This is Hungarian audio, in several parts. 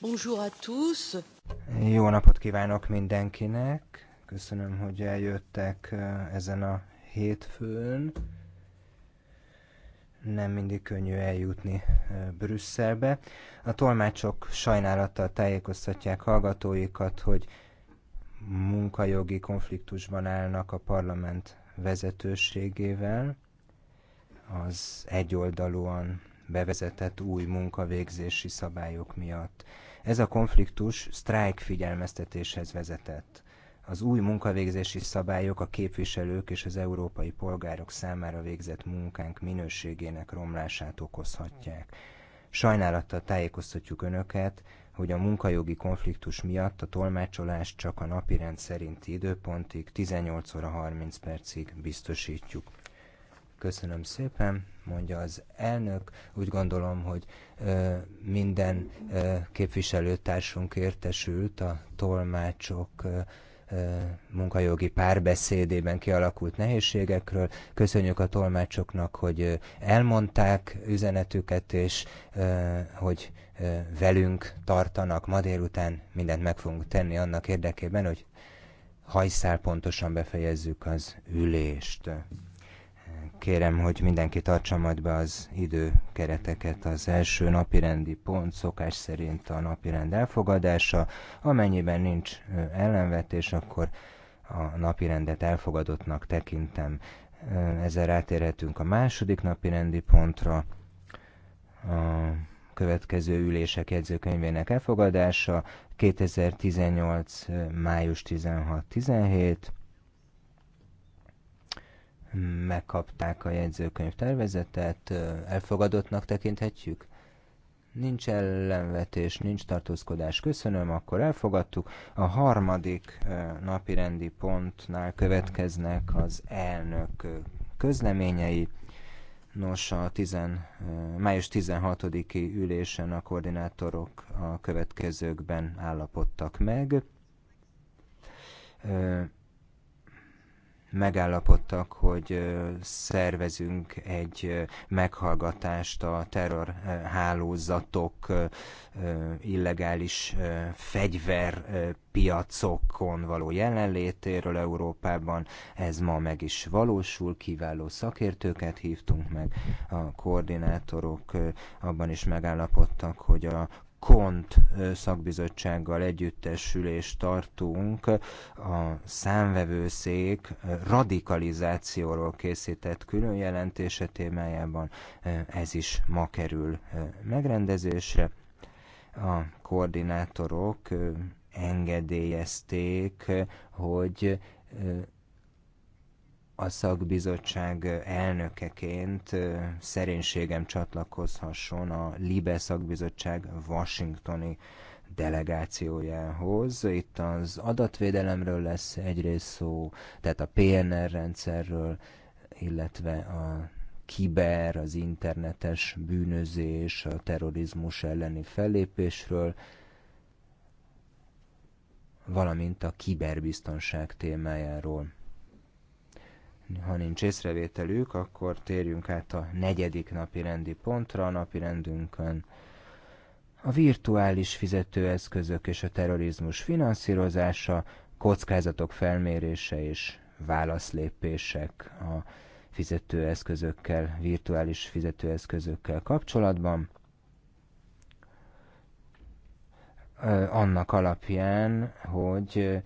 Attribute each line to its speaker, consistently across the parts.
Speaker 1: Bonjour à tous.
Speaker 2: Jó napot kívánok mindenkinek. Köszönöm, hogy eljöttek ezen a hétfőn. Nem mindig könnyű eljutni Brüsszelbe. A tolmácsok sajnálattal tájékoztatják hallgatóikat, hogy munkajogi konfliktusban állnak a parlament vezetőségével. Az egyoldalúan bevezetett új munkavégzési szabályok miatt. Ez a konfliktus sztrájk figyelmeztetéshez vezetett. Az új munkavégzési szabályok a képviselők és az európai polgárok számára végzett munkánk minőségének romlását okozhatják. Sajnálattal tájékoztatjuk Önöket, hogy a munkajogi konfliktus miatt a tolmácsolást csak a napirend szerinti időpontig 18 óra 30 percig biztosítjuk. Köszönöm szépen, mondja az elnök. Úgy gondolom, hogy ö, minden ö, képviselőtársunk értesült a tolmácsok ö, munkajogi párbeszédében kialakult nehézségekről. Köszönjük a tolmácsoknak, hogy elmondták üzenetüket, és hogy velünk tartanak. Ma délután mindent meg fogunk tenni annak érdekében, hogy hajszál pontosan befejezzük az ülést. Kérem, hogy mindenki tartsa majd be az időkereteket. Az első napirendi pont szokás szerint a napirend elfogadása. Amennyiben nincs ellenvetés, akkor a napirendet elfogadottnak tekintem. Ezzel rátérhetünk a második napirendi pontra. A következő ülések jegyzőkönyvének elfogadása 2018. május 16-17, megkapták a jegyzőkönyv tervezetet, elfogadottnak tekinthetjük? Nincs ellenvetés, nincs tartózkodás, köszönöm, akkor elfogadtuk. A harmadik napi rendi pontnál következnek az elnök közleményei. Nos, a tizen, május 16-i ülésen a koordinátorok a következőkben állapodtak meg megállapodtak, hogy szervezünk egy meghallgatást a terrorhálózatok illegális fegyverpiacokon való jelenlétéről Európában. Ez ma meg is valósul, kiváló szakértőket hívtunk meg, a koordinátorok abban is megállapodtak, hogy a KONT szakbizottsággal együttesülést tartunk a számvevőszék radikalizációról készített külön jelentése témájában. Ez is ma kerül megrendezésre. A koordinátorok engedélyezték, hogy a szakbizottság elnökeként szerénységem csatlakozhasson a Libe szakbizottság washingtoni delegációjához. Itt az adatvédelemről lesz egyrészt szó, tehát a PNR rendszerről, illetve a kiber, az internetes bűnözés, a terrorizmus elleni fellépésről, valamint a kiberbiztonság témájáról. Ha nincs észrevételük, akkor térjünk át a negyedik napi rendi pontra a napi rendünkön. A virtuális fizetőeszközök és a terrorizmus finanszírozása, kockázatok felmérése és válaszlépések a fizetőeszközökkel, virtuális fizetőeszközökkel kapcsolatban. Annak alapján, hogy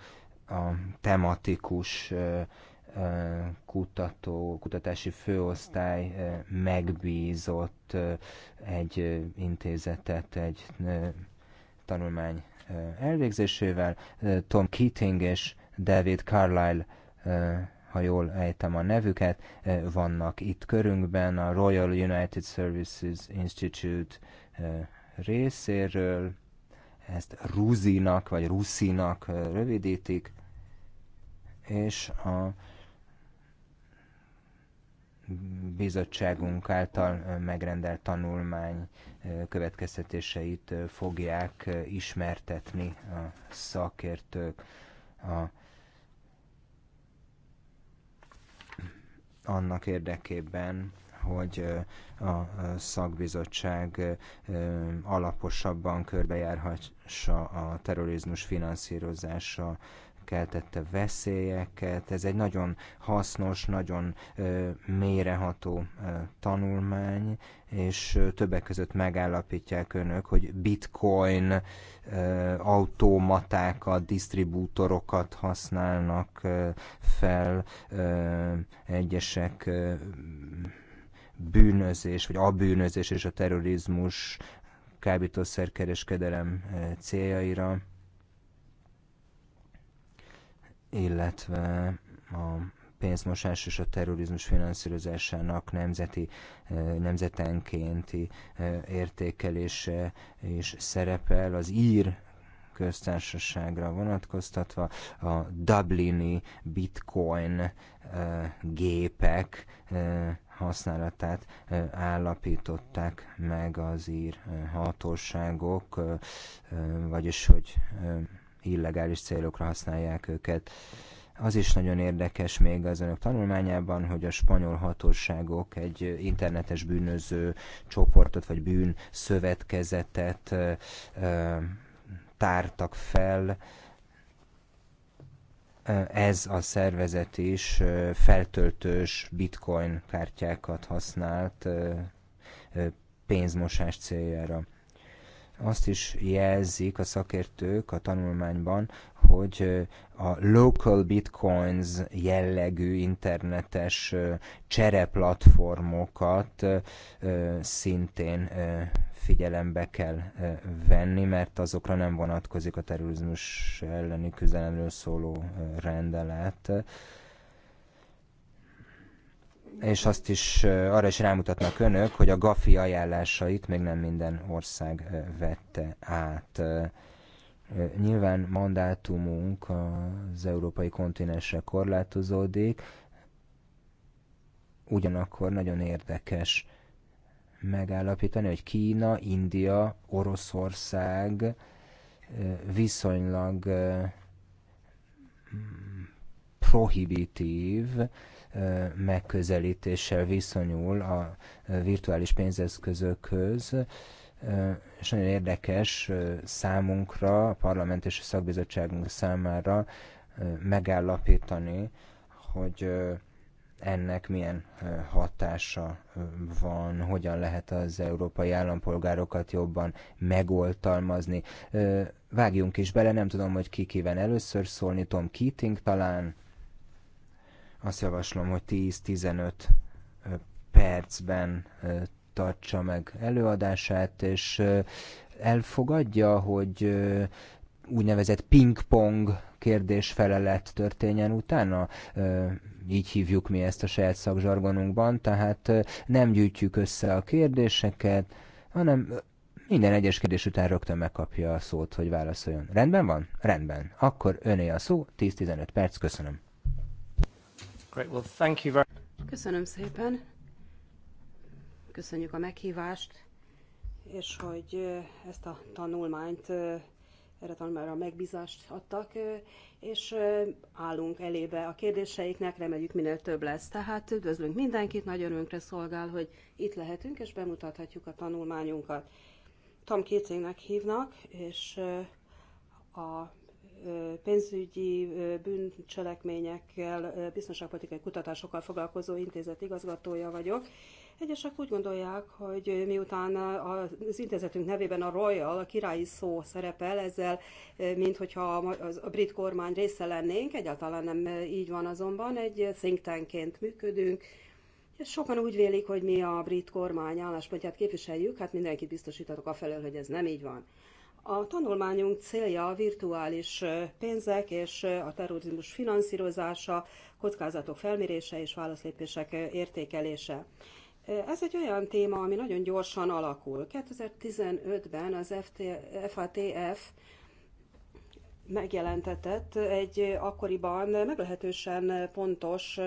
Speaker 2: a tematikus kutató, kutatási főosztály megbízott egy intézetet, egy tanulmány elvégzésével. Tom Keating és David Carlyle, ha jól ejtem a nevüket, vannak itt körünkben a Royal United Services Institute részéről, ezt Ruzinak vagy Ruszinak rövidítik, és a bizottságunk által megrendelt tanulmány következtetéseit fogják ismertetni a szakértők. A annak érdekében, hogy a szakbizottság alaposabban körbejárhassa a terrorizmus finanszírozása keltette veszélyeket. Ez egy nagyon hasznos, nagyon méreható tanulmány, és többek között megállapítják önök, hogy bitcoin automatákat, disztribútorokat használnak fel egyesek bűnözés, vagy a bűnözés és a terrorizmus kábítószerkereskedelem céljaira illetve a pénzmosás és a terrorizmus finanszírozásának nemzeti, eh, nemzetenkénti eh, értékelése és szerepel az ír köztársaságra vonatkoztatva a Dublini bitcoin eh, gépek használatát állapították meg az ír hatóságok, vagyis hogy illegális célokra használják őket. Az is nagyon érdekes még az önök tanulmányában, hogy a spanyol hatóságok egy internetes bűnöző csoportot vagy bűn szövetkezetet tártak fel, ez a szervezet is feltöltős bitcoin kártyákat használt pénzmosás céljára. Azt is jelzik a szakértők a tanulmányban, hogy a local bitcoins jellegű internetes csereplatformokat szintén figyelembe kell venni, mert azokra nem vonatkozik a terrorizmus elleni küzdelemről szóló rendelet és azt is arra is rámutatnak önök, hogy a GAFI ajánlásait még nem minden ország vette át. Nyilván mandátumunk az európai kontinensre korlátozódik, ugyanakkor nagyon érdekes megállapítani, hogy Kína, India, Oroszország viszonylag prohibitív, megközelítéssel viszonyul a virtuális pénzeszközökhöz, és nagyon érdekes számunkra, a parlament és a szakbizottságunk számára megállapítani, hogy ennek milyen hatása van, hogyan lehet az európai állampolgárokat jobban megoltalmazni. Vágjunk is bele, nem tudom, hogy ki kíván először szólni, Tom Keating talán. Azt javaslom, hogy 10-15 percben tartsa meg előadását, és elfogadja, hogy úgynevezett pingpong kérdés-felelet történjen utána. Így hívjuk mi ezt a saját szakzsargonunkban, tehát nem gyűjtjük össze a kérdéseket, hanem minden egyes kérdés után rögtön megkapja a szót, hogy válaszoljon. Rendben van? Rendben. Akkor öné a szó, 10-15 perc, köszönöm.
Speaker 3: Great, well, thank you very...
Speaker 4: Köszönöm szépen. Köszönjük a meghívást, és hogy ezt a tanulmányt, erre tanulmányra megbízást adtak, és állunk elébe a kérdéseiknek, reméljük minél több lesz. Tehát üdvözlünk mindenkit, nagy örömünkre szolgál, hogy itt lehetünk, és bemutathatjuk a tanulmányunkat. Tom Kécének hívnak, és a pénzügyi bűncselekményekkel, biztonságpolitikai kutatásokkal foglalkozó intézet igazgatója vagyok. Egyesek úgy gondolják, hogy miután az intézetünk nevében a Royal, a királyi szó szerepel, ezzel, mint hogyha a brit kormány része lennénk, egyáltalán nem így van azonban, egy think tankként működünk, és sokan úgy vélik, hogy mi a brit kormány álláspontját képviseljük, hát mindenkit biztosítatok a felől, hogy ez nem így van. A tanulmányunk célja a virtuális pénzek és a terrorizmus finanszírozása, kockázatok felmérése és válaszlépések értékelése. Ez egy olyan téma, ami nagyon gyorsan alakul. 2015-ben az FT, FATF megjelentetett egy akkoriban meglehetősen pontos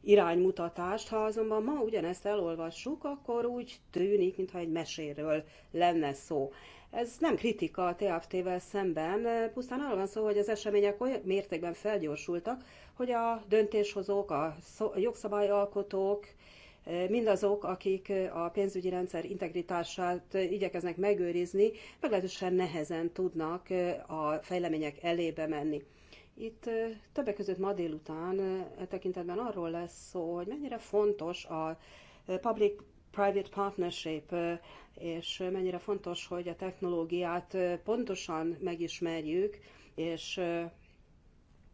Speaker 4: iránymutatást. Ha azonban ma ugyanezt elolvassuk, akkor úgy tűnik, mintha egy meséről lenne szó. Ez nem kritika a TFT-vel szemben, pusztán arról van szó, hogy az események olyan mértékben felgyorsultak, hogy a döntéshozók, a jogszabályalkotók, mindazok, akik a pénzügyi rendszer integritását igyekeznek megőrizni, meglehetősen nehezen tudnak a fejlemények elébe menni. Itt többek között ma délután e tekintetben arról lesz szó, hogy mennyire fontos a public private partnership, és mennyire fontos, hogy a technológiát pontosan megismerjük, és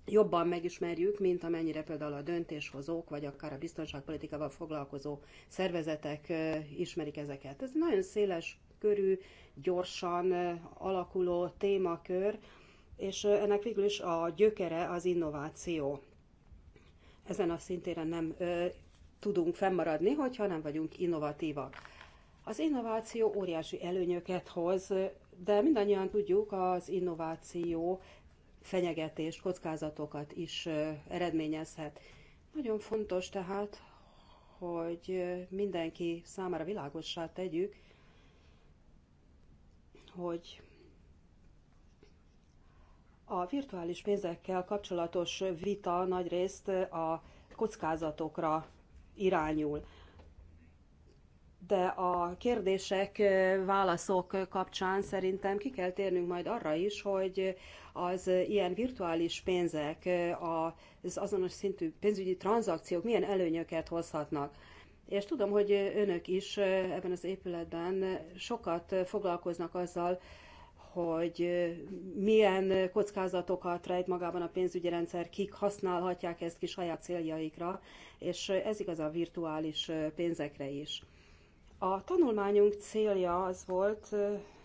Speaker 4: jobban megismerjük, mint amennyire például a döntéshozók, vagy akár a biztonságpolitikával foglalkozó szervezetek ismerik ezeket. Ez nagyon széles körű, gyorsan alakuló témakör, és ennek végül is a gyökere az innováció. Ezen a szintéren nem tudunk fennmaradni, hogyha nem vagyunk innovatívak. Az innováció óriási előnyöket hoz, de mindannyian tudjuk, az innováció fenyegetést, kockázatokat is eredményezhet. Nagyon fontos tehát, hogy mindenki számára világossá tegyük, hogy a virtuális pénzekkel kapcsolatos vita nagyrészt a kockázatokra irányul. De a kérdések, válaszok kapcsán szerintem ki kell térnünk majd arra is, hogy az ilyen virtuális pénzek, az azonos szintű pénzügyi tranzakciók milyen előnyöket hozhatnak. És tudom, hogy önök is ebben az épületben sokat foglalkoznak azzal, hogy milyen kockázatokat rejt magában a pénzügyi rendszer, kik használhatják ezt ki saját céljaikra, és ez igaz a virtuális pénzekre is. A tanulmányunk célja az volt,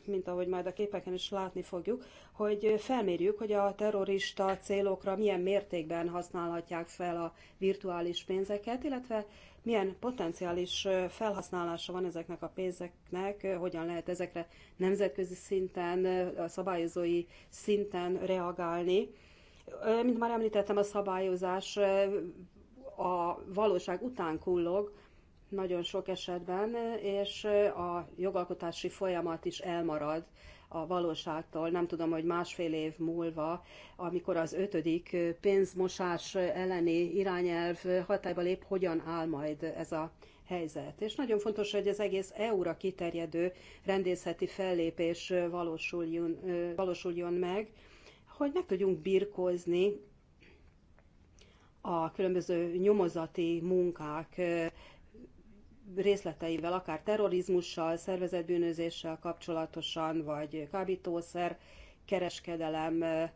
Speaker 4: mint ahogy majd a képeken is látni fogjuk, hogy felmérjük, hogy a terrorista célokra milyen mértékben használhatják fel a virtuális pénzeket, illetve milyen potenciális felhasználása van ezeknek a pénzeknek, hogyan lehet ezekre nemzetközi szinten, a szabályozói szinten reagálni. Mint már említettem, a szabályozás a valóság után kullog nagyon sok esetben, és a jogalkotási folyamat is elmarad a valóságtól. Nem tudom, hogy másfél év múlva, amikor az ötödik pénzmosás elleni irányelv hatályba lép, hogyan áll majd ez a helyzet. És nagyon fontos, hogy az egész EU-ra kiterjedő rendészeti fellépés valósuljon, valósuljon meg, hogy meg tudjunk birkózni a különböző nyomozati munkák részleteivel, akár terrorizmussal, szervezetbűnözéssel kapcsolatosan, vagy kábítószer kereskedelemmel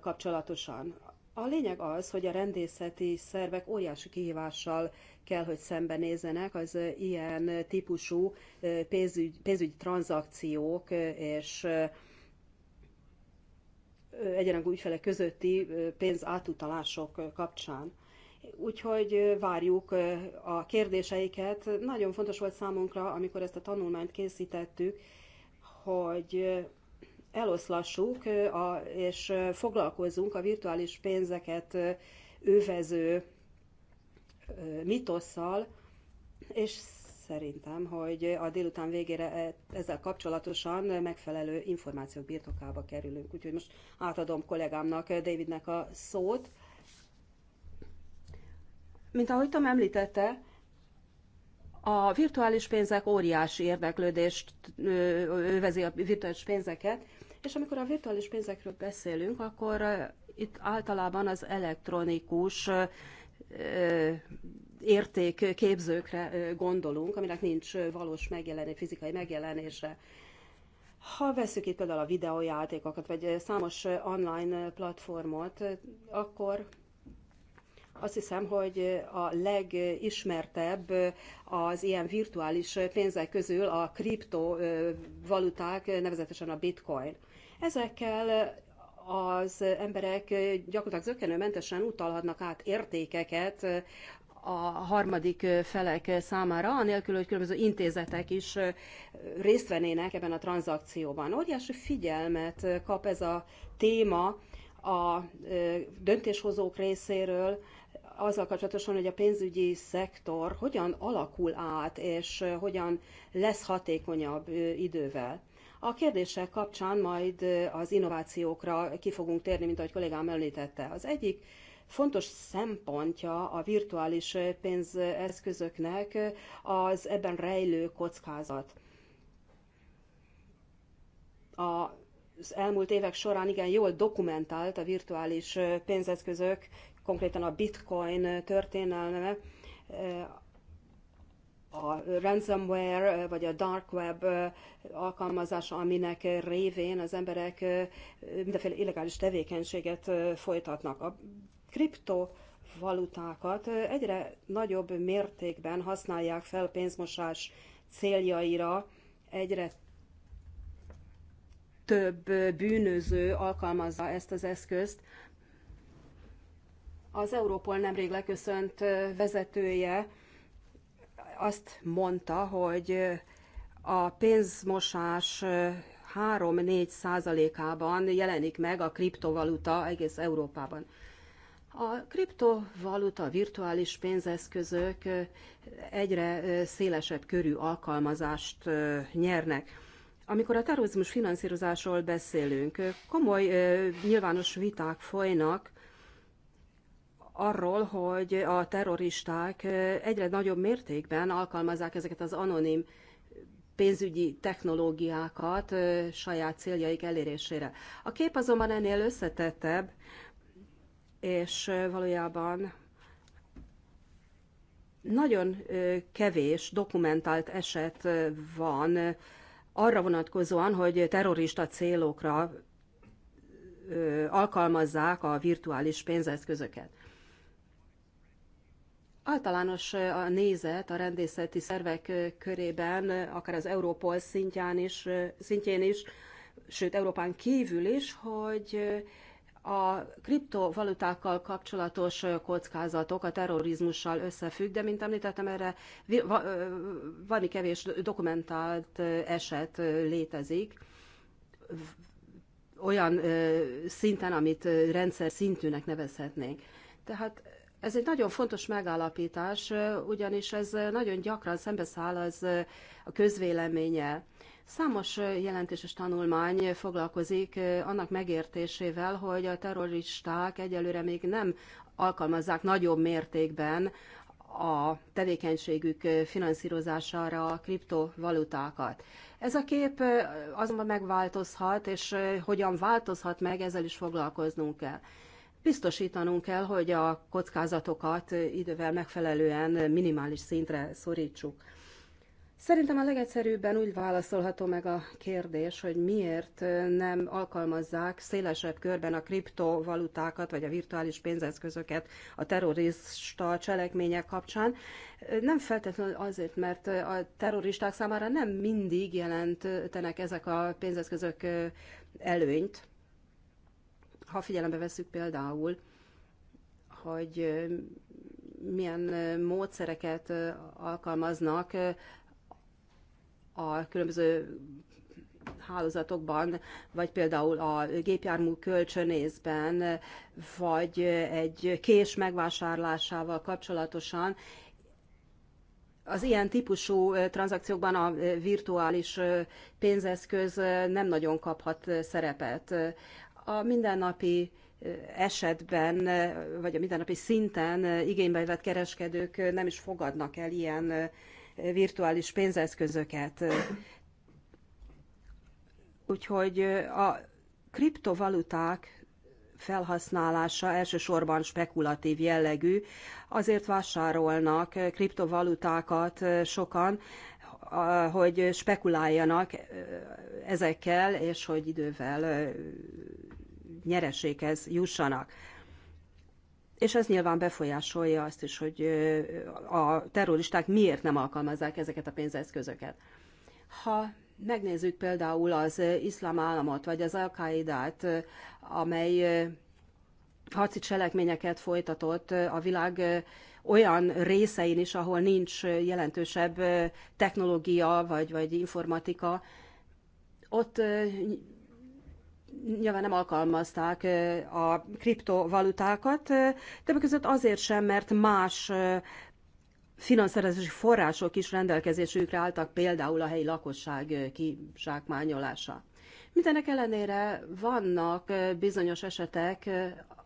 Speaker 4: kapcsolatosan. A lényeg az, hogy a rendészeti szervek óriási kihívással kell, hogy szembenézzenek az ilyen típusú pénzügy, pénzügyi tranzakciók és egyenrangú ügyfelek közötti pénzátutalások kapcsán. Úgyhogy várjuk a kérdéseiket. Nagyon fontos volt számunkra, amikor ezt a tanulmányt készítettük, hogy eloszlassuk a, és foglalkozzunk a virtuális pénzeket övező mitosszal, és szerintem, hogy a délután végére e, ezzel kapcsolatosan megfelelő információk birtokába kerülünk. Úgyhogy most átadom kollégámnak, Davidnek a szót. Mint ahogy Tom említette, a virtuális pénzek óriási érdeklődést övezi a virtuális pénzeket, és amikor a virtuális pénzekről beszélünk, akkor itt általában az elektronikus értékképzőkre gondolunk, aminek nincs valós megjelenés, fizikai megjelenése. Ha veszük itt például a videójátékokat, vagy számos online platformot, akkor azt hiszem, hogy a legismertebb az ilyen virtuális pénzek közül a kriptovaluták, nevezetesen a bitcoin. Ezekkel az emberek gyakorlatilag zökkenőmentesen utalhatnak át értékeket a harmadik felek számára, anélkül, hogy különböző intézetek is részt vennének ebben a tranzakcióban. Óriási figyelmet kap ez a téma a döntéshozók részéről, azzal kapcsolatosan, hogy a pénzügyi szektor hogyan alakul át, és hogyan lesz hatékonyabb idővel. A kérdések kapcsán majd az innovációkra ki fogunk térni, mint ahogy kollégám említette. Az egyik fontos szempontja a virtuális pénzeszközöknek az ebben rejlő kockázat. A az elmúlt évek során igen jól dokumentált a virtuális pénzeszközök konkrétan a bitcoin történelme, eh, a ransomware eh, vagy a dark web eh, alkalmazása, aminek révén az emberek mindenféle illegális tevékenységet folytatnak. A kripto valutákat egyre nagyobb mértékben használják fel pénzmosás céljaira, egyre több bűnöző alkalmazza ezt az eszközt, az Európol nemrég leköszönt vezetője azt mondta, hogy a pénzmosás 3-4 százalékában jelenik meg a kriptovaluta egész Európában. A kriptovaluta, virtuális pénzeszközök egyre szélesebb körű alkalmazást nyernek. Amikor a terrorizmus finanszírozásról beszélünk, komoly nyilvános viták folynak arról, hogy a terroristák egyre nagyobb mértékben alkalmazzák ezeket az anonim pénzügyi technológiákat saját céljaik elérésére. A kép azonban ennél összetettebb, és valójában nagyon kevés dokumentált eset van arra vonatkozóan, hogy terrorista célokra alkalmazzák a virtuális pénzeszközöket. Általános a nézet a rendészeti szervek körében, akár az Európol szintján is, szintjén is, sőt Európán kívül is, hogy a kriptovalutákkal kapcsolatos kockázatok a terrorizmussal összefügg, de mint említettem, erre valami kevés dokumentált eset létezik, olyan szinten, amit rendszer szintűnek nevezhetnénk. Tehát ez egy nagyon fontos megállapítás, ugyanis ez nagyon gyakran szembeszáll az a közvéleménye. Számos jelentéses tanulmány foglalkozik eh, annak megértésével, hogy a terroristák egyelőre még nem alkalmazzák nagyobb mértékben a tevékenységük eh, finanszírozására a kriptovalutákat. Ez a kép eh, azonban megváltozhat, és hogyan változhat meg, ezzel is foglalkoznunk kell. Biztosítanunk kell, hogy a kockázatokat idővel megfelelően minimális szintre szorítsuk. Szerintem a legegyszerűbben úgy válaszolható meg a kérdés, hogy miért nem alkalmazzák szélesebb körben a kriptovalutákat vagy a virtuális pénzeszközöket a terrorista cselekmények kapcsán. Nem feltétlenül azért, mert a terroristák számára nem mindig jelentenek ezek a pénzeszközök előnyt, ha figyelembe veszük például, hogy milyen módszereket alkalmaznak a különböző hálózatokban, vagy például a gépjármú kölcsönészben, vagy egy kés megvásárlásával kapcsolatosan. Az ilyen típusú tranzakciókban a virtuális pénzeszköz nem nagyon kaphat szerepet a mindennapi esetben, vagy a mindennapi szinten igénybe vett kereskedők nem is fogadnak el ilyen virtuális pénzeszközöket. Úgyhogy a kriptovaluták felhasználása elsősorban spekulatív jellegű, azért vásárolnak kriptovalutákat sokan, hogy spekuláljanak ezekkel, és hogy idővel nyereséghez jussanak. És ez nyilván befolyásolja azt is, hogy a terroristák miért nem alkalmazzák ezeket a pénzeszközöket. Ha megnézzük például az iszlám államot, vagy az al-Qaidát, amely harci cselekményeket folytatott a világ olyan részein is, ahol nincs jelentősebb technológia vagy, vagy informatika, ott nyilván nem alkalmazták a kriptovalutákat, többek között azért sem, mert más finanszírozási források is rendelkezésükre álltak, például a helyi lakosság kizsákmányolása. Mindenek ellenére vannak bizonyos esetek,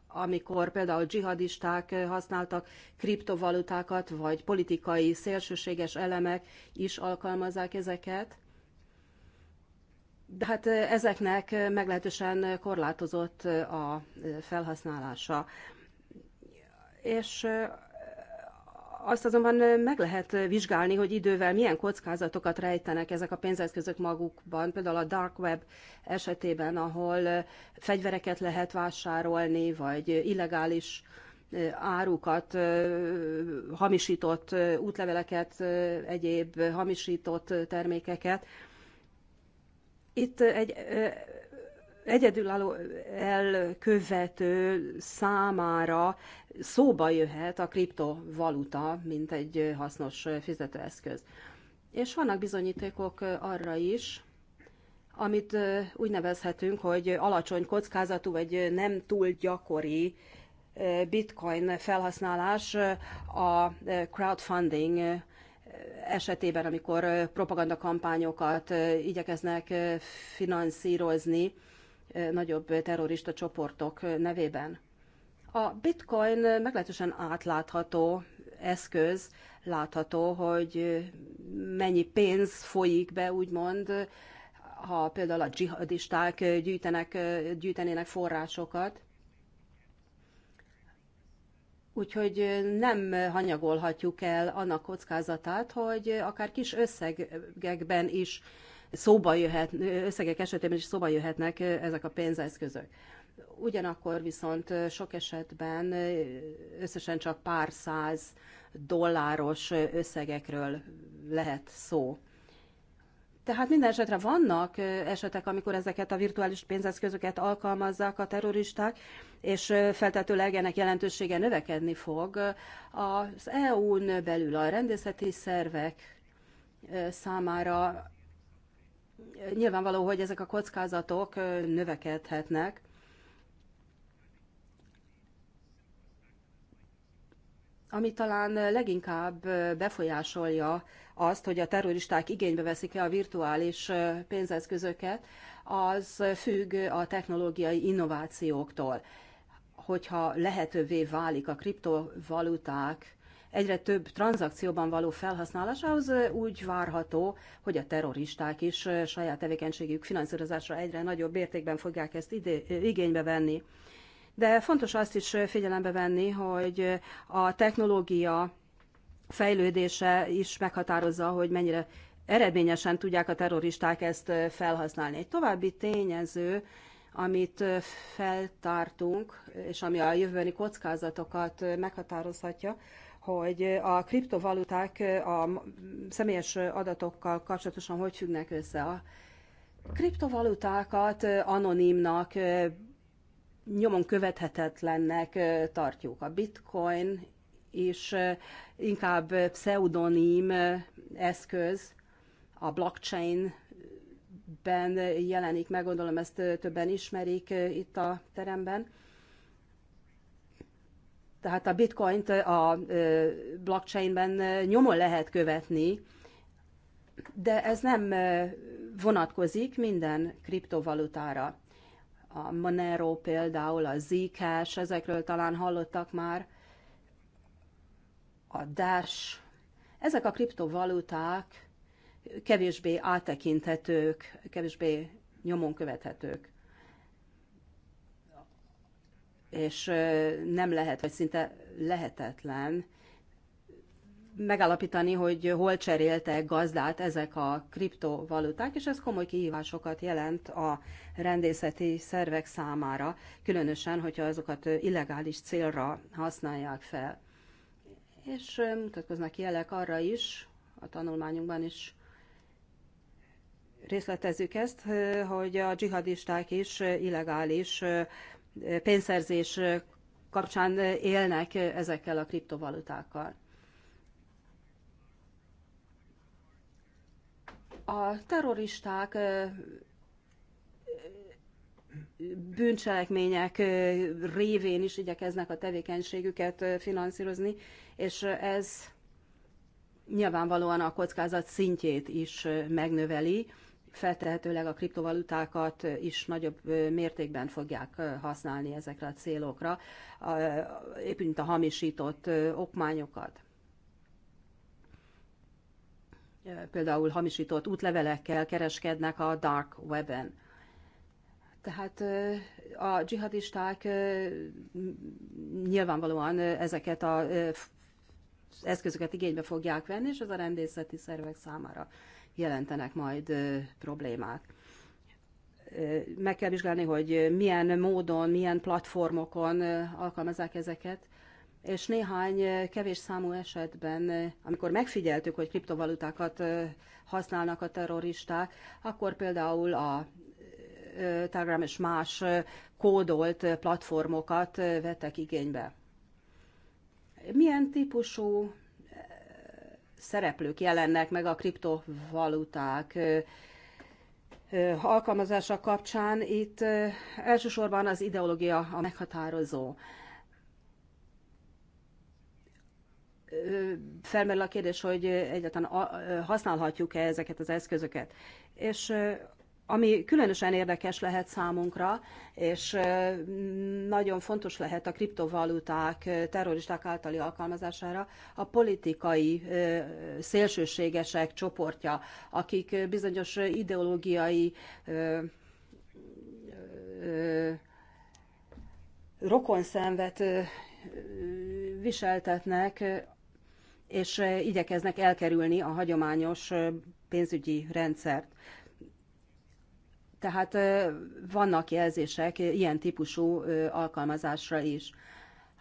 Speaker 4: amikor például dzsihadisták használtak kriptovalutákat, vagy politikai szélsőséges elemek is alkalmazzák ezeket de hát ezeknek meglehetősen korlátozott a felhasználása. És azt azonban meg lehet vizsgálni, hogy idővel milyen kockázatokat rejtenek ezek a pénzeszközök magukban, például a dark web esetében, ahol fegyvereket lehet vásárolni, vagy illegális árukat, hamisított útleveleket, egyéb hamisított termékeket. Itt egy egyedülálló elkövető számára szóba jöhet a kriptovaluta, mint egy hasznos fizetőeszköz. És vannak bizonyítékok arra is, amit úgy nevezhetünk, hogy alacsony kockázatú vagy nem túl gyakori bitcoin felhasználás a crowdfunding esetében, amikor propagandakampányokat igyekeznek finanszírozni nagyobb terrorista csoportok nevében. A bitcoin meglehetősen átlátható eszköz, látható, hogy mennyi pénz folyik be, úgymond, ha például a dzsihadisták gyűjtenek, gyűjtenének forrásokat. Úgyhogy nem hanyagolhatjuk el annak kockázatát, hogy akár kis összegekben is szóba jöhet, összegek esetében is szóba jöhetnek ezek a pénzeszközök. Ugyanakkor viszont sok esetben összesen csak pár száz dolláros összegekről lehet szó. Tehát minden esetre vannak esetek, amikor ezeket a virtuális pénzeszközöket alkalmazzák a terroristák, és feltetőleg ennek jelentősége növekedni fog. Az EU-n belül a rendészeti szervek számára nyilvánvaló, hogy ezek a kockázatok növekedhetnek, ami talán leginkább befolyásolja azt, hogy a terroristák igénybe veszik-e a virtuális pénzeszközöket, az függ a technológiai innovációktól. Hogyha lehetővé válik a kriptovaluták egyre több tranzakcióban való felhasználásához, úgy várható, hogy a terroristák is saját tevékenységük finanszírozásra egyre nagyobb értékben fogják ezt ide, igénybe venni. De fontos azt is figyelembe venni, hogy a technológia fejlődése is meghatározza, hogy mennyire eredményesen tudják a terroristák ezt felhasználni. Egy további tényező, amit feltártunk, és ami a jövőbeni kockázatokat meghatározhatja, hogy a kriptovaluták a személyes adatokkal kapcsolatosan hogy függnek össze. A kriptovalutákat anonimnak, nyomon követhetetlennek tartjuk. A bitcoin és inkább pseudonim eszköz, a blockchain ben jelenik meg, gondolom ezt többen ismerik itt a teremben. Tehát a bitcoint a blockchainben nyomon lehet követni, de ez nem vonatkozik minden kriptovalutára a Monero például, a Zcash, ezekről talán hallottak már, a Dash. Ezek a kriptovaluták kevésbé áttekinthetők, kevésbé nyomon követhetők. És nem lehet, vagy szinte lehetetlen megállapítani, hogy hol cseréltek gazdát ezek a kriptovaluták, és ez komoly kihívásokat jelent a rendészeti szervek számára, különösen, hogyha azokat illegális célra használják fel. És mutatkoznak jelek arra is, a tanulmányunkban is részletezzük ezt, hogy a dzsihadisták is illegális pénzszerzés kapcsán élnek ezekkel a kriptovalutákkal. A terroristák bűncselekmények révén is igyekeznek a tevékenységüket finanszírozni, és ez nyilvánvalóan a kockázat szintjét is megnöveli, feltehetőleg a kriptovalutákat is nagyobb mértékben fogják használni ezekre a célokra, épp mint a hamisított okmányokat például hamisított útlevelekkel kereskednek a dark webben. Tehát a dzsihadisták nyilvánvalóan ezeket a az eszközöket igénybe fogják venni, és ez a rendészeti szervek számára jelentenek majd problémát. Meg kell vizsgálni, hogy milyen módon, milyen platformokon alkalmazzák ezeket, és néhány kevés számú esetben, amikor megfigyeltük, hogy kriptovalutákat használnak a terroristák, akkor például a Telegram és más kódolt platformokat vettek igénybe. Milyen típusú szereplők jelennek meg a kriptovaluták alkalmazása kapcsán? Itt elsősorban az ideológia a meghatározó. felmerül a kérdés, hogy egyáltalán használhatjuk-e ezeket az eszközöket. És ami különösen érdekes lehet számunkra, és nagyon fontos lehet a kriptovaluták terroristák általi alkalmazására, a politikai szélsőségesek csoportja, akik bizonyos ideológiai rokonszenvet viseltetnek, és eh, igyekeznek elkerülni a hagyományos eh, pénzügyi rendszert. Tehát eh, vannak jelzések ilyen típusú alkalmazásra is.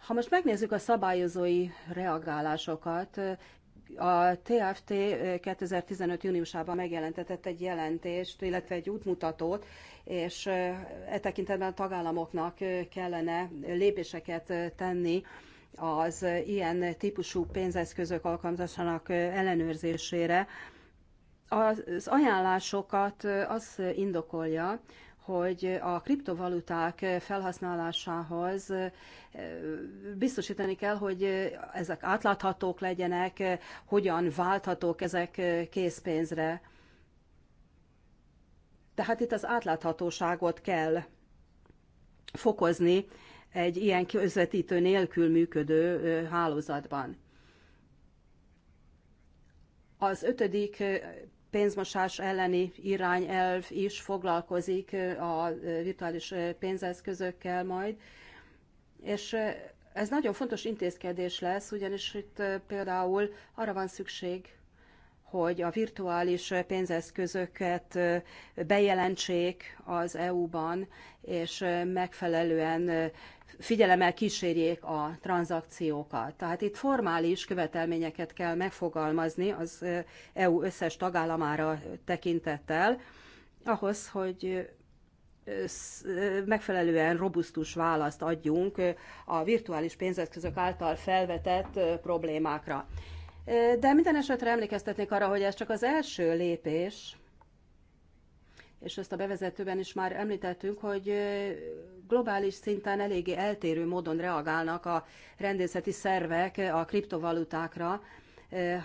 Speaker 4: Ha most megnézzük a szabályozói reagálásokat, a TFT 2015. júniusában megjelentetett egy jelentést, illetve egy útmutatót, és e tekintetben a tagállamoknak kellene lépéseket tenni az ilyen típusú pénzeszközök alkalmazásának ellenőrzésére, az ajánlásokat az indokolja, hogy a kriptovaluták felhasználásához eh, biztosítani kell, hogy ezek átláthatók legyenek, hogyan válthatók ezek készpénzre. Tehát itt az átláthatóságot kell fokozni egy ilyen közvetítő nélkül működő hálózatban. Az ötödik pénzmosás elleni irányelv is foglalkozik a virtuális pénzeszközökkel majd, és ez nagyon fontos intézkedés lesz, ugyanis itt például arra van szükség, hogy a virtuális pénzeszközöket bejelentsék az EU-ban, és megfelelően figyelemmel kísérjék a tranzakciókat. Tehát itt formális követelményeket kell megfogalmazni az EU összes tagállamára tekintettel, ahhoz, hogy megfelelően robusztus választ adjunk a virtuális pénzeszközök által felvetett problémákra. De minden esetre emlékeztetnék arra, hogy ez csak az első lépés, és ezt a bevezetőben is már említettünk, hogy globális szinten eléggé eltérő módon reagálnak a rendészeti szervek a kriptovalutákra,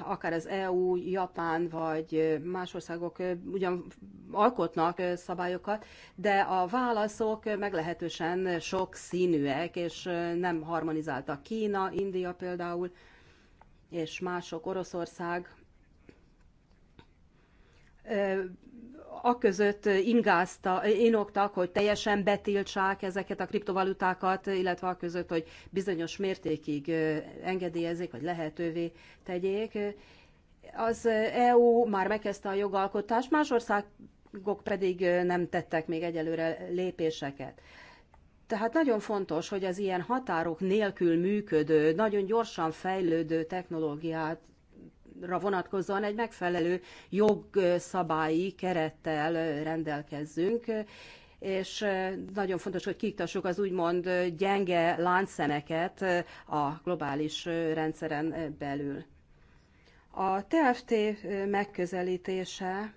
Speaker 4: akár az EU, Japán vagy más országok ugyan alkotnak szabályokat, de a válaszok meglehetősen sok színűek, és nem harmonizáltak. Kína, India például és mások, Oroszország, aközött ingázta, inoktak, hogy teljesen betiltsák ezeket a kriptovalutákat, illetve aközött, hogy bizonyos mértékig engedélyezik vagy lehetővé tegyék. Az EU már megkezdte a jogalkotást, más országok pedig nem tettek még egyelőre lépéseket. Tehát nagyon fontos, hogy az ilyen határok nélkül működő, nagyon gyorsan fejlődő technológiát vonatkozóan egy megfelelő jogszabályi kerettel rendelkezzünk, és nagyon fontos, hogy kiktassuk az úgymond gyenge láncszemeket a globális rendszeren belül. A TFT megközelítése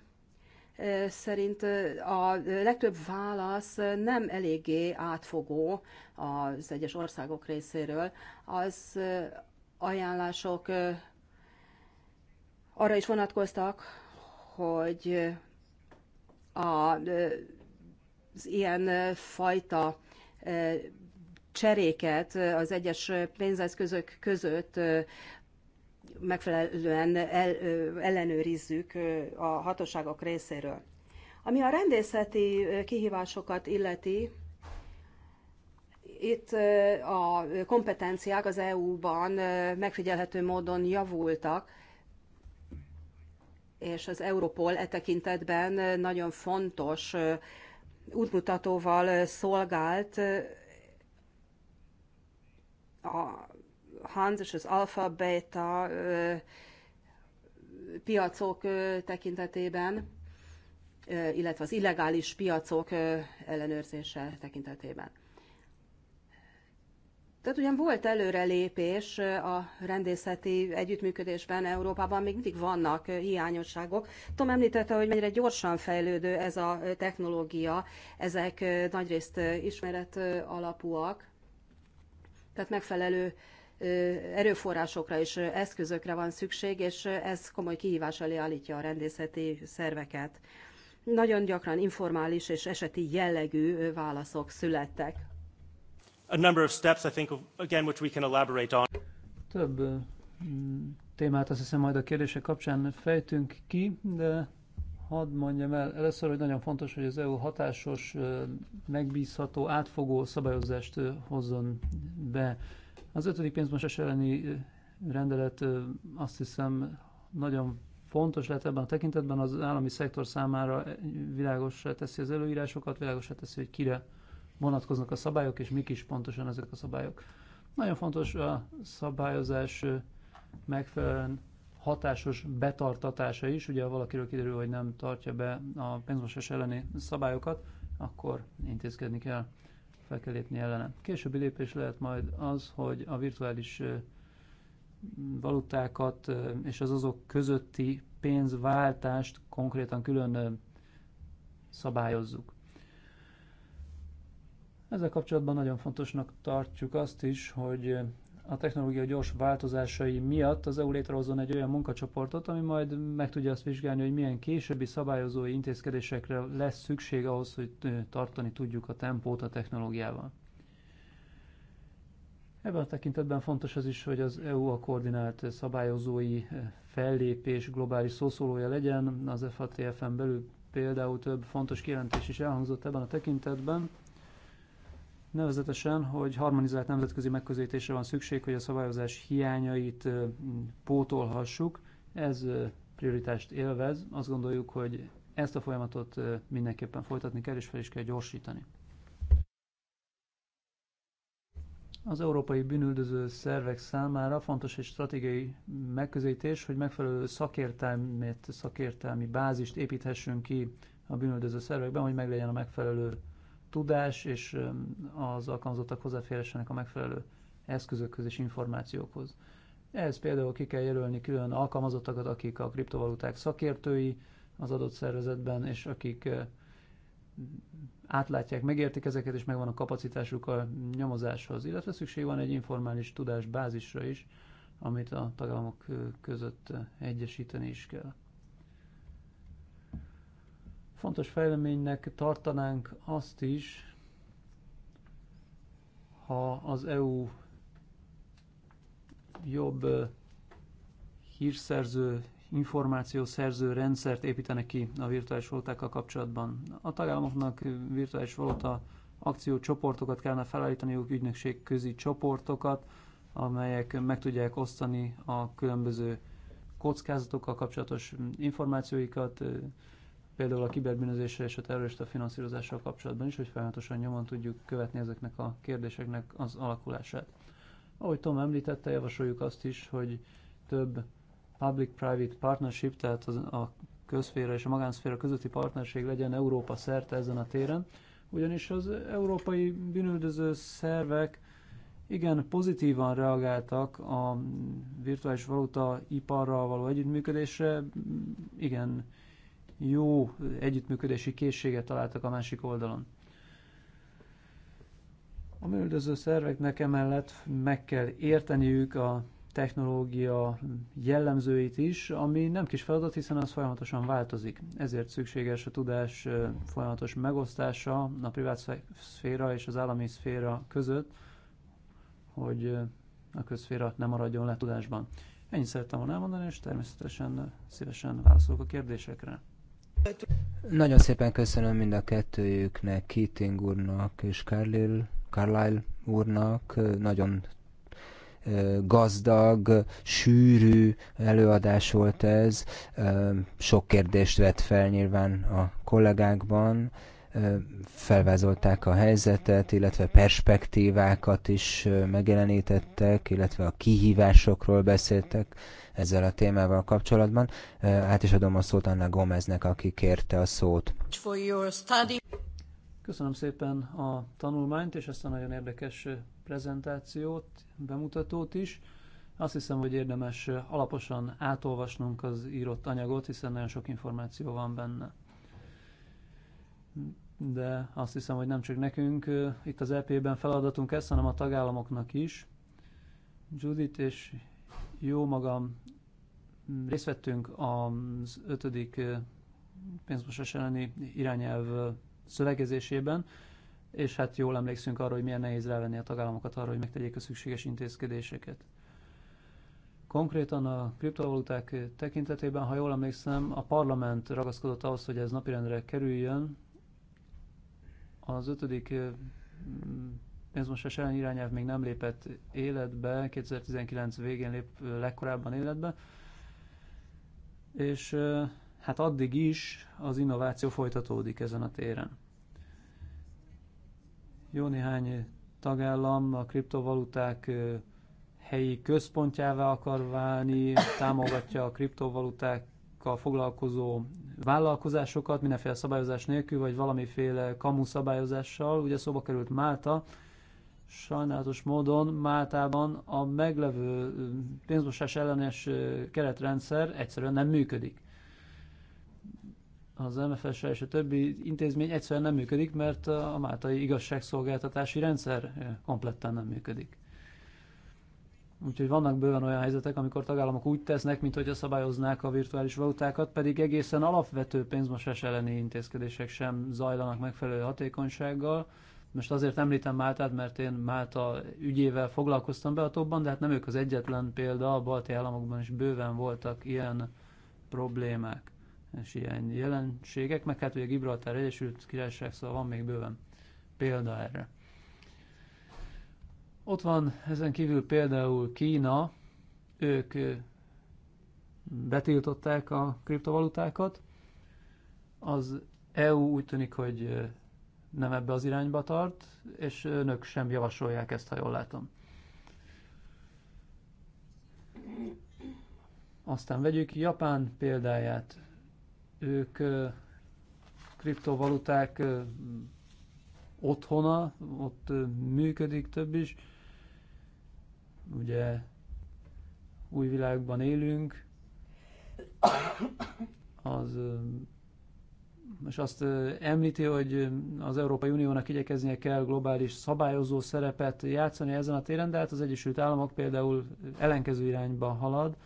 Speaker 4: szerint a legtöbb válasz nem eléggé átfogó az egyes országok részéről. Az ajánlások arra is vonatkoztak, hogy az ilyen fajta cseréket az egyes pénzeszközök között megfelelően el, ellenőrizzük a hatóságok részéről. Ami a rendészeti kihívásokat illeti, itt a kompetenciák az EU-ban megfigyelhető módon javultak, és az Europol e tekintetben nagyon fontos útmutatóval szolgált a Hans és az Alpha Beta piacok tekintetében, illetve az illegális piacok ellenőrzése tekintetében. Tehát ugyan volt előrelépés a rendészeti együttműködésben Európában, még mindig vannak hiányosságok. Tom említette, hogy mennyire gyorsan fejlődő ez a technológia, ezek nagyrészt ismeret alapúak, tehát megfelelő erőforrásokra és eszközökre van szükség, és ez komoly kihívás elé állítja a rendészeti szerveket. Nagyon gyakran informális és eseti jellegű válaszok születtek. A number of steps, I think, again, which we can elaborate on.
Speaker 3: Több mm, témát azt hiszem majd a kérdések kapcsán fejtünk ki, de hadd mondjam el először, hogy nagyon fontos, hogy az EU hatásos, megbízható, átfogó szabályozást hozzon be az ötödik pénzmosás elleni rendelet azt hiszem nagyon fontos lehet ebben a tekintetben, az állami szektor számára világosra teszi az előírásokat, világosra teszi, hogy kire vonatkoznak a szabályok, és mik is pontosan ezek a szabályok. Nagyon fontos a szabályozás megfelelően hatásos betartatása is, ugye ha valakiről kiderül, hogy nem tartja be a pénzmosás elleni szabályokat, akkor intézkedni kell fel kell lépni ellene. Későbbi lépés lehet majd az, hogy a virtuális valutákat és az azok közötti pénzváltást konkrétan külön szabályozzuk. Ezzel kapcsolatban nagyon fontosnak tartjuk azt is, hogy a technológia gyors változásai miatt az EU létrehozzon egy olyan munkacsoportot, ami majd meg tudja azt vizsgálni, hogy milyen későbbi szabályozói intézkedésekre lesz szükség ahhoz, hogy tartani tudjuk a tempót a technológiával. Ebben a tekintetben fontos az is, hogy az EU a koordinált szabályozói fellépés globális szószólója legyen. Az FATF-en belül például több fontos kijelentés is elhangzott ebben a tekintetben. Nevezetesen, hogy harmonizált nemzetközi megközelítésre van szükség, hogy a szabályozás hiányait pótolhassuk. Ez prioritást élvez. Azt gondoljuk, hogy ezt a folyamatot mindenképpen folytatni kell, és fel is kell gyorsítani. Az európai bűnüldöző szervek számára fontos egy stratégiai megközelítés, hogy megfelelő szakértelmét, szakértelmi bázist építhessünk ki a bűnüldöző szervekben, hogy meglegyen a megfelelő tudás, és az alkalmazottak hozzáférhessenek a megfelelő eszközökhöz és információkhoz. Ehhez például ki kell jelölni külön alkalmazottakat, akik a kriptovaluták szakértői az adott szervezetben, és akik átlátják, megértik ezeket, és megvan a kapacitásuk a nyomozáshoz. Illetve szükség van egy informális tudásbázisra is, amit a tagállamok között egyesíteni is kell. Fontos fejleménynek tartanánk azt is, ha az EU jobb hírszerző, információszerző rendszert építene ki a virtuális valótákkal kapcsolatban. A tagállamoknak virtuális valóta akciócsoportokat kellene felállítaniuk, ügynökség közi csoportokat, amelyek meg tudják osztani a különböző kockázatokkal kapcsolatos információikat, például a kiberbűnözéssel és a terrorista finanszírozással kapcsolatban is, hogy folyamatosan nyomon tudjuk követni ezeknek a kérdéseknek az alakulását. Ahogy Tom említette, javasoljuk azt is, hogy több public-private partnership, tehát az, a közféra és a magánszféra közötti partnerség legyen Európa szerte ezen a téren, ugyanis az európai bűnöldöző szervek igen pozitívan reagáltak a virtuális valuta iparral való együttműködésre, igen jó együttműködési készséget találtak a másik oldalon. A műldöző szerveknek emellett meg kell érteniük a technológia jellemzőit is, ami nem kis feladat, hiszen az folyamatosan változik. Ezért szükséges a tudás folyamatos megosztása a privát szféra és az állami szféra között, hogy a közszféra nem maradjon le tudásban. Ennyit szerettem volna elmondani, és természetesen szívesen válaszolok a kérdésekre.
Speaker 2: Nagyon szépen köszönöm mind a kettőjüknek, Keating úrnak és Carlyle, Carlyle úrnak. Nagyon gazdag, sűrű előadás volt ez. Sok kérdést vett fel nyilván a kollégákban. Felvázolták a helyzetet, illetve perspektívákat is megjelenítettek, illetve a kihívásokról beszéltek ezzel a témával kapcsolatban. Át is adom a szót Anna Gomeznek, aki kérte a szót.
Speaker 3: Köszönöm szépen a tanulmányt és ezt a nagyon érdekes prezentációt, bemutatót is. Azt hiszem, hogy érdemes alaposan átolvasnunk az írott anyagot, hiszen nagyon sok információ van benne. De azt hiszem, hogy nem csak nekünk itt az EP-ben feladatunk ez, hanem a tagállamoknak is. Judith és jó magam, részt vettünk az ötödik pénzmosás elleni irányelv szövegezésében, és hát jól emlékszünk arra, hogy milyen nehéz rávenni a tagállamokat arra, hogy megtegyék a szükséges intézkedéseket. Konkrétan a kriptovaluták tekintetében, ha jól emlékszem, a parlament ragaszkodott ahhoz, hogy ez napirendre kerüljön. Az ötödik ez a Selen irányelv még nem lépett életbe, 2019 végén lép legkorábban életbe, és hát addig is az innováció folytatódik ezen a téren. Jó néhány tagállam a kriptovaluták helyi központjává akar válni, támogatja a kriptovalutákkal foglalkozó vállalkozásokat, mindenféle szabályozás nélkül, vagy valamiféle kamu szabályozással. Ugye szóba került Málta, sajnálatos módon Máltában a meglevő pénzmosás ellenes keretrendszer egyszerűen nem működik. Az MFS és a többi intézmény egyszerűen nem működik, mert a máltai igazságszolgáltatási rendszer kompletten nem működik. Úgyhogy vannak bőven olyan helyzetek, amikor tagállamok úgy tesznek, mintha szabályoznák a virtuális valutákat, pedig egészen alapvető pénzmosás elleni intézkedések sem zajlanak megfelelő hatékonysággal, most azért említem Máltát, mert én Málta ügyével foglalkoztam be a topban, de hát nem ők az egyetlen példa, a balti államokban is bőven voltak ilyen problémák és ilyen jelenségek, meg hát ugye Gibraltár Egyesült Királyság, szóval van még bőven példa erre. Ott van ezen kívül például Kína, ők betiltották a kriptovalutákat, az EU úgy tűnik, hogy nem ebbe az irányba tart, és önök sem javasolják ezt, ha jól látom. Aztán vegyük Japán példáját. Ők kriptovaluták otthona, ott működik több is. Ugye új világban élünk, az és azt említi, hogy az Európai Uniónak igyekeznie kell globális szabályozó szerepet játszani ezen a téren, de hát az Egyesült Államok például ellenkező irányba halad,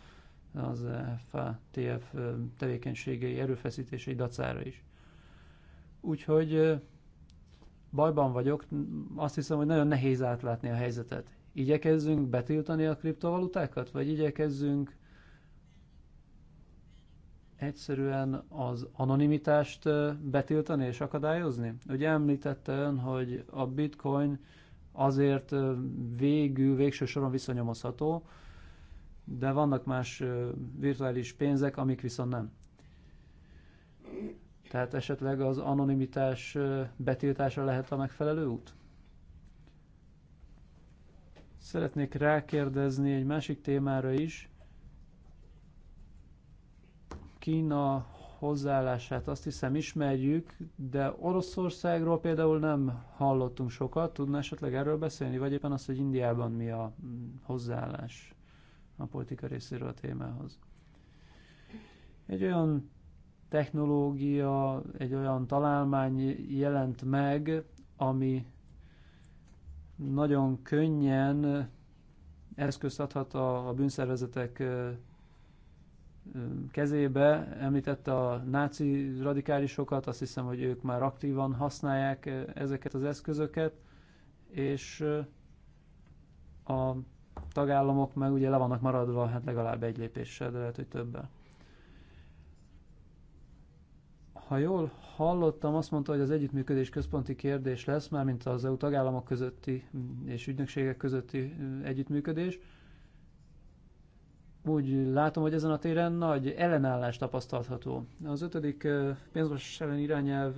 Speaker 3: az FATF tevékenységei, erőfeszítései dacára is. Úgyhogy bajban vagyok, azt hiszem, hogy nagyon nehéz átlátni a helyzetet. Igyekezzünk betiltani a kriptovalutákat, vagy igyekezzünk egyszerűen az anonimitást betiltani és akadályozni? Ugye említette ön, hogy a bitcoin azért végül, végső soron visszanyomozható, de vannak más virtuális pénzek, amik viszont nem. Tehát esetleg az anonimitás betiltása lehet a megfelelő út? Szeretnék rákérdezni egy másik témára is, Kína hozzáállását azt hiszem ismerjük, de Oroszországról például nem hallottunk sokat. Tudna esetleg erről beszélni, vagy éppen azt, hogy Indiában mi a mm, hozzáállás a politika részéről a témához? Egy olyan technológia, egy olyan találmány jelent meg, ami nagyon könnyen eszközt adhat a, a bűnszervezetek kezébe, említette a náci radikálisokat, azt hiszem, hogy ők már aktívan használják ezeket az eszközöket, és a tagállamok meg ugye le vannak maradva, hát legalább egy lépéssel, de lehet, hogy többel. Ha jól hallottam, azt mondta, hogy az együttműködés központi kérdés lesz, mármint az EU tagállamok közötti és ügynökségek közötti együttműködés úgy látom, hogy ezen a téren nagy ellenállás tapasztalható. Az ötödik pénzmosás ellen irányelv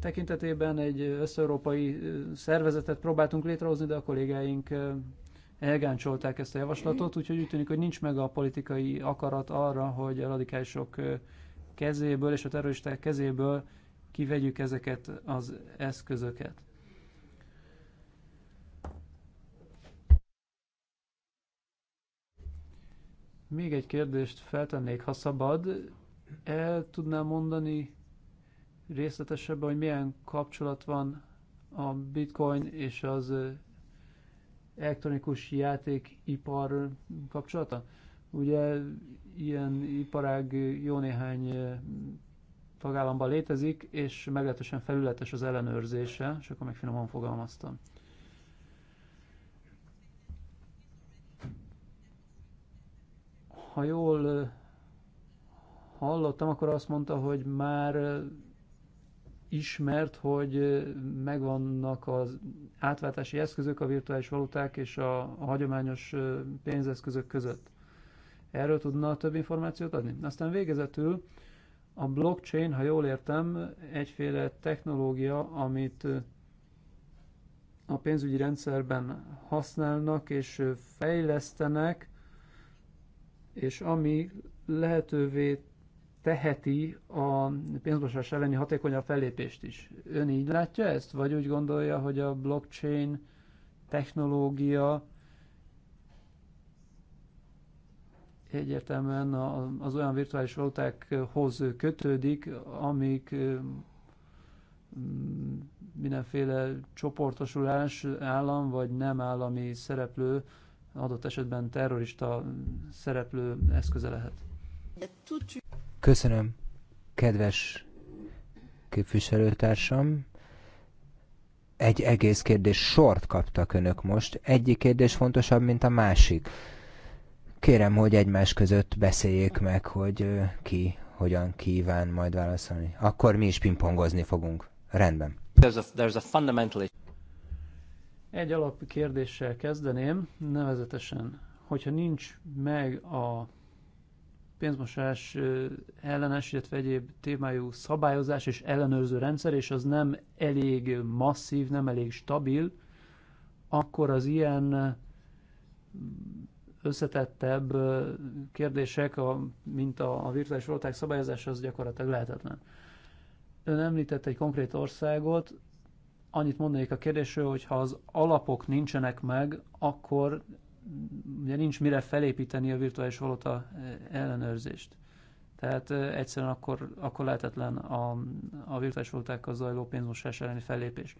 Speaker 3: tekintetében egy összeurópai szervezetet próbáltunk létrehozni, de a kollégáink elgáncsolták ezt a javaslatot, úgyhogy úgy tűnik, hogy nincs meg a politikai akarat arra, hogy a radikálisok kezéből és a terroristák kezéből kivegyük ezeket az eszközöket. Még egy kérdést feltennék, ha szabad. El tudnám mondani részletesebben, hogy milyen kapcsolat van a bitcoin és az elektronikus játékipar kapcsolata? Ugye ilyen iparág jó néhány tagállamban létezik, és meglehetősen felületes az ellenőrzése, és akkor meg finoman fogalmaztam. ha jól hallottam, akkor azt mondta, hogy már ismert, hogy megvannak az átváltási eszközök, a virtuális valuták és a, hagyományos pénzeszközök között. Erről tudna több információt adni? Aztán végezetül a blockchain, ha jól értem, egyféle technológia, amit a pénzügyi rendszerben használnak és fejlesztenek, és ami lehetővé teheti a pénzmosás elleni hatékonyabb fellépést is. Ön így látja ezt, vagy úgy gondolja, hogy a blockchain technológia egyértelműen az olyan virtuális valutákhoz kötődik, amik mm, mindenféle csoportosulás, állam vagy nem állami szereplő adott esetben terrorista szereplő eszköze lehet.
Speaker 2: Köszönöm, kedves képviselőtársam. Egy egész kérdés sort kaptak önök most. Egyik kérdés fontosabb, mint a másik. Kérem, hogy egymás között beszéljék meg, hogy ki hogyan kíván majd válaszolni. Akkor mi is pingpongozni fogunk. Rendben.
Speaker 3: There's a, there's a fundamental egy alap kérdéssel kezdeném, nevezetesen, hogyha nincs meg a pénzmosás ellenes, illetve egyéb témájú szabályozás és ellenőrző rendszer, és az nem elég masszív, nem elég stabil, akkor az ilyen összetettebb kérdések, a, mint a, a virtuális valóták szabályozása, az gyakorlatilag lehetetlen. Ön említett egy konkrét országot, annyit mondanék a kérdésről, hogy ha az alapok nincsenek meg, akkor ugye nincs mire felépíteni a virtuális valóta eh, ellenőrzést. Tehát eh, egyszerűen akkor, akkor lehetetlen a, a virtuális valótákkal zajló pénzmosás elleni fellépés.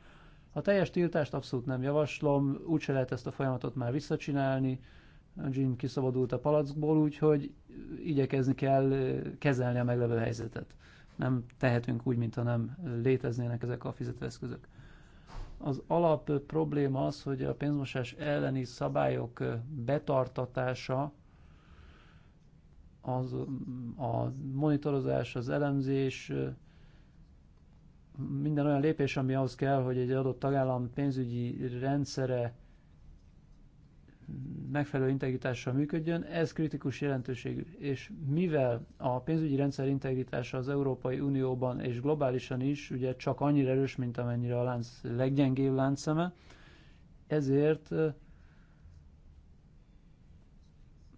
Speaker 3: A teljes tiltást abszolút nem javaslom, úgyse lehet ezt a folyamatot már visszacsinálni, Jim kiszabadult a palackból, úgyhogy igyekezni kell eh, kezelni a meglevő helyzetet. Nem tehetünk úgy, mintha nem léteznének ezek a fizetőeszközök. Az alap probléma az, hogy a pénzmosás elleni szabályok betartatása az, a monitorozás, az elemzés, minden olyan lépés, ami ahhoz kell, hogy egy adott tagállam pénzügyi rendszere megfelelő integritással működjön, ez kritikus jelentőségű. És mivel a pénzügyi rendszer integritása az Európai Unióban és globálisan is ugye csak annyira erős, mint amennyire a lánc leggyengébb láncszeme, ezért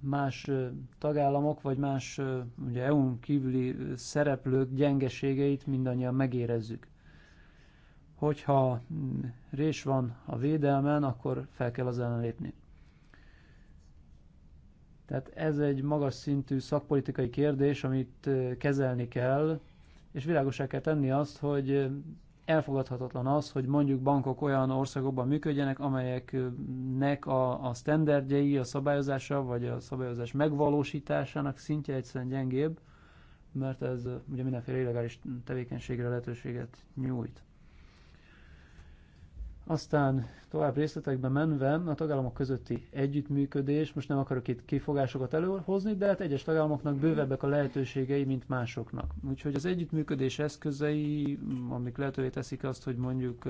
Speaker 3: más tagállamok, vagy más ugye EU-n kívüli szereplők gyengeségeit mindannyian megérezzük. Hogyha mm, rés van a védelmen, akkor fel kell az ellen lépni. Tehát ez egy magas szintű szakpolitikai kérdés, amit kezelni kell, és világosá kell tenni azt, hogy elfogadhatatlan az, hogy mondjuk bankok olyan országokban működjenek, amelyeknek a, a standardjei, a szabályozása, vagy a szabályozás megvalósításának szintje egyszerűen gyengébb, mert ez ugye mindenféle illegális tevékenységre lehetőséget nyújt. Aztán tovább részletekbe menve a tagállamok közötti együttműködés, most nem akarok itt kifogásokat előhozni, de hát egyes tagállamoknak bővebbek a lehetőségei, mint másoknak. Úgyhogy az együttműködés eszközei, amik lehetővé teszik azt, hogy mondjuk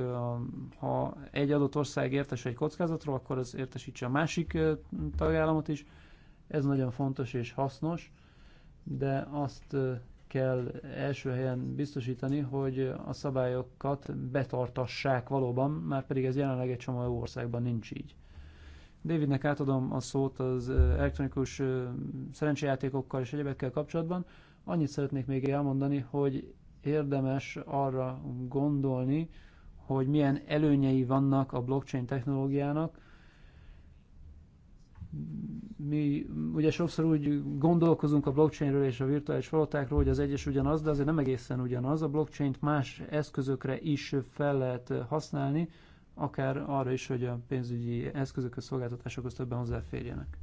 Speaker 3: ha egy adott ország értes egy kockázatról, akkor az értesítse a másik tagállamot is. Ez nagyon fontos és hasznos, de azt kell első helyen biztosítani, hogy a szabályokat betartassák valóban, már pedig ez jelenleg egy csomó országban nincs így. Davidnek átadom a szót az elektronikus szerencsejátékokkal és egyebekkel kapcsolatban. Annyit szeretnék még elmondani, hogy érdemes arra gondolni, hogy milyen előnyei vannak a blockchain technológiának, mi ugye sokszor úgy gondolkozunk a blockchainről és a virtuális valótákról, hogy az egyes ugyanaz, de azért nem egészen ugyanaz. A blockchain más eszközökre is fel lehet használni, akár arra is, hogy a pénzügyi eszközök a szolgáltatásokhoz többen hozzáférjenek.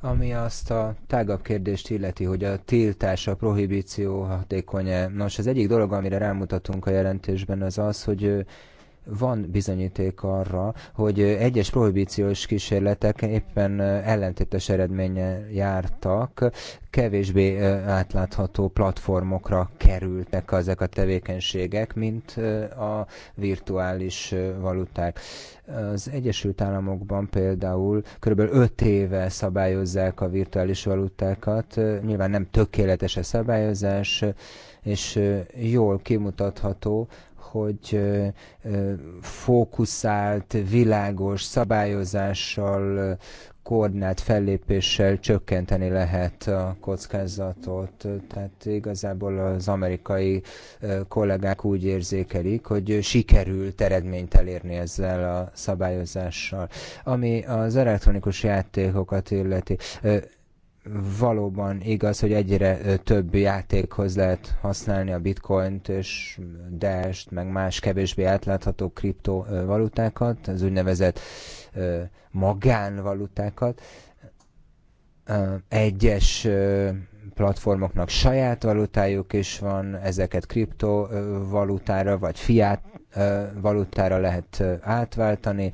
Speaker 2: Ami azt a tágabb kérdést illeti, hogy a tiltás, a prohibíció hatékony -e. Nos, az egyik dolog, amire rámutatunk a jelentésben, az az, hogy van bizonyíték arra, hogy egyes prohibíciós kísérletek éppen ellentétes eredménye jártak, kevésbé átlátható platformokra kerültek ezek a tevékenységek, mint a virtuális valuták. Az Egyesült Államokban például kb. 5 éve szabályozzák a virtuális valutákat, nyilván nem tökéletes a szabályozás, és jól kimutatható, hogy fókuszált, világos szabályozással, koordinált fellépéssel csökkenteni lehet a kockázatot. Tehát igazából az amerikai kollégák úgy érzékelik, hogy sikerült eredményt elérni ezzel a szabályozással. Ami az elektronikus játékokat illeti, valóban igaz, hogy egyre több játékhoz lehet használni a bitcoint és dash meg más kevésbé átlátható kriptovalutákat, az úgynevezett magánvalutákat. Egyes platformoknak saját valutájuk is van, ezeket kriptovalutára vagy fiat valutára lehet átváltani,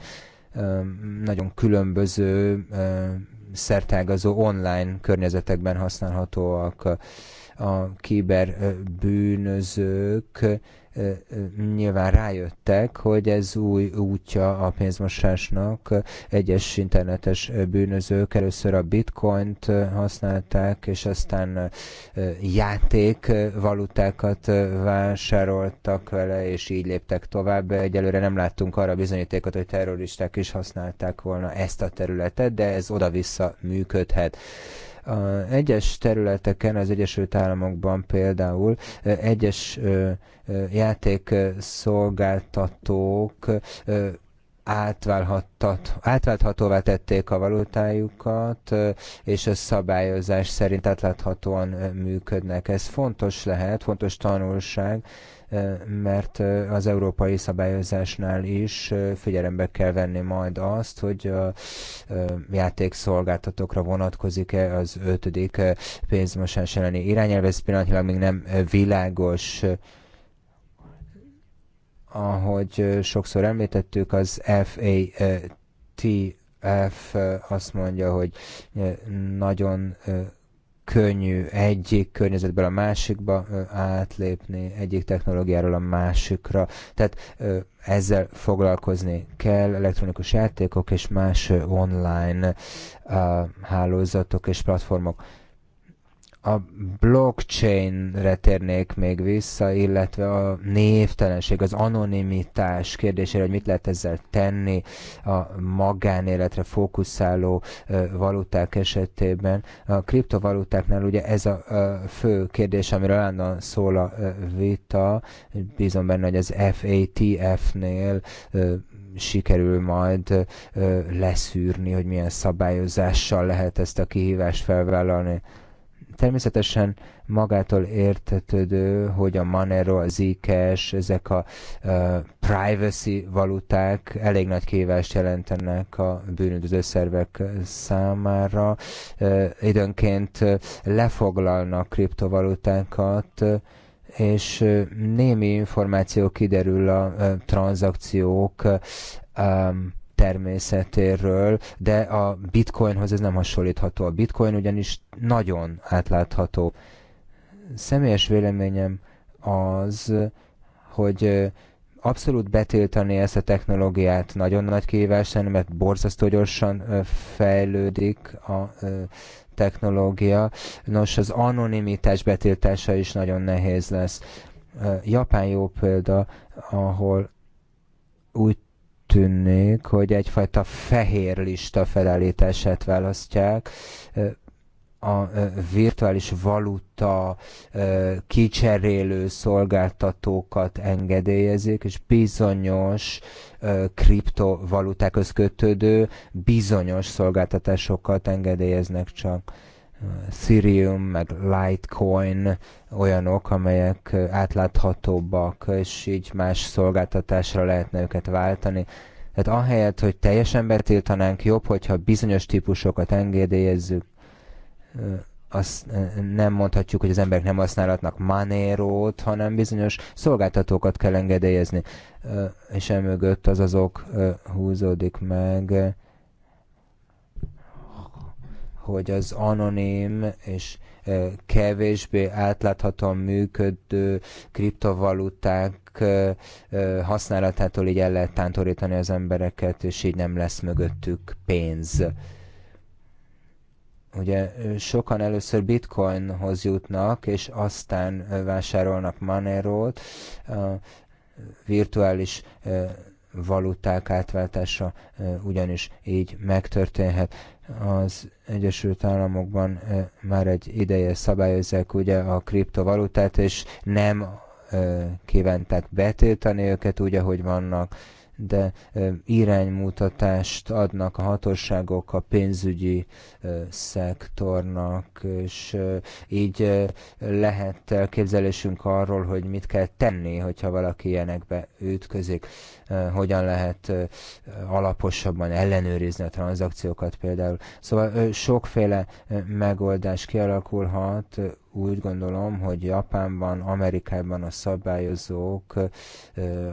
Speaker 2: nagyon különböző szertágazó online környezetekben használhatóak a kiberbűnözők nyilván rájöttek, hogy ez új útja a pénzmosásnak. Egyes internetes bűnözők először a bitcoint használták, és aztán játék valutákat vásároltak vele, és így léptek tovább. Egyelőre nem láttunk arra bizonyítékot, hogy terroristák is használták volna ezt a területet, de ez oda-vissza működhet. Egyes területeken, az Egyesült Államokban például egyes játékszolgáltatók átválthatóvá tették a valutájukat, és a szabályozás szerint átláthatóan működnek. Ez fontos lehet, fontos tanulság, mert az európai szabályozásnál is figyelembe kell venni majd azt, hogy a játékszolgáltatókra vonatkozik-e az ötödik pénzmosás elleni irányelv. Ez pillanatilag még nem világos ahogy sokszor említettük, az FATF azt mondja, hogy nagyon könnyű egyik környezetből a másikba átlépni, egyik technológiáról a másikra. Tehát ezzel foglalkozni kell, elektronikus játékok és más online hálózatok és platformok. A blockchainre térnék még vissza, illetve a névtelenség, az anonimitás kérdésére, hogy mit lehet ezzel tenni a magánéletre fókuszáló valuták esetében. A kriptovalutáknál ugye ez a fő kérdés, amiről állandóan szól a vita, bízom benne, hogy az FATF-nél sikerül majd leszűrni, hogy milyen szabályozással lehet ezt a kihívást felvállalni. Természetesen magától értetődő, hogy a Monero, a Zcash, ezek a privacy valuták elég nagy kívást jelentenek a bűnüldöző szervek számára. Időnként lefoglalnak kriptovalutákat, és némi információ kiderül a tranzakciók természetéről, de a bitcoinhoz ez nem hasonlítható. A bitcoin ugyanis nagyon átlátható. Személyes véleményem az, hogy abszolút betiltani ezt a technológiát nagyon nagy kihívás lenne, mert borzasztó gyorsan fejlődik a technológia. Nos, az anonimitás betiltása is nagyon nehéz lesz. Japán jó példa, ahol úgy tűnik, hogy egyfajta fehér lista felállítását választják. A virtuális valuta kicserélő szolgáltatókat engedélyezik, és bizonyos kriptovalutákhoz kötődő bizonyos szolgáltatásokat engedélyeznek csak Ethereum, meg Litecoin olyanok, amelyek átláthatóbbak, és így más szolgáltatásra lehetne őket váltani. Tehát ahelyett, hogy teljesen betiltanánk, jobb, hogyha bizonyos típusokat engedélyezzük, azt nem mondhatjuk, hogy az emberek nem használhatnak manérót, hanem bizonyos szolgáltatókat kell engedélyezni. És emögött az azok húzódik meg, hogy az anonim és kevésbé átláthatóan működő kriptovaluták használatától így el lehet tántorítani az embereket, és így nem lesz mögöttük pénz. Ugye sokan először bitcoinhoz jutnak, és aztán vásárolnak manerót, virtuális valuták átváltása ugyanis így megtörténhet az Egyesült Államokban eh, már egy ideje szabályozzák ugye a kriptovalutát, és nem eh, kívánták betiltani őket úgy, ahogy vannak, de eh, iránymutatást adnak a hatóságok a pénzügyi szektornak, és így lehet elképzelésünk arról, hogy mit kell tenni, hogyha valaki ilyenekbe ütközik hogyan lehet alaposabban ellenőrizni a tranzakciókat például. Szóval sokféle megoldás kialakulhat, úgy gondolom, hogy Japánban, Amerikában a szabályozók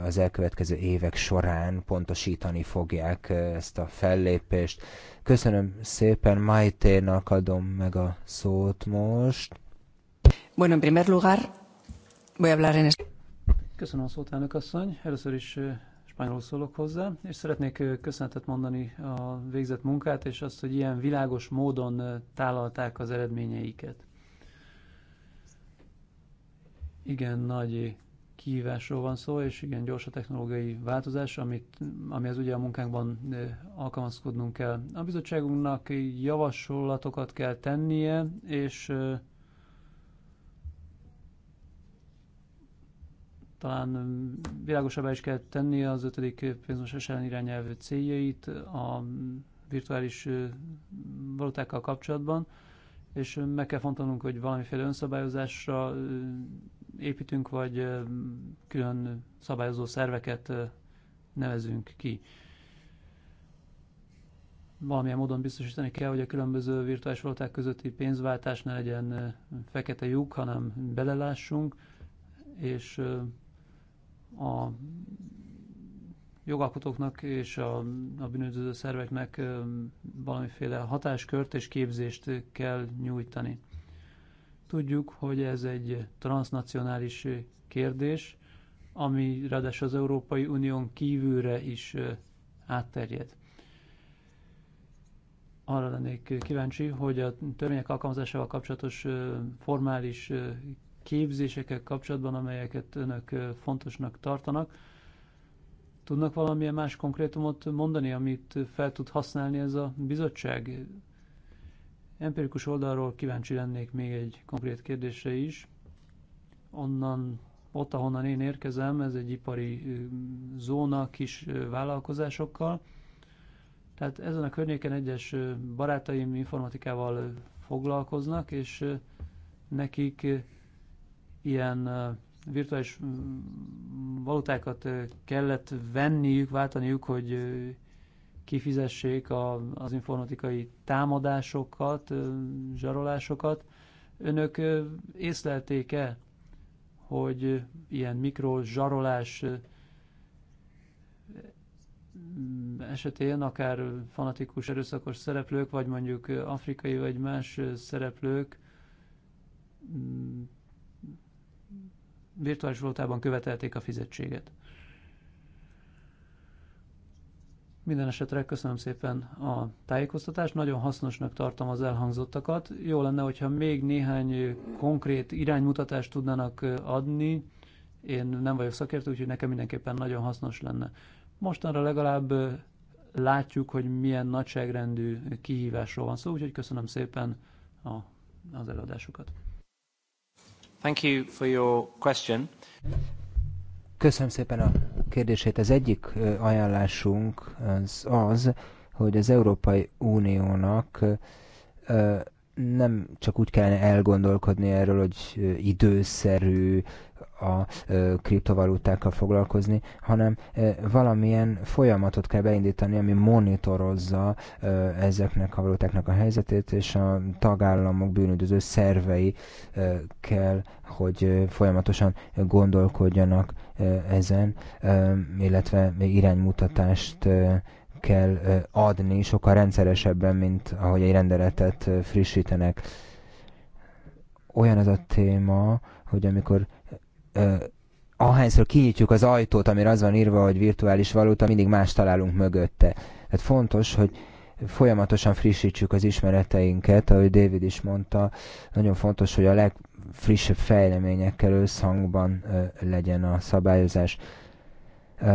Speaker 2: az elkövetkező évek során pontosítani fogják ezt a fellépést. Köszönöm szépen, Majténak adom meg a szót most.
Speaker 3: Bueno, en primer lugar, voy a hablar en... Köszönöm a szót, elnök asszony. Először is Spanyolul szólok hozzá, és szeretnék köszönetet mondani a végzett munkát, és azt, hogy ilyen világos módon tálalták az eredményeiket. Igen, nagy kihívásról van szó, és igen, gyors a technológiai változás, amit, az ugye a munkánkban alkalmazkodnunk kell. A bizottságunknak javasolatokat kell tennie, és talán um, világosabbá is kell tenni az ötödik pénzmosás ellen irányelv céljait a um, virtuális uh, valutákkal kapcsolatban, és um, meg kell fontolnunk, hogy valamiféle önszabályozásra uh, építünk, vagy uh, külön szabályozó szerveket nevezünk ki. Valamilyen módon biztosítani kell, hogy a különböző virtuális valuták közötti pénzváltás ne legyen fekete lyuk, hanem belelássunk, és a jogalkotóknak és a, a bűnöző szerveknek valamiféle hatáskört és képzést kell nyújtani. Tudjuk, hogy ez egy transnacionális kérdés, ami ráadásul az Európai Unión kívülre is átterjed. Arra lennék kíváncsi, hogy a törvények alkalmazásával kapcsolatos formális képzésekkel kapcsolatban, amelyeket önök fontosnak tartanak. Tudnak valamilyen más konkrétumot mondani, amit fel tud használni ez a bizottság? Empirikus oldalról kíváncsi lennék még egy konkrét kérdésre is. Onnan, ott, ahonnan én érkezem, ez egy ipari zóna kis vállalkozásokkal. Tehát ezen a környéken egyes barátaim informatikával foglalkoznak, és nekik ilyen virtuális valutákat kellett venniük, váltaniuk, hogy kifizessék a, az informatikai támadásokat, zsarolásokat. Önök észlelték-e, hogy ilyen mikro zsarolás esetén akár fanatikus erőszakos szereplők, vagy mondjuk afrikai vagy más szereplők virtuális valutában követelték a fizetséget. Minden esetre köszönöm szépen a tájékoztatást, nagyon hasznosnak tartom az elhangzottakat. Jó lenne, hogyha még néhány konkrét iránymutatást tudnának adni. Én nem vagyok szakértő, úgyhogy nekem mindenképpen nagyon hasznos lenne. Mostanra legalább látjuk, hogy milyen nagyságrendű kihívásról van szó, úgyhogy köszönöm szépen a, az előadásukat. Thank you for your question.
Speaker 2: Köszönöm szépen a kérdését. Az egyik ajánlásunk az az, hogy az Európai Uniónak nem csak úgy kellene elgondolkodni erről, hogy időszerű a kriptovalutákkal foglalkozni, hanem valamilyen folyamatot kell beindítani, ami monitorozza ezeknek a valutáknak a helyzetét, és a tagállamok bűnüldöző szervei kell, hogy folyamatosan gondolkodjanak ezen, illetve iránymutatást kell adni sokkal rendszeresebben, mint ahogy egy rendeletet frissítenek. Olyan ez a téma, hogy amikor ahányszor kinyitjuk az ajtót, amire az van írva, hogy virtuális valuta, mindig más találunk mögötte. Tehát fontos, hogy folyamatosan frissítsük az ismereteinket, ahogy David is mondta, nagyon fontos, hogy a legfrissebb fejleményekkel összhangban legyen a szabályozás.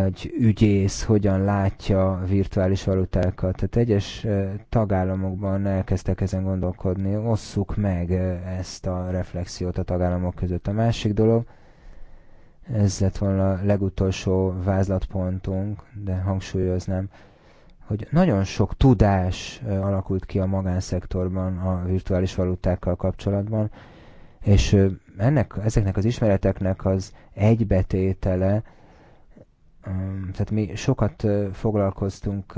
Speaker 2: Egy ügyész hogyan látja virtuális valutákat. Tehát egyes tagállamokban elkezdtek ezen gondolkodni, osszuk meg ezt a reflexiót a tagállamok között. A másik dolog, ez lett volna a legutolsó vázlatpontunk, de hangsúlyoznám, hogy nagyon sok tudás alakult ki a magánszektorban a virtuális valutákkal kapcsolatban, és ennek, ezeknek az ismereteknek az egybetétele, tehát mi sokat foglalkoztunk,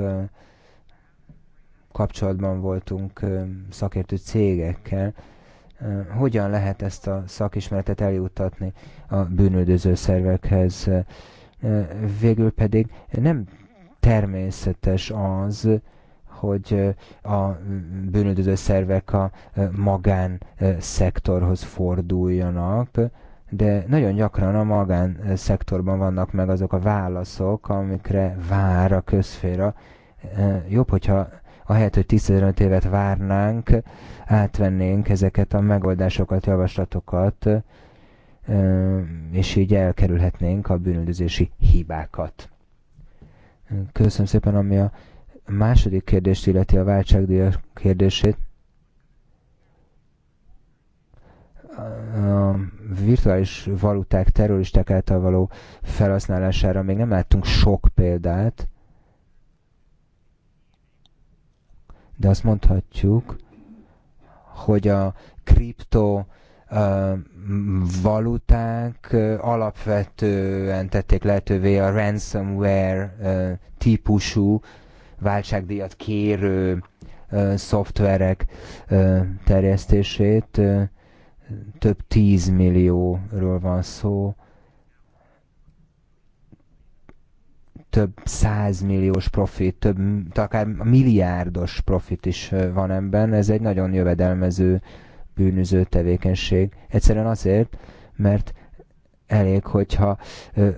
Speaker 2: kapcsolatban voltunk szakértő cégekkel, hogyan lehet ezt a szakismeretet eljuttatni a bűnöldöző szervekhez. Végül pedig nem természetes az, hogy a bűnöldöző szervek a magán szektorhoz forduljanak, de nagyon gyakran a magán szektorban vannak meg azok a válaszok, amikre vár a közféra. Jobb, hogyha ahelyett, hogy 10-15 évet várnánk, átvennénk ezeket a megoldásokat, javaslatokat, és így elkerülhetnénk a bűnöldözési hibákat. Köszönöm szépen, ami a második kérdést illeti a váltságdíjas kérdését. a virtuális valuták terroristák által való felhasználására még nem láttunk sok példát, de azt mondhatjuk, hogy a kripto valuták alapvetően tették lehetővé a ransomware típusú váltságdíjat kérő szoftverek terjesztését. Több tízmillióról van szó több százmilliós profit, több, akár milliárdos profit is van ebben, ez egy nagyon jövedelmező bűnöző tevékenység. Egyszerűen azért, mert elég, hogyha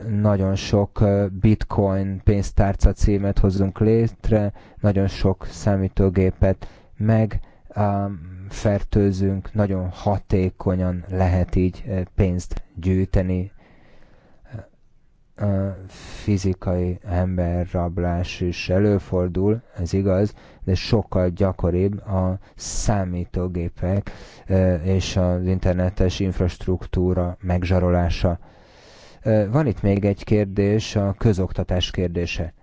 Speaker 2: nagyon sok bitcoin pénztárca címet hozzunk létre, nagyon sok számítógépet meg fertőzünk, nagyon hatékonyan lehet így pénzt gyűjteni fizikai emberrablás is előfordul, ez igaz, de sokkal gyakoribb a számítógépek és az internetes infrastruktúra megzsarolása. Van itt még egy kérdés, a közoktatás kérdése.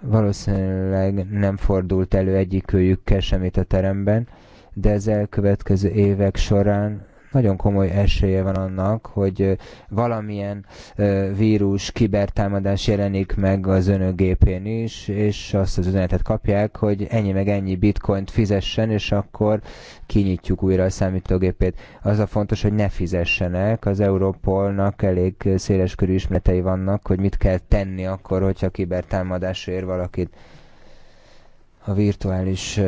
Speaker 2: Valószínűleg nem fordult elő egyikőjükkel semmit a teremben, de az elkövetkező évek során nagyon komoly esélye van annak, hogy valamilyen vírus, kibertámadás jelenik meg az önök gépén is, és azt az üzenetet kapják, hogy ennyi meg ennyi bitcoint fizessen, és akkor kinyitjuk újra a számítógépét. Az a fontos, hogy ne fizessenek, az Europolnak elég széleskörű ismeretei vannak, hogy mit kell tenni akkor, hogyha kibertámadás ér valakit a virtuális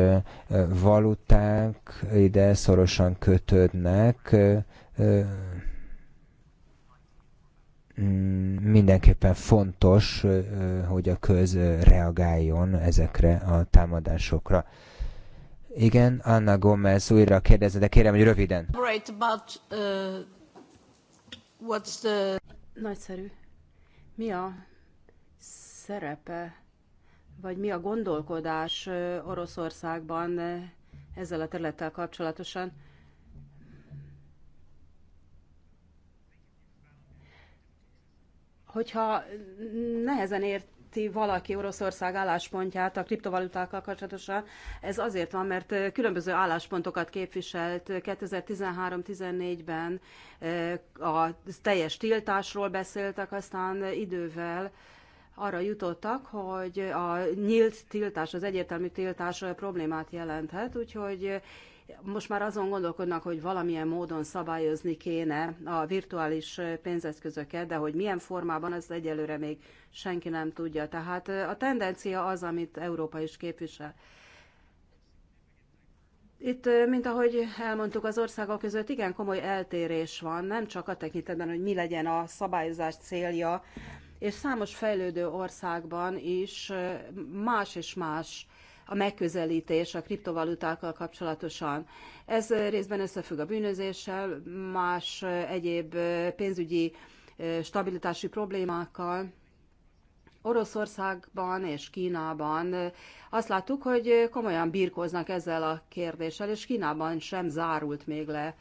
Speaker 2: valuták ide szorosan kötődnek, mm, mindenképpen fontos, hogy a köz reagáljon ezekre a támadásokra. Igen, Anna Gomez újra kérdezze, de kérem, hogy röviden.
Speaker 4: About, uh, what's the... Nagyszerű. Mi a szerepe vagy mi a gondolkodás Oroszországban ezzel a területtel kapcsolatosan? Hogyha nehezen érti valaki Oroszország álláspontját a kriptovalutákkal kapcsolatosan, ez azért van, mert különböző álláspontokat képviselt 2013-14-ben a teljes tiltásról beszéltek, aztán idővel arra jutottak, hogy a nyílt tiltás, az egyértelmű tiltás problémát jelenthet, úgyhogy most már azon gondolkodnak, hogy valamilyen módon szabályozni kéne a virtuális pénzeszközöket, de hogy milyen formában, ezt egyelőre még senki nem tudja. Tehát a tendencia az, amit Európa is képvisel. Itt, mint ahogy elmondtuk, az országok között igen komoly eltérés van, nem csak a tekintetben, hogy mi legyen a szabályozás célja, és számos fejlődő országban is más és más a megközelítés a kriptovalutákkal kapcsolatosan. Ez részben összefügg a bűnözéssel, más egyéb pénzügyi stabilitási problémákkal. Oroszországban és Kínában azt láttuk, hogy komolyan birkóznak ezzel a kérdéssel, és Kínában sem zárult még le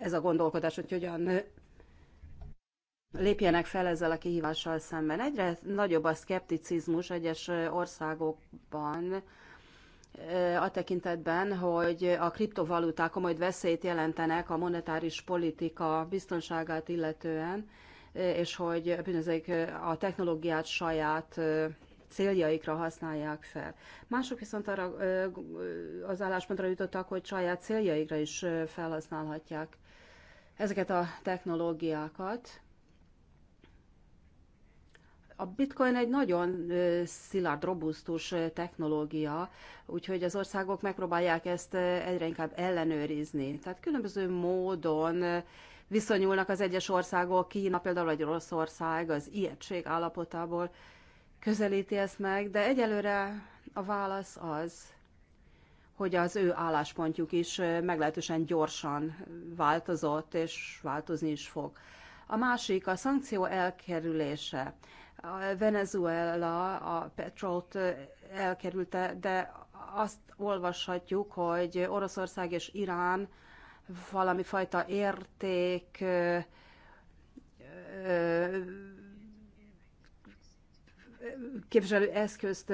Speaker 4: ez a gondolkodás, hogy hogyan lépjenek fel ezzel a kihívással szemben. Egyre nagyobb a szkepticizmus egyes országokban a tekintetben, hogy a kriptovaluták komoly veszélyt jelentenek a monetáris politika biztonságát illetően, és hogy bűnözők a technológiát saját céljaikra használják fel. Mások viszont arra az álláspontra jutottak, hogy saját céljaikra is felhasználhatják ezeket a technológiákat. A bitcoin egy nagyon szilárd, robusztus technológia, úgyhogy az országok megpróbálják ezt egyre inkább ellenőrizni. Tehát különböző módon viszonyulnak az egyes országok, Kína például, rossz ország az ijegység állapotából közelíti ezt meg, de egyelőre a válasz az, hogy az ő álláspontjuk is meglehetősen gyorsan változott, és változni is fog. A másik a szankció elkerülése. A Venezuela a petrolt elkerülte, de azt olvashatjuk, hogy Oroszország és Irán valami fajta érték képviselő eszközt,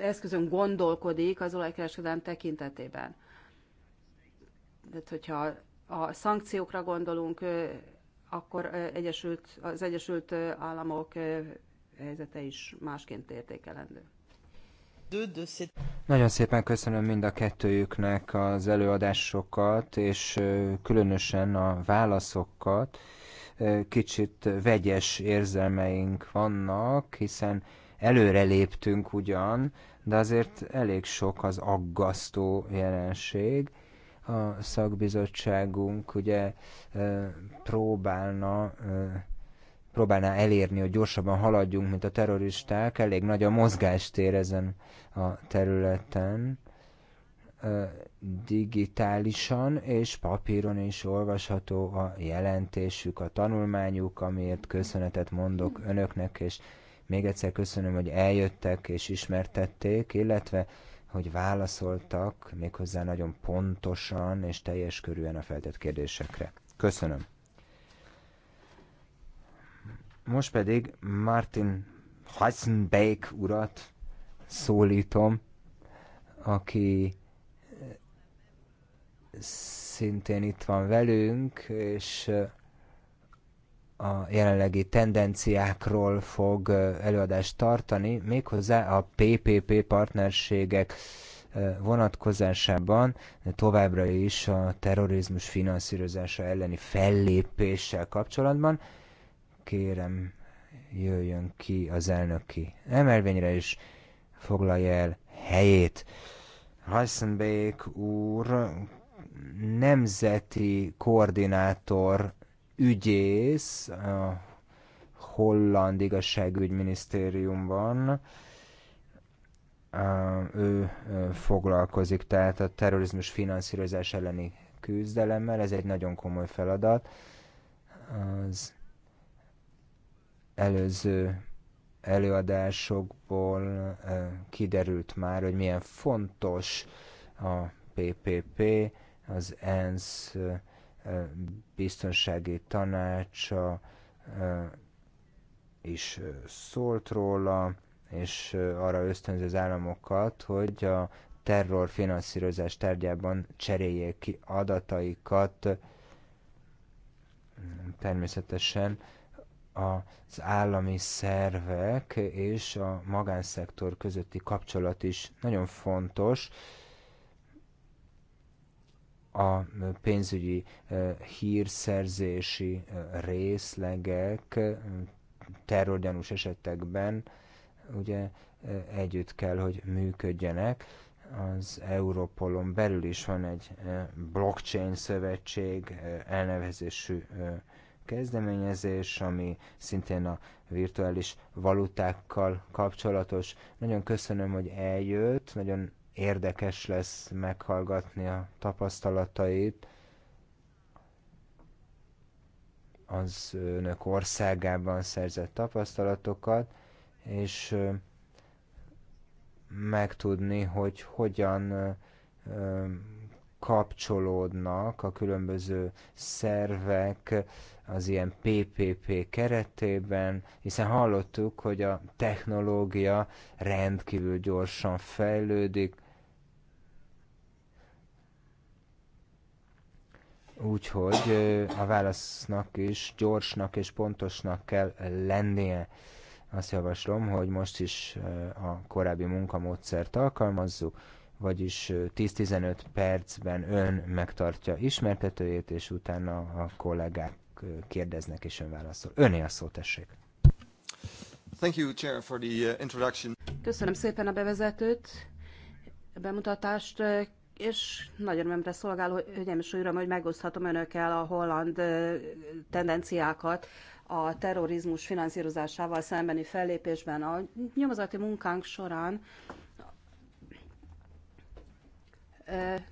Speaker 4: eszközön gondolkodik az olajkereskedelem tekintetében. Tehát, hogyha a szankciókra gondolunk, akkor Egyesült, az Egyesült Államok helyzete is másként értékelendő.
Speaker 2: Nagyon szépen köszönöm mind a kettőjüknek az előadásokat, és különösen a válaszokat. Kicsit vegyes érzelmeink vannak, hiszen előre léptünk ugyan, de azért elég sok az aggasztó jelenség, a szakbizottságunk ugye próbálna próbálná elérni, hogy gyorsabban haladjunk, mint a terroristák, elég nagy a mozgástér ezen a területen digitálisan és papíron is olvasható a jelentésük, a tanulmányuk, amiért köszönetet mondok önöknek, és még egyszer köszönöm, hogy eljöttek és ismertették, illetve hogy válaszoltak méghozzá nagyon pontosan és teljes körűen a feltett kérdésekre. Köszönöm. Most pedig Martin Heisenbeck urat szólítom, aki eh, szintén itt van velünk, és eh, a jelenlegi tendenciákról fog előadást tartani, méghozzá a PPP partnerségek vonatkozásában továbbra is a terrorizmus finanszírozása elleni fellépéssel kapcsolatban. Kérem, jöjjön ki az elnöki emelvényre, és foglalja el helyét. Heisenbeck úr nemzeti koordinátor ügyész a holland igazságügyminisztériumban, ő foglalkozik, tehát a terrorizmus finanszírozás elleni küzdelemmel, ez egy nagyon komoly feladat. Az előző előadásokból kiderült már, hogy milyen fontos a PPP, az ENSZ biztonsági tanácsa is szólt róla, és arra ösztönzi az államokat, hogy a terrorfinanszírozás tárgyában cseréljék ki adataikat. Természetesen az állami szervek és a magánszektor közötti kapcsolat is nagyon fontos, a pénzügyi hírszerzési részlegek terrorgyanús esetekben ugye együtt kell, hogy működjenek. Az Europolon belül is van egy blockchain szövetség elnevezésű kezdeményezés, ami szintén a virtuális valutákkal kapcsolatos. Nagyon köszönöm, hogy eljött, nagyon érdekes lesz meghallgatni a tapasztalatait az önök országában szerzett tapasztalatokat, és megtudni, hogy hogyan kapcsolódnak a különböző szervek az ilyen PPP keretében, hiszen hallottuk, hogy a technológia rendkívül gyorsan fejlődik, Úgyhogy a válasznak is gyorsnak és pontosnak kell lennie. Azt javaslom, hogy most is a korábbi munkamódszert alkalmazzuk, vagyis 10-15 percben ön megtartja ismertetőjét, és utána a kollégák kérdeznek, és ön válaszol. Öné a szó, tessék! Thank you, Chair, for the uh, introduction.
Speaker 4: Köszönöm szépen a bevezetőt, a bemutatást és nagyon nemre szolgáló, hogy nem és uram, hogy megoszthatom önökkel a holland tendenciákat a terrorizmus finanszírozásával szembeni fellépésben. A nyomozati munkánk során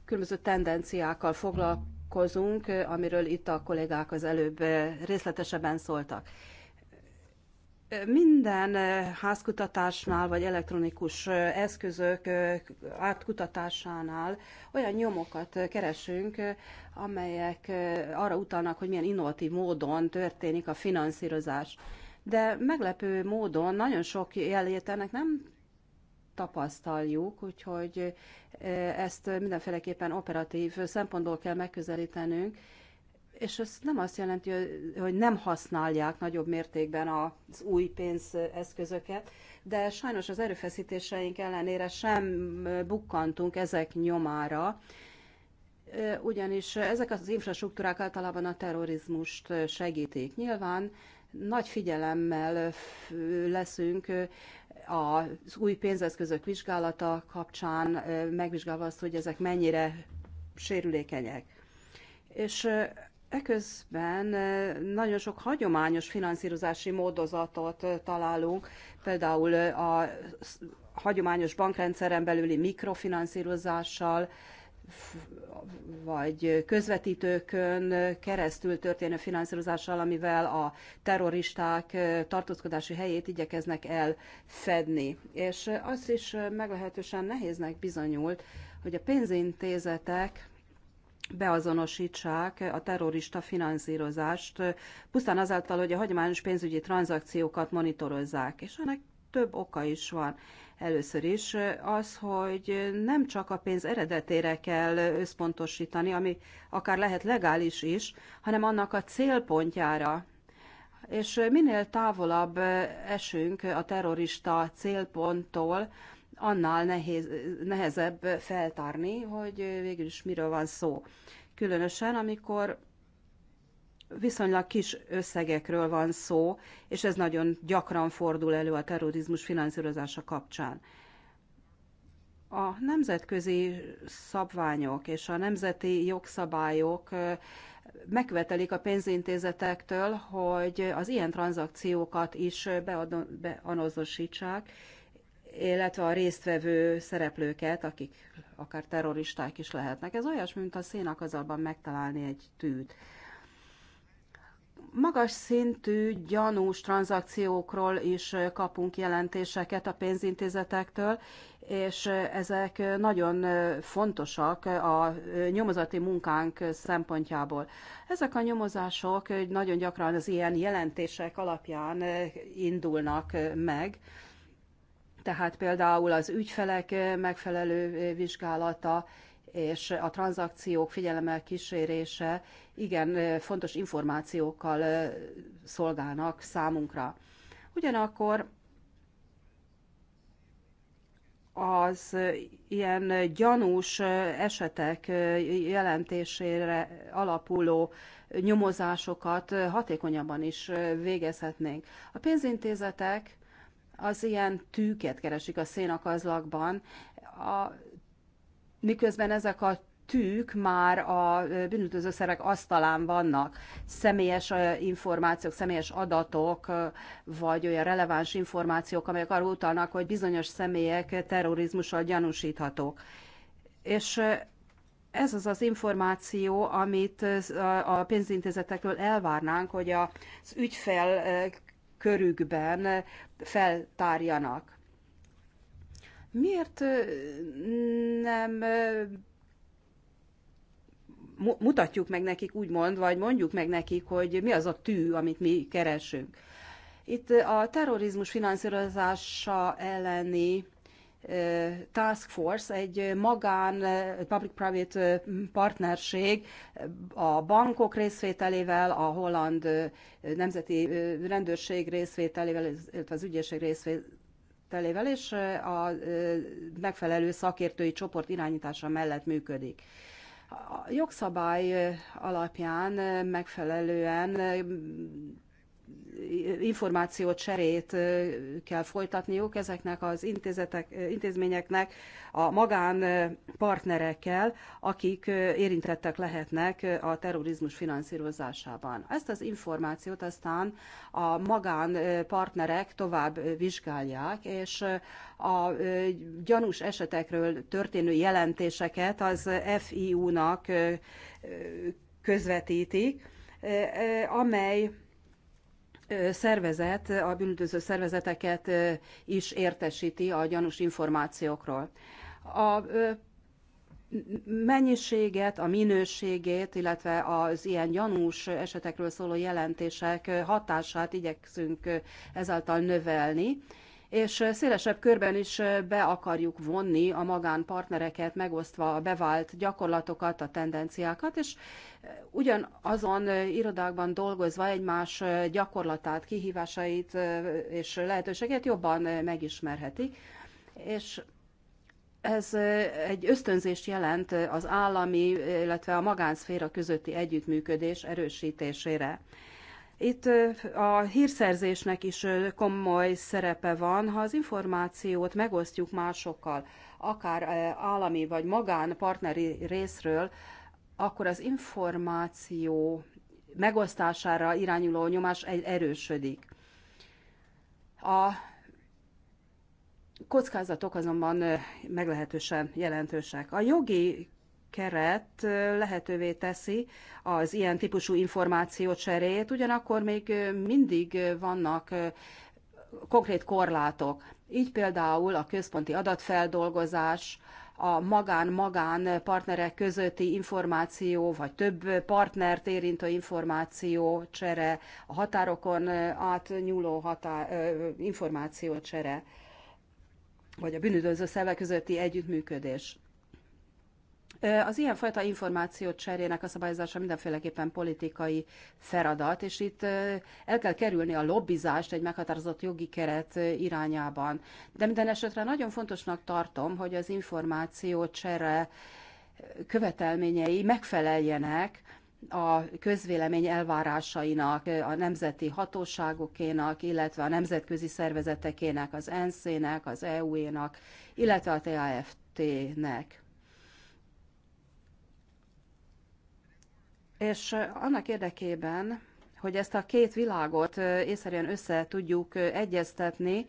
Speaker 4: különböző tendenciákkal foglalkozunk, amiről itt a kollégák az előbb részletesebben szóltak. Minden házkutatásnál vagy elektronikus eszközök átkutatásánál olyan nyomokat keresünk, amelyek arra utalnak, hogy milyen innovatív módon történik a finanszírozás. De meglepő módon nagyon sok jelét ennek nem tapasztaljuk, úgyhogy ezt mindenféleképpen operatív szempontból kell megközelítenünk, és ez nem azt jelenti, hogy nem használják nagyobb mértékben az új pénzeszközöket, de sajnos az erőfeszítéseink ellenére sem bukkantunk ezek nyomára, ugyanis ezek az infrastruktúrák általában a terrorizmust segítik. Nyilván nagy figyelemmel leszünk az új pénzeszközök vizsgálata kapcsán, megvizsgálva azt, hogy ezek mennyire sérülékenyek. És Eközben eh, nagyon sok hagyományos finanszírozási módozatot eh, találunk, például eh, a hagyományos bankrendszeren belüli mikrofinanszírozással, vagy közvetítőkön keresztül történő finanszírozással, amivel a terroristák tartózkodási helyét igyekeznek elfedni. És az is meglehetősen nehéznek bizonyult, hogy a pénzintézetek beazonosítsák a terrorista finanszírozást, pusztán azáltal, hogy a hagyományos pénzügyi tranzakciókat monitorozzák, és ennek több oka is van. Először is az, hogy nem csak a pénz eredetére kell összpontosítani, ami akár lehet legális is, hanem annak a célpontjára. És minél távolabb esünk a terrorista célponttól, annál nehéz, nehezebb feltárni, hogy végül is miről van szó. Különösen, amikor viszonylag kis összegekről van szó, és ez nagyon gyakran fordul elő a terrorizmus finanszírozása kapcsán. A nemzetközi szabványok és a nemzeti jogszabályok megvetelik a pénzintézetektől, hogy az ilyen tranzakciókat is beanozosítsák, illetve a résztvevő szereplőket, akik akár terroristák is lehetnek. Ez olyasmi, mint a szénakazalban megtalálni egy tűt. Magas szintű gyanús tranzakciókról is kapunk jelentéseket a pénzintézetektől, és ezek nagyon fontosak a nyomozati munkánk szempontjából. Ezek a nyomozások nagyon gyakran az ilyen jelentések alapján indulnak meg, tehát például az ügyfelek megfelelő vizsgálata és a tranzakciók figyelemmel kísérése igen fontos információkkal szolgálnak számunkra. Ugyanakkor az ilyen gyanús esetek jelentésére alapuló nyomozásokat hatékonyabban is végezhetnénk. A pénzintézetek az ilyen tűket keresik a szénakazlakban, a, miközben ezek a tűk már a bűnüldözőszerek asztalán vannak. Személyes információk, személyes adatok, vagy olyan releváns információk, amelyek arra utalnak, hogy bizonyos személyek terrorizmussal gyanúsíthatók. És ez az az információ, amit a pénzintézetekről elvárnánk, hogy az ügyfel körükben feltárjanak. Miért nem mutatjuk meg nekik, úgymond, vagy mondjuk meg nekik, hogy mi az a tű, amit mi keresünk? Itt a terrorizmus finanszírozása elleni Task Force, egy magán public-private partnerség a bankok részvételével, a holland nemzeti rendőrség részvételével, illetve az ügyészség részvételével, és a megfelelő szakértői csoport irányítása mellett működik. A jogszabály alapján megfelelően információ cserét kell folytatniuk ezeknek az intézetek, intézményeknek a magán partnerekkel, akik érintettek lehetnek a terrorizmus finanszírozásában. Ezt az információt aztán a magán partnerek tovább vizsgálják, és a gyanús esetekről történő jelentéseket az FIU-nak közvetítik, amely szervezet, a bűnüldöző szervezeteket is értesíti a gyanús információkról. A mennyiséget, a minőségét, illetve az ilyen gyanús esetekről szóló jelentések hatását igyekszünk ezáltal növelni, és szélesebb körben is be akarjuk vonni a magánpartnereket, megosztva a bevált gyakorlatokat, a tendenciákat, és ugyanazon irodákban dolgozva egymás gyakorlatát, kihívásait és lehetőséget jobban megismerhetik, és ez egy ösztönzést jelent az állami, illetve a magánszféra közötti együttműködés erősítésére. Itt a hírszerzésnek is komoly szerepe van, ha az információt megosztjuk másokkal, akár állami vagy magán partneri részről, akkor az információ megosztására irányuló nyomás erősödik. A kockázatok azonban meglehetősen jelentősek. A jogi keret lehetővé teszi az ilyen típusú információ cserét, ugyanakkor még mindig vannak konkrét korlátok. Így például a központi adatfeldolgozás, a magán-magán partnerek közötti információ, vagy több partnert érintő információ csere, a határokon átnyúló határ, információ csere, vagy a bűnüldöző szervek közötti együttműködés. Az ilyenfajta információt cserének a szabályozása mindenféleképpen politikai feladat, és itt el kell kerülni a lobbizást egy meghatározott jogi keret irányában. De minden esetre nagyon fontosnak tartom, hogy az információ csere követelményei megfeleljenek a közvélemény elvárásainak, a nemzeti hatóságokénak, illetve a nemzetközi szervezetekének, az ENSZ-ének, az eu nak illetve a TAFT-nek. És annak érdekében, hogy ezt a két világot észszerűen össze tudjuk egyeztetni,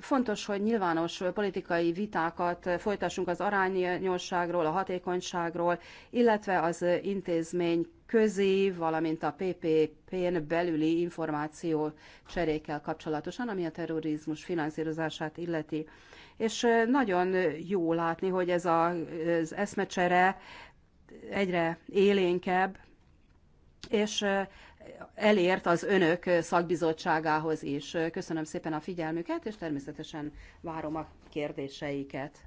Speaker 4: Fontos, hogy nyilvános politikai vitákat folytassunk az arányosságról, a hatékonyságról, illetve az intézmény közi, valamint a PPP-n belüli információ cserékkel kapcsolatosan, ami a terrorizmus finanszírozását illeti. És nagyon jó látni, hogy ez az eszmecsere egyre élénkebb, és elért az önök szakbizottságához is. Köszönöm szépen a figyelmüket, és természetesen várom a kérdéseiket.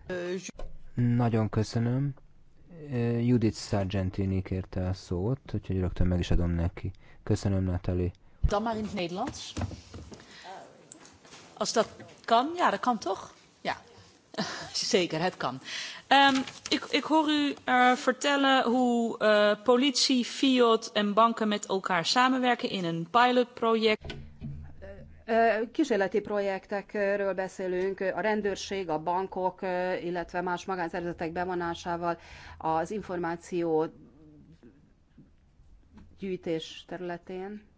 Speaker 2: Nagyon köszönöm. Judith Sargentini kérte a szót, úgyhogy rögtön meg is adom neki. Köszönöm, Natali.
Speaker 4: Dan már in het Nederlands. Als dat kan, ja, dat kan toch? Ja, zeker, het kan. Um, ik, ik hoor u uh, vertellen hoe uh, politie, FIOD en banken met elkaar samenwerken in een pilotproject. Eh, kísérleti projektekről beszélünk, a rendőrség, a bankok, illetve más magánszervezetek bevonásával az információ gyűjtés területén.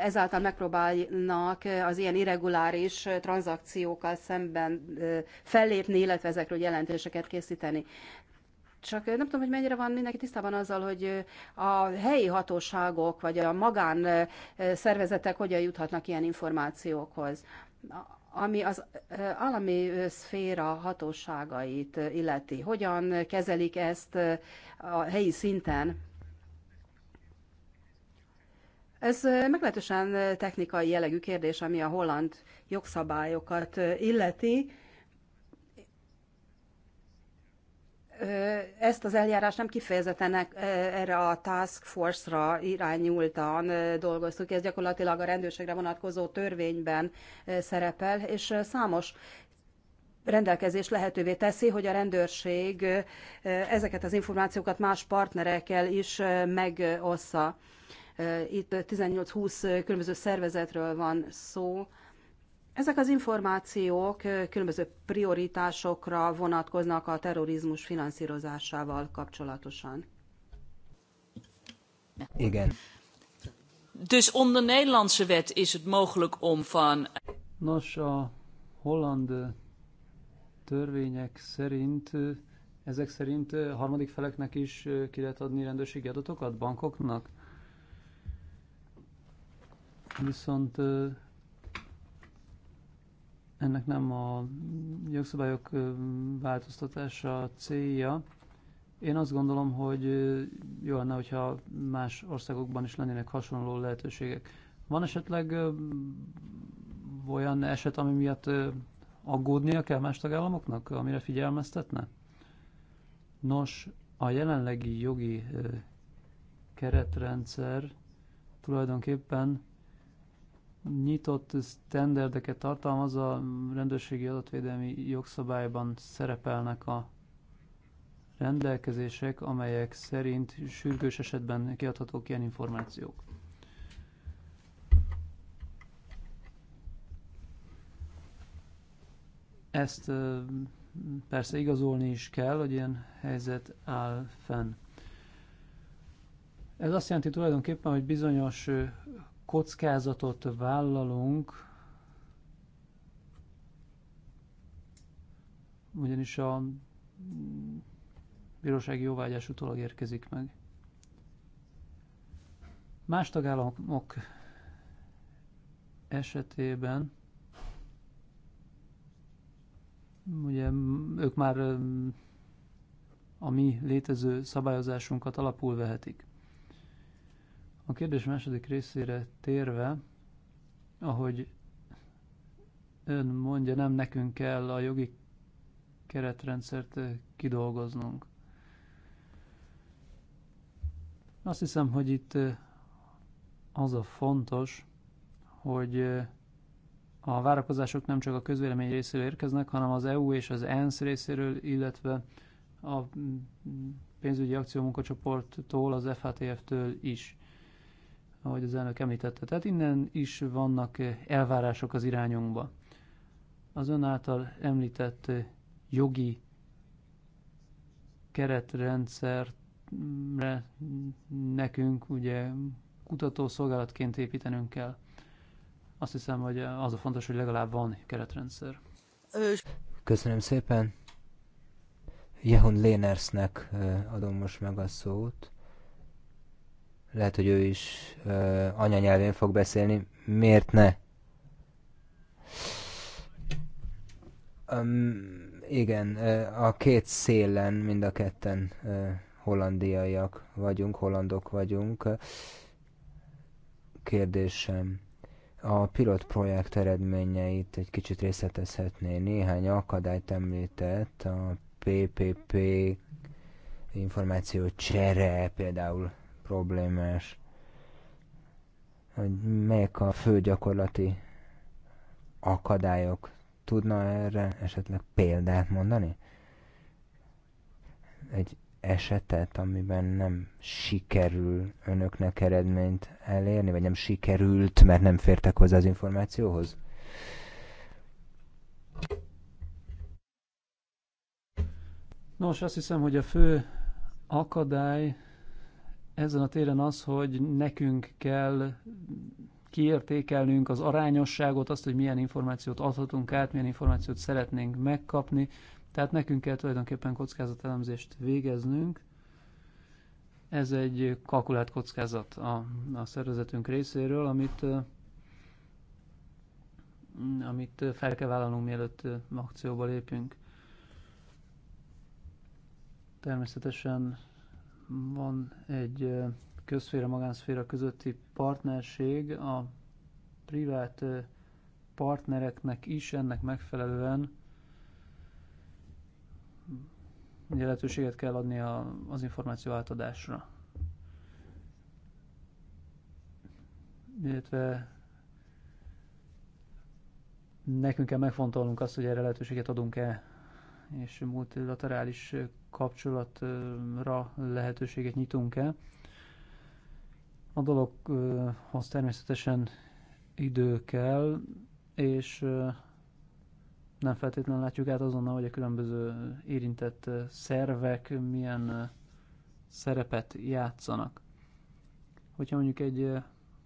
Speaker 4: ezáltal megpróbálnak eh, az ilyen irreguláris eh, tranzakciókkal szemben eh, fellépni, illetve ezekről jelentéseket készíteni. Csak nem tudom, hogy mennyire van mindenki tisztában azzal, hogy a helyi hatóságok vagy a magán szervezetek hogyan juthatnak ilyen információkhoz. Ami az állami szféra hatóságait illeti, hogyan kezelik ezt a helyi szinten? Ez meglehetősen technikai jellegű kérdés, ami a holland jogszabályokat illeti. Ezt az eljárást nem kifejezetten erre a task force-ra irányultan dolgoztuk, ez gyakorlatilag a rendőrségre vonatkozó törvényben szerepel, és számos rendelkezés lehetővé teszi, hogy a rendőrség ezeket az információkat más partnerekkel is megossza. Eh, itt 18-20 különböző szervezetről van szó. Ezek az információk eh, különböző prioritásokra vonatkoznak a terrorizmus finanszírozásával kapcsolatosan. Igen. Dus onder Nederlandse wet is het mogelijk om van...
Speaker 3: Nos, a holland eh, törvények szerint, ezek szerint harmadik feleknek is ki lehet adni rendőrségi adatokat bankoknak? viszont ennek nem a jogszabályok változtatása célja. Én azt gondolom, hogy jó lenne, hogyha más országokban is lennének hasonló lehetőségek. Van esetleg olyan eset, ami miatt aggódnia kell más tagállamoknak, amire figyelmeztetne? Nos, a jelenlegi jogi keretrendszer tulajdonképpen nyitott standardeket tartalmaz, a rendőrségi adatvédelmi jogszabályban szerepelnek a rendelkezések, amelyek szerint sürgős esetben kiadhatók ilyen információk. Ezt persze igazolni is kell, hogy ilyen helyzet áll fenn. Ez azt jelenti tulajdonképpen, hogy bizonyos kockázatot vállalunk, ugyanis a bírósági jóvágyás utólag érkezik meg. Más tagállamok esetében ugye ők már a mi létező szabályozásunkat alapul vehetik. A kérdés második részére térve, ahogy ön mondja, nem nekünk kell a jogi keretrendszert eh, kidolgoznunk. Azt hiszem, hogy itt eh, az a fontos, hogy eh, a várakozások nem csak a közvélemény részéről érkeznek, hanem az EU és az ENSZ részéről, illetve a mm, pénzügyi akciómunkacsoporttól, az FATF-től is ahogy az elnök említette. Tehát innen is vannak eh, elvárások az irányunkba. Az ön által említett eh, jogi keretrendszerre nekünk ugye kutatószolgálatként építenünk kell. Azt hiszem, hogy az a fontos, hogy legalább van keretrendszer.
Speaker 2: Köszönöm szépen. Jehun Lénersnek eh, adom most meg a szót. Lehet, hogy ő is anyanyelvén fog beszélni. Miért ne? Um, igen, a két szélen mind a ketten hollandiaiak vagyunk, hollandok vagyunk. Kérdésem, a pilot projekt eredményeit egy kicsit részletezhetné. Néhány akadályt említett, a PPP információ csere például problémás, hogy melyek a fő gyakorlati akadályok. Tudna erre esetleg példát mondani? Egy esetet, amiben nem sikerül önöknek eredményt elérni, vagy nem sikerült, mert nem fértek hozzá az információhoz?
Speaker 3: Nos, azt hiszem, hogy a fő akadály ezen a téren az, hogy nekünk kell kiértékelnünk az arányosságot, azt, hogy milyen információt adhatunk át, milyen információt szeretnénk megkapni. Tehát nekünk kell tulajdonképpen kockázatelemzést végeznünk. Ez egy kalkulált kockázat a, a szervezetünk részéről, amit, amit fel kell vállalnunk, mielőtt akcióba lépünk. Természetesen van egy közféra magánszféra közötti partnerség, a privát partnereknek is ennek megfelelően ugye lehetőséget kell adni a, az információ átadásra. Illetve nekünk kell megfontolnunk azt, hogy erre lehetőséget adunk-e és multilaterális kapcsolatra lehetőséget nyitunk el. A dologhoz természetesen idő kell, és nem feltétlenül látjuk át azonnal, hogy a különböző érintett szervek milyen szerepet játszanak. Hogyha mondjuk egy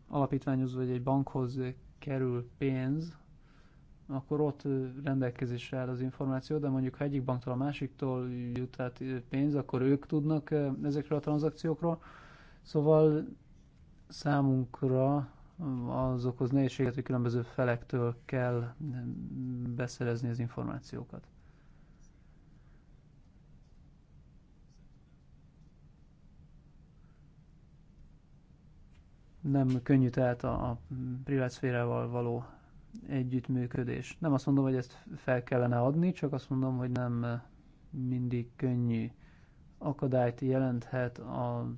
Speaker 3: alapítványhoz vagy egy bankhoz kerül pénz, akkor ott rendelkezésre áll az információ, de mondjuk ha egyik banktól a másiktól jut át pénz, akkor ők tudnak ezekről a tranzakciókról. Szóval számunkra az okoz nehézséget, hogy különböző felektől kell beszerezni az információkat. Nem könnyű tehát a, a privát szférával való együttműködés. Nem azt mondom, hogy ezt fel kellene adni, csak azt mondom, hogy nem mindig könnyű akadályt jelenthet a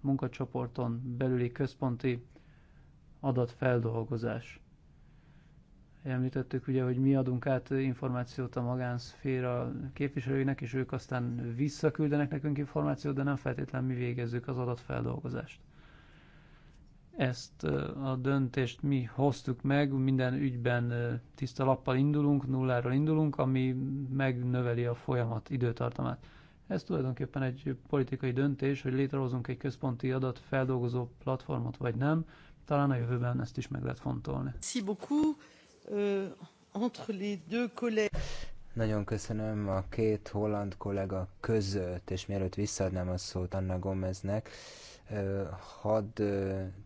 Speaker 3: munkacsoporton belüli központi adatfeldolgozás. Említettük ugye, hogy mi adunk át információt a magánszféra képviselőinek, és ők aztán visszaküldenek nekünk információt, de nem feltétlenül mi végezzük az adatfeldolgozást. Ezt a döntést mi hoztuk meg, minden ügyben tiszta lappal indulunk, nulláról indulunk, ami megnöveli a folyamat időtartamát. Ez tulajdonképpen egy politikai döntés, hogy létrehozunk egy központi adatfeldolgozó platformot, vagy nem. Talán a jövőben ezt is meg lehet fontolni.
Speaker 1: Euh,
Speaker 2: Nagyon köszönöm a két holland kollega között, és mielőtt visszaadnám a szót Anna Gomeznek, Hadd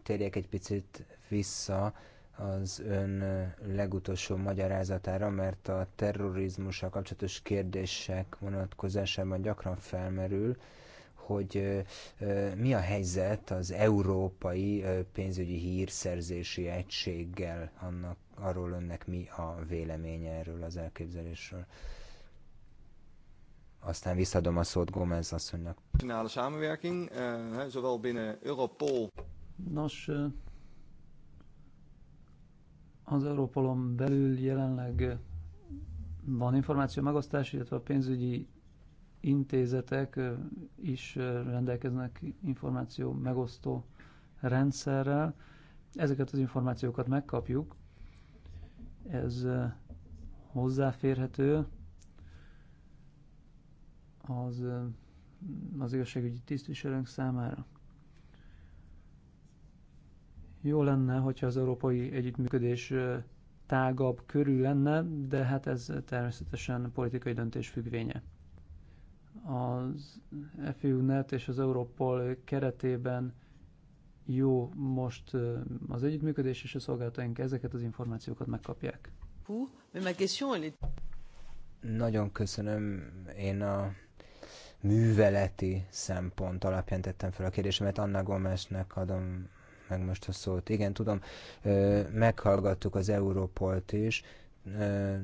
Speaker 2: térjek egy picit vissza az ön legutolsó magyarázatára, mert a terrorizmussal kapcsolatos kérdések vonatkozásában gyakran felmerül, hogy mi a helyzet az európai pénzügyi hírszerzési egységgel, annak, arról önnek mi a véleménye erről az elképzelésről aztán visszadom a szót Gomez asszonynak. Eh,
Speaker 3: Nos, eh, az Európolon belül jelenleg eh, van információ megosztás, illetve a pénzügyi intézetek is rendelkeznek információ megosztó rendszerrel. Ezeket az információkat megkapjuk, ez hozzáférhető, az, az igazságügyi tisztviselőnk számára. Jó lenne, hogyha az európai együttműködés tágabb körül lenne, de hát ez természetesen politikai döntés függvénye. Az FIU-net és az Európol keretében jó most az együttműködés és a szolgálataink ezeket az információkat megkapják.
Speaker 2: Nagyon köszönöm. Én a műveleti szempont alapján tettem fel a kérdésemet. Anna Gomesnek adom meg most a szót. Igen, tudom, meghallgattuk az Európolt is,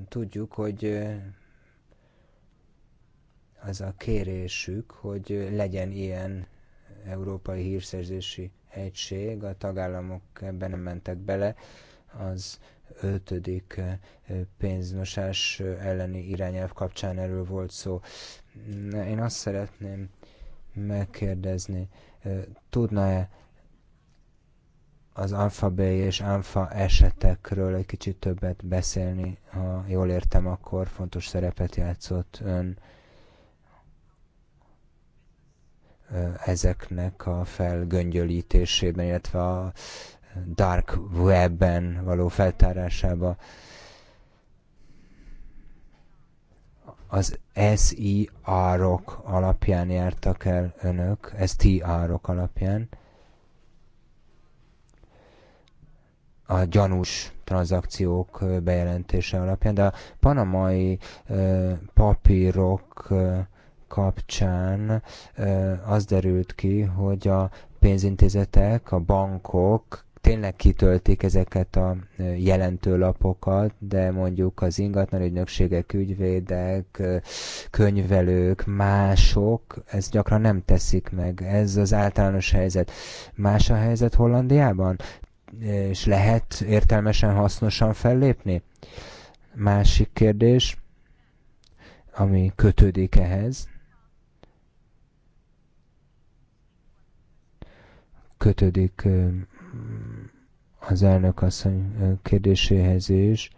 Speaker 2: tudjuk, hogy az a kérésük, hogy legyen ilyen európai hírszerzési egység, a tagállamok ebben nem mentek bele, az ötödik pénzmosás elleni irányelv kapcsán erről volt szó. Én azt szeretném megkérdezni, tudna-e az alfa B és alfa esetekről egy kicsit többet beszélni, ha jól értem, akkor fontos szerepet játszott ön ezeknek a felgöngyölítésében, illetve a dark webben való feltárásában az SI árok alapján jártak el önök, STI árok alapján. a gyanús tranzakciók bejelentése alapján, de a panamai ö, papírok ö, kapcsán ö, az derült ki, hogy a pénzintézetek, a bankok tényleg kitöltik ezeket a jelentőlapokat, de mondjuk az ingatlan ügynökségek, ügyvédek, könyvelők, mások, ez gyakran nem teszik meg. Ez az általános helyzet. Más a helyzet Hollandiában? És lehet értelmesen, hasznosan fellépni? Másik kérdés, ami kötődik ehhez, kötődik az elnök asszony kérdéséhez is.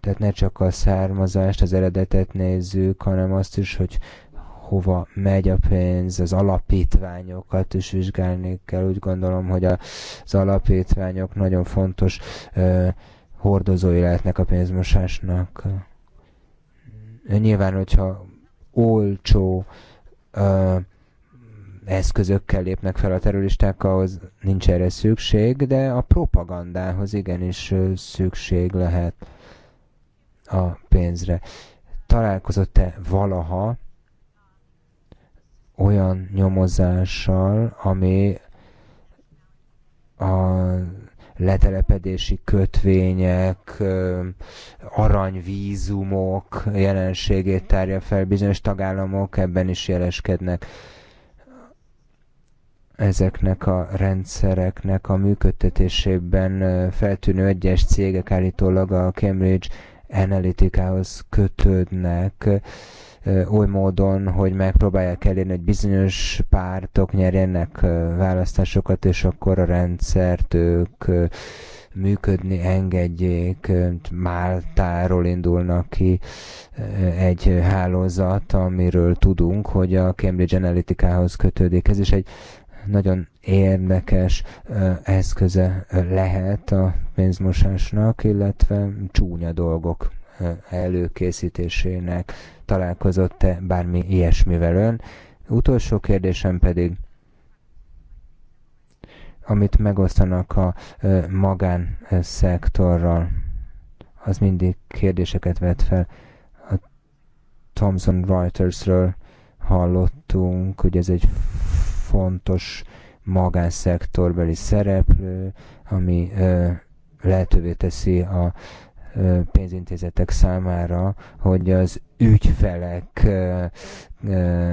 Speaker 2: Tehát ne csak a származást, az eredetet nézzük, hanem azt is, hogy hova megy a pénz, az alapítványokat is vizsgálni kell. Úgy gondolom, hogy az alapítványok nagyon fontos hordozói lehetnek a pénzmosásnak. Nyilván, hogyha olcsó ö, eszközökkel lépnek fel a terroristák, ahhoz nincs erre szükség, de a propagandához igenis szükség lehet a pénzre. Találkozott-e valaha olyan nyomozással, ami a letelepedési kötvények, aranyvízumok jelenségét tárja fel, bizonyos tagállamok ebben is jeleskednek ezeknek a rendszereknek a működtetésében feltűnő egyes cégek állítólag a Cambridge Analytica-hoz kötődnek oly módon, hogy megpróbálják elérni, hogy bizonyos pártok nyerjenek választásokat, és akkor a rendszert ők működni engedjék. Máltáról indulnak ki egy hálózat, amiről tudunk, hogy a Cambridge Analytica-hoz kötődik. Ez is egy nagyon érdekes eszköze lehet a pénzmosásnak, illetve csúnya dolgok előkészítésének. Találkozott-e bármi ilyesmivel ön? Utolsó kérdésem pedig, amit megosztanak a magánszektorral, az mindig kérdéseket vet fel. A Thomson Reutersről hallottunk, hogy ez egy fontos magánszektorbeli szereplő, ami lehetővé teszi a pénzintézetek számára, hogy az ügyfelek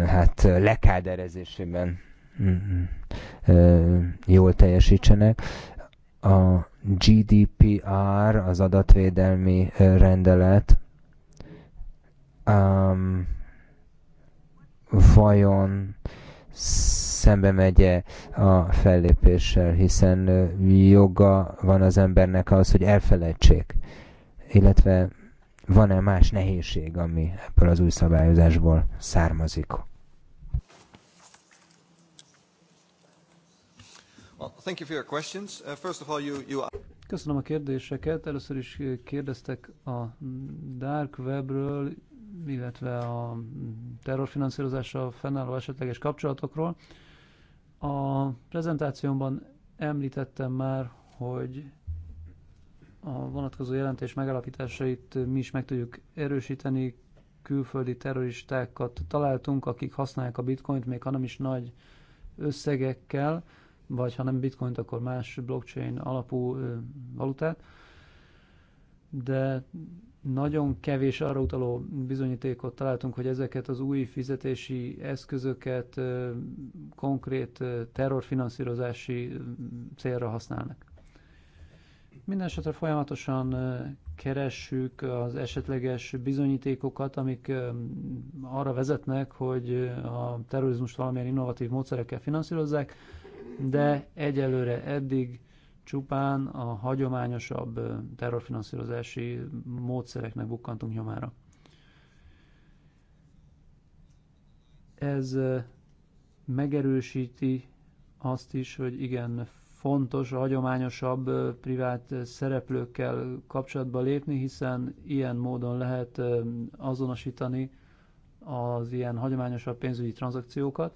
Speaker 2: hát lekáderezésében mm, mm, jól teljesítsenek. A GDPR, az adatvédelmi rendelet, um, vajon szembe megye a fellépéssel, hiszen joga van az embernek ahhoz, hogy elfelejtsék, illetve van-e más nehézség, ami ebből az új szabályozásból származik?
Speaker 4: Uh,
Speaker 3: Köszönöm a kérdéseket. Először is kérdeztek a Dark Webről, illetve a terrorfinanszírozással fennálló esetleges kapcsolatokról. A prezentációmban említettem már, hogy a vonatkozó jelentés megalapításait mi is meg tudjuk erősíteni. Külföldi terroristákat találtunk, akik használják a bitcoint, még ha nem is nagy összegekkel, vagy ha nem bitcoint, akkor más blockchain alapú valutát. De nagyon kevés arra utaló bizonyítékot találtunk, hogy ezeket az új fizetési eszközöket konkrét terrorfinanszírozási célra használnak. Mindenesetre folyamatosan keressük az esetleges bizonyítékokat, amik arra vezetnek, hogy a terrorizmust valamilyen innovatív módszerekkel finanszírozzák, de egyelőre eddig csupán a hagyományosabb terrorfinanszírozási módszereknek bukkantunk nyomára. Ez megerősíti azt is, hogy igen, fontos a hagyományosabb privát szereplőkkel kapcsolatba lépni, hiszen ilyen módon lehet azonosítani az ilyen hagyományosabb pénzügyi tranzakciókat,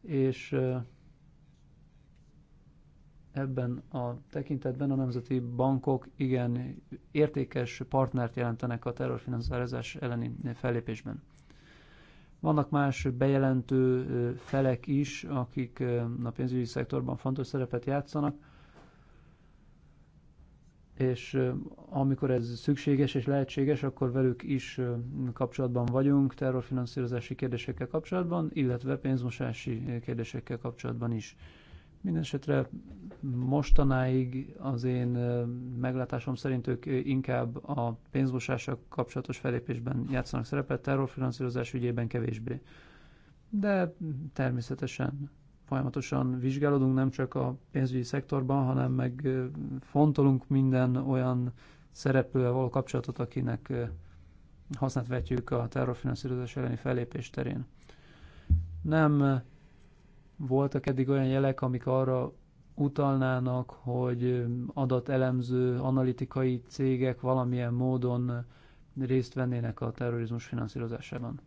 Speaker 3: és ebben a tekintetben a nemzeti bankok igen értékes partnert jelentenek a terrorfinanszírozás elleni fellépésben. Vannak más bejelentő felek is, akik a pénzügyi szektorban fontos szerepet játszanak, és amikor ez szükséges és lehetséges, akkor velük is kapcsolatban vagyunk, terrorfinanszírozási kérdésekkel kapcsolatban, illetve pénzmosási kérdésekkel kapcsolatban is. Mindenesetre mostanáig az én meglátásom szerint ők inkább a pénzmosással kapcsolatos felépésben játszanak szerepet, terrorfinanszírozás ügyében kevésbé. De természetesen folyamatosan vizsgálódunk nem csak a pénzügyi szektorban, hanem meg fontolunk minden olyan szereplővel való kapcsolatot, akinek hasznát vetjük a terrorfinanszírozás elleni fellépés terén. Nem voltak eddig olyan jelek, amik arra utalnának, hogy adatelemző, analitikai cégek valamilyen módon részt vennének a terrorizmus finanszírozásában.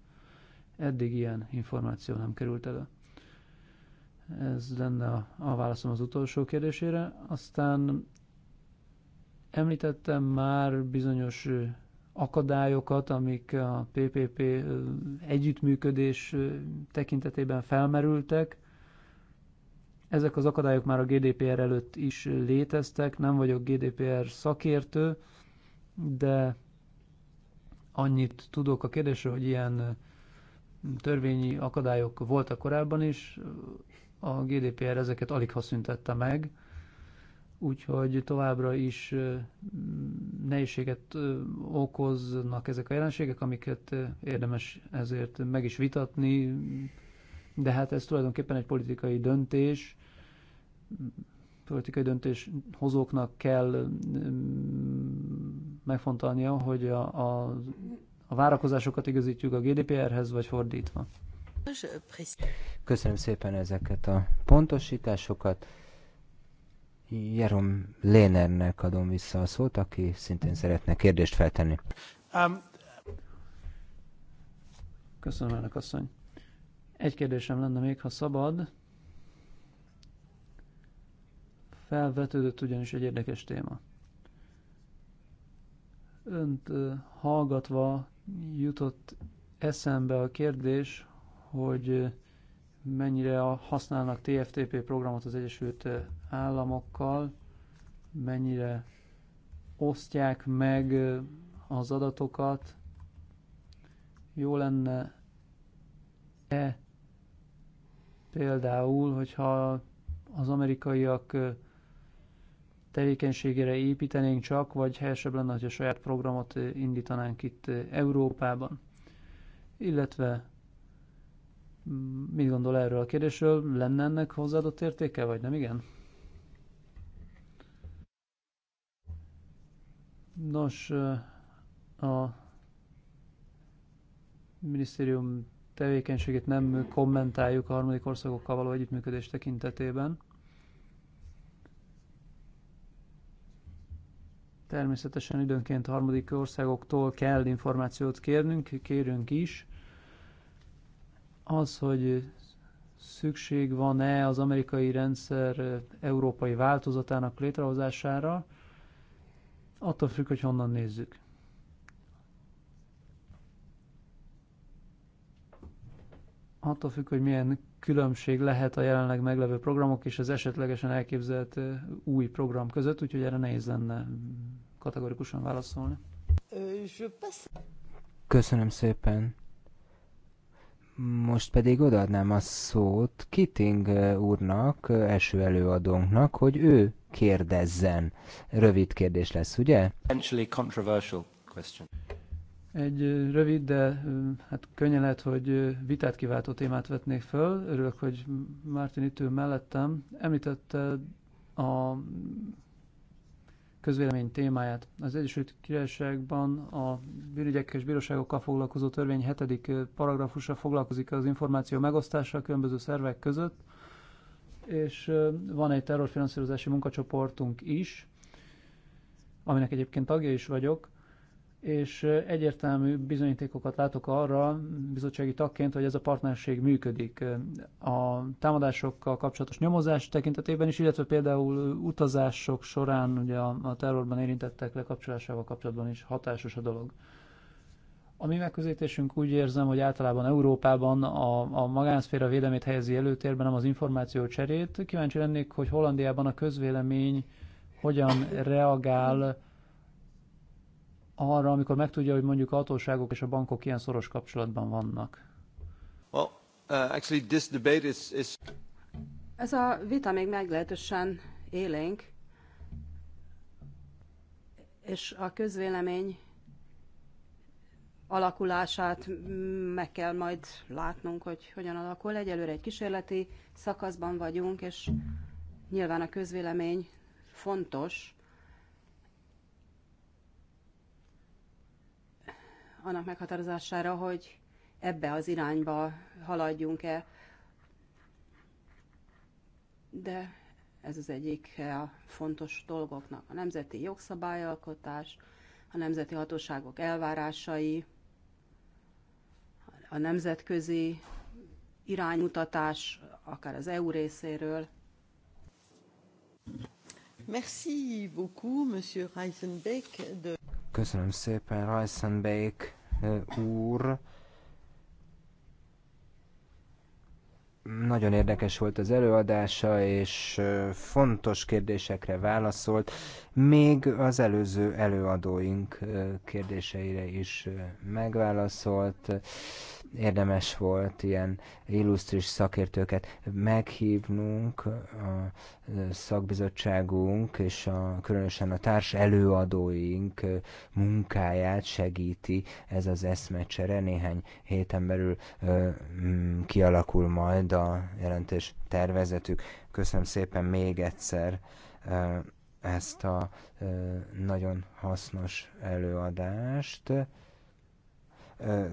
Speaker 3: Eddig ilyen információ nem került elő. Ez lenne a, a válaszom az utolsó kérdésére. Aztán említettem már bizonyos akadályokat, amik a PPP együttműködés tekintetében felmerültek. Ezek az akadályok már a GDPR előtt is léteztek, nem vagyok GDPR szakértő, de annyit tudok a kérdésre, hogy ilyen törvényi akadályok voltak korábban is, a GDPR ezeket alig ha szüntette meg, úgyhogy továbbra is nehézséget okoznak ezek a jelenségek, amiket érdemes ezért meg is vitatni, de hát ez tulajdonképpen egy politikai döntés, politikai döntéshozóknak kell mm, megfontolnia, hogy a, a, a várakozásokat igazítjuk a GDPR-hez, vagy fordítva.
Speaker 2: Köszönöm szépen ezeket a pontosításokat. Jerom Lénernek adom vissza a szót, aki szintén szeretne kérdést feltenni.
Speaker 3: Um, Köszönöm, elnök asszony. Egy kérdésem lenne még, ha szabad. Felvetődött ugyanis egy érdekes téma. Önt hallgatva jutott eszembe a kérdés, hogy mennyire használnak TFTP programot az Egyesült Államokkal, mennyire osztják meg az adatokat. Jó lenne e például, hogyha az amerikaiak tevékenységére építenénk csak, vagy helyesebb lenne, hogy a saját programot eh, indítanánk itt eh, Európában. Illetve mm, mit gondol erről a kérdésről? Lenne ennek hozzáadott értéke, vagy nem igen? Nos, eh, a minisztérium tevékenységét nem kommentáljuk a harmadik országokkal való együttműködés tekintetében. Természetesen időnként harmadik országoktól kell információt kérnünk, kérünk is. Az, hogy szükség van-e az amerikai rendszer európai változatának létrehozására, attól függ, hogy honnan nézzük. Attól függ, hogy milyen különbség lehet a jelenleg meglevő programok és az esetlegesen elképzelt új program között, úgyhogy erre nehéz lenne kategorikusan válaszolni.
Speaker 2: Köszönöm szépen. Most pedig odaadnám a szót Kiting úrnak, első előadónknak, hogy ő kérdezzen. Rövid kérdés lesz, ugye?
Speaker 3: Egy rövid, de hát könnyen lehet, hogy vitát kiváltó témát vetnék föl. Örülök, hogy Mártin itt ül mellettem. Említette a közvélemény témáját. Az Egyesült Királyságban a bűnügyekkel és bíróságokkal foglalkozó törvény 7. paragrafusa foglalkozik az információ megosztása a különböző szervek között, és van egy terrorfinanszírozási munkacsoportunk is, aminek egyébként tagja is vagyok, és egyértelmű bizonyítékokat látok arra bizottsági tagként, hogy ez a partnerség működik. A támadásokkal kapcsolatos nyomozás tekintetében is, illetve például utazások során ugye a, terrorban érintettek lekapcsolásával kapcsolatban is hatásos a dolog. A mi megközelítésünk úgy érzem, hogy általában Európában a, a magánszféra védelmét helyezi előtérben, nem az információ cserét. Kíváncsi lennék, hogy Hollandiában a közvélemény hogyan reagál arra, amikor megtudja, hogy mondjuk a hatóságok és a bankok ilyen szoros kapcsolatban vannak? Well, uh, actually this debate is, is...
Speaker 4: Ez a vita még meglehetősen élénk, és a közvélemény alakulását meg kell majd látnunk, hogy hogyan alakul. Egyelőre egy kísérleti szakaszban vagyunk, és nyilván a közvélemény fontos, annak meghatározására, hogy ebbe az irányba haladjunk-e. De ez az egyik e a fontos dolgoknak. A nemzeti jogszabályalkotás, a nemzeti hatóságok elvárásai, a nemzetközi iránymutatás, akár az EU részéről. Merci beaucoup, Monsieur Heisenbeck. De...
Speaker 2: Köszönöm szépen, Reisenbeek úr. Nagyon érdekes volt az előadása, és fontos kérdésekre válaszolt, még az előző előadóink kérdéseire is megválaszolt érdemes volt ilyen illusztris szakértőket meghívnunk, a szakbizottságunk és a, különösen a társ előadóink munkáját segíti ez az eszmecsere. Néhány héten belül ö, mm, kialakul majd a jelentés tervezetük. Köszönöm szépen még egyszer ö, ezt a ö, nagyon hasznos előadást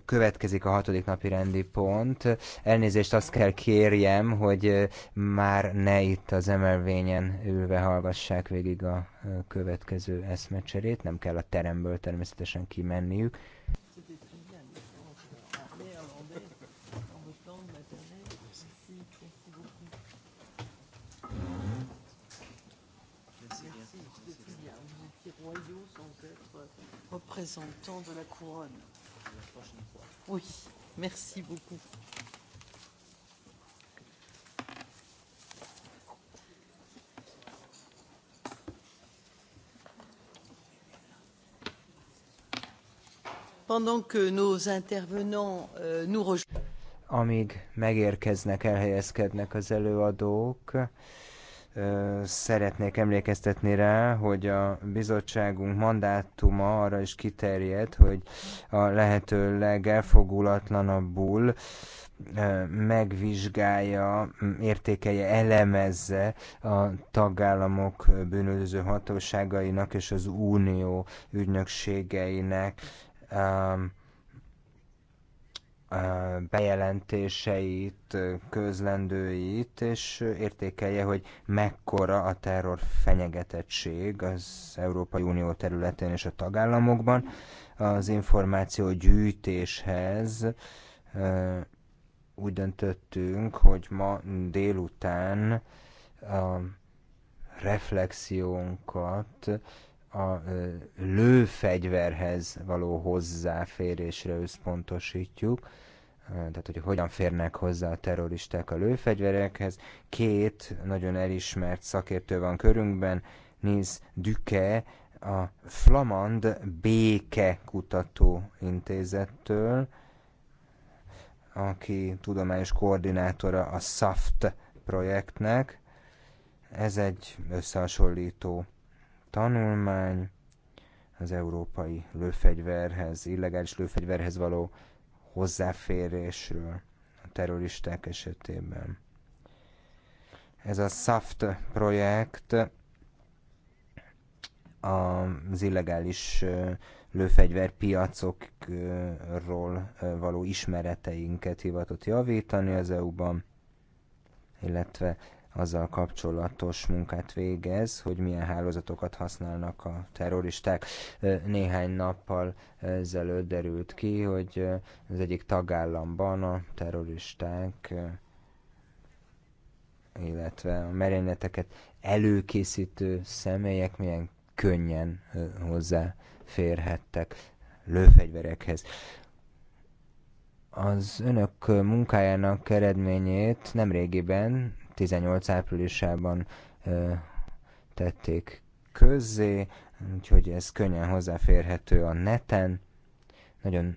Speaker 2: következik a hatodik napi rendi pont. Elnézést azt kell kérjem, hogy már ne itt az emelvényen ülve hallgassák végig a következő eszmecserét, nem kell a teremből természetesen kimenniük.
Speaker 1: représentants de la couronne. Oui, merci beaucoup. Pendant que nos intervenants euh, nous rejoignent,
Speaker 2: amíg megérkeznek, elhelyezkednek az előadók, szeretnék emlékeztetni rá, hogy a bizottságunk mandátuma arra is kiterjed, hogy a lehető legelfogulatlanabbul megvizsgálja, értékelje, elemezze a tagállamok bűnöző hatóságainak és az unió ügynökségeinek um, bejelentéseit, közlendőit, és értékelje, hogy mekkora a terror fenyegetettség az Európai Unió területén és a tagállamokban. Az információ gyűjtéshez úgy döntöttünk, hogy ma délután a reflexiónkat a lőfegyverhez való hozzáférésre összpontosítjuk, tehát hogy hogyan férnek hozzá a terroristák a lőfegyverekhez. Két nagyon elismert szakértő van körünkben, Nils Düke, a Flamand Béke Kutató Intézettől, aki tudományos koordinátora a SAFT projektnek. Ez egy összehasonlító tanulmány, az európai lőfegyverhez, illegális lőfegyverhez való hozzáférésről a terroristák esetében. Ez a SAFT projekt az illegális lőfegyverpiacokról való ismereteinket hivatott javítani az EU-ban, illetve azzal kapcsolatos munkát végez, hogy milyen hálózatokat használnak a terroristák. Néhány nappal ezelőtt derült ki, hogy az egyik tagállamban a terroristák illetve a merényleteket előkészítő személyek milyen könnyen hozzáférhettek lőfegyverekhez. Az önök munkájának eredményét nemrégiben 2018 áprilisában tették közzé, úgyhogy ez könnyen hozzáférhető a neten. Nagyon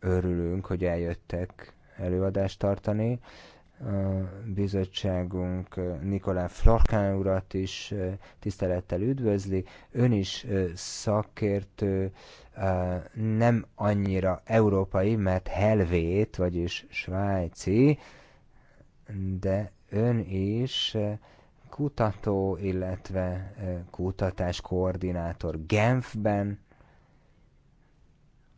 Speaker 2: örülünk, hogy eljöttek előadást tartani. A bizottságunk Nikolá Florkán urat is tisztelettel üdvözli. Ön is szakértő, nem annyira európai, mert helvét, vagyis svájci, de ön is eh, kutató, illetve eh, kutatás koordinátor Genfben,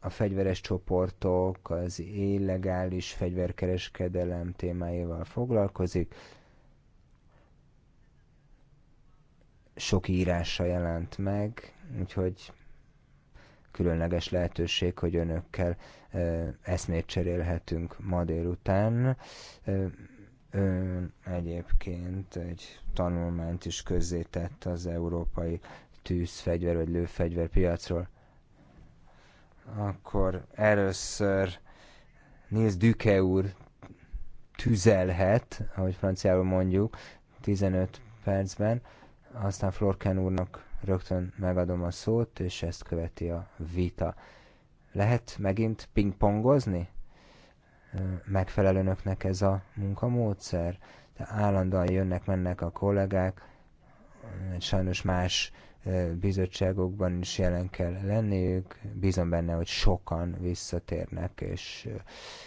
Speaker 2: a fegyveres csoportok, az illegális fegyverkereskedelem témáival foglalkozik. Sok írása jelent meg, úgyhogy különleges lehetőség, hogy önökkel eh, eszmét cserélhetünk ma délután. Ön egyébként egy tanulmányt is közzétett az európai tűzfegyver vagy piacról, Akkor először Nils Düke úr tüzelhet, ahogy franciául mondjuk, 15 percben, aztán Florken úrnak rögtön megadom a szót, és ezt követi a vita. Lehet megint pingpongozni? megfelel önöknek ez a munkamódszer? De állandóan jönnek-mennek a kollégák, sajnos más bizottságokban is jelen kell lenniük. Bízom benne, hogy sokan visszatérnek, és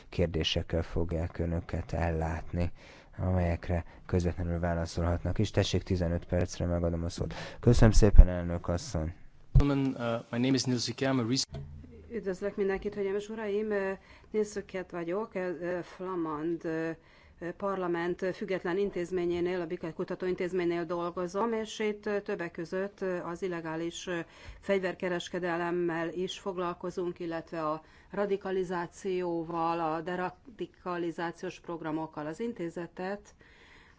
Speaker 2: kérdésekkel fogják önöket ellátni amelyekre közvetlenül válaszolhatnak is. Tessék, 15 percre megadom a szót. Köszönöm szépen, elnök asszony!
Speaker 3: Uh, my name is Nils a
Speaker 4: Üdvözlök mindenkit, hogy és uraim! Nézzüket vagyok, Flamand parlament független intézményénél, a Bika Intézménynél dolgozom, és itt többek között az illegális fegyverkereskedelemmel is foglalkozunk, illetve a radikalizációval, a deradikalizációs programokkal az intézetet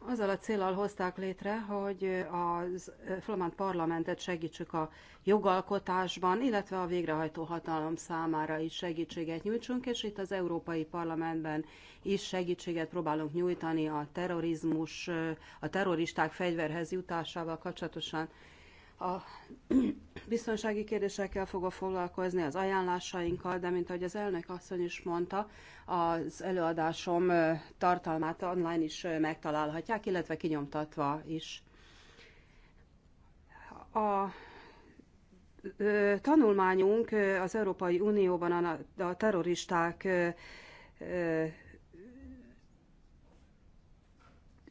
Speaker 4: azzal a célral hozták létre, hogy az flamand parlamentet segítsük a jogalkotásban, illetve a végrehajtó hatalom számára is segítséget nyújtsunk, és itt az Európai Parlamentben is segítséget próbálunk nyújtani a terrorizmus, a terroristák fegyverhez jutásával kapcsolatosan a biztonsági kérdésekkel fogok foglalkozni, az ajánlásainkkal, de mint ahogy az elnök asszony is mondta, az előadásom tartalmát online is megtalálhatják, illetve kinyomtatva is. A tanulmányunk az Európai Unióban a terroristák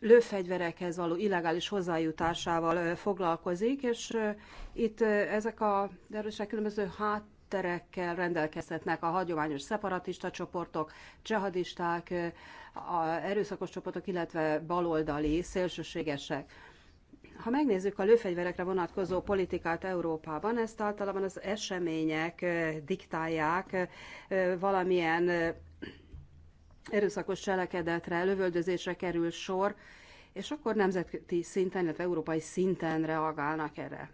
Speaker 4: lőfegyverekhez való illegális hozzájutásával foglalkozik, és itt ezek a erősek különböző terekkel rendelkezhetnek a hagyományos szeparatista csoportok, csehadisták, a erőszakos csoportok, illetve baloldali szélsőségesek. Ha megnézzük a lőfegyverekre vonatkozó politikát Európában, ezt általában az események diktálják valamilyen erőszakos cselekedetre, lövöldözésre kerül sor, és akkor nemzeti szinten, illetve európai szinten reagálnak erre.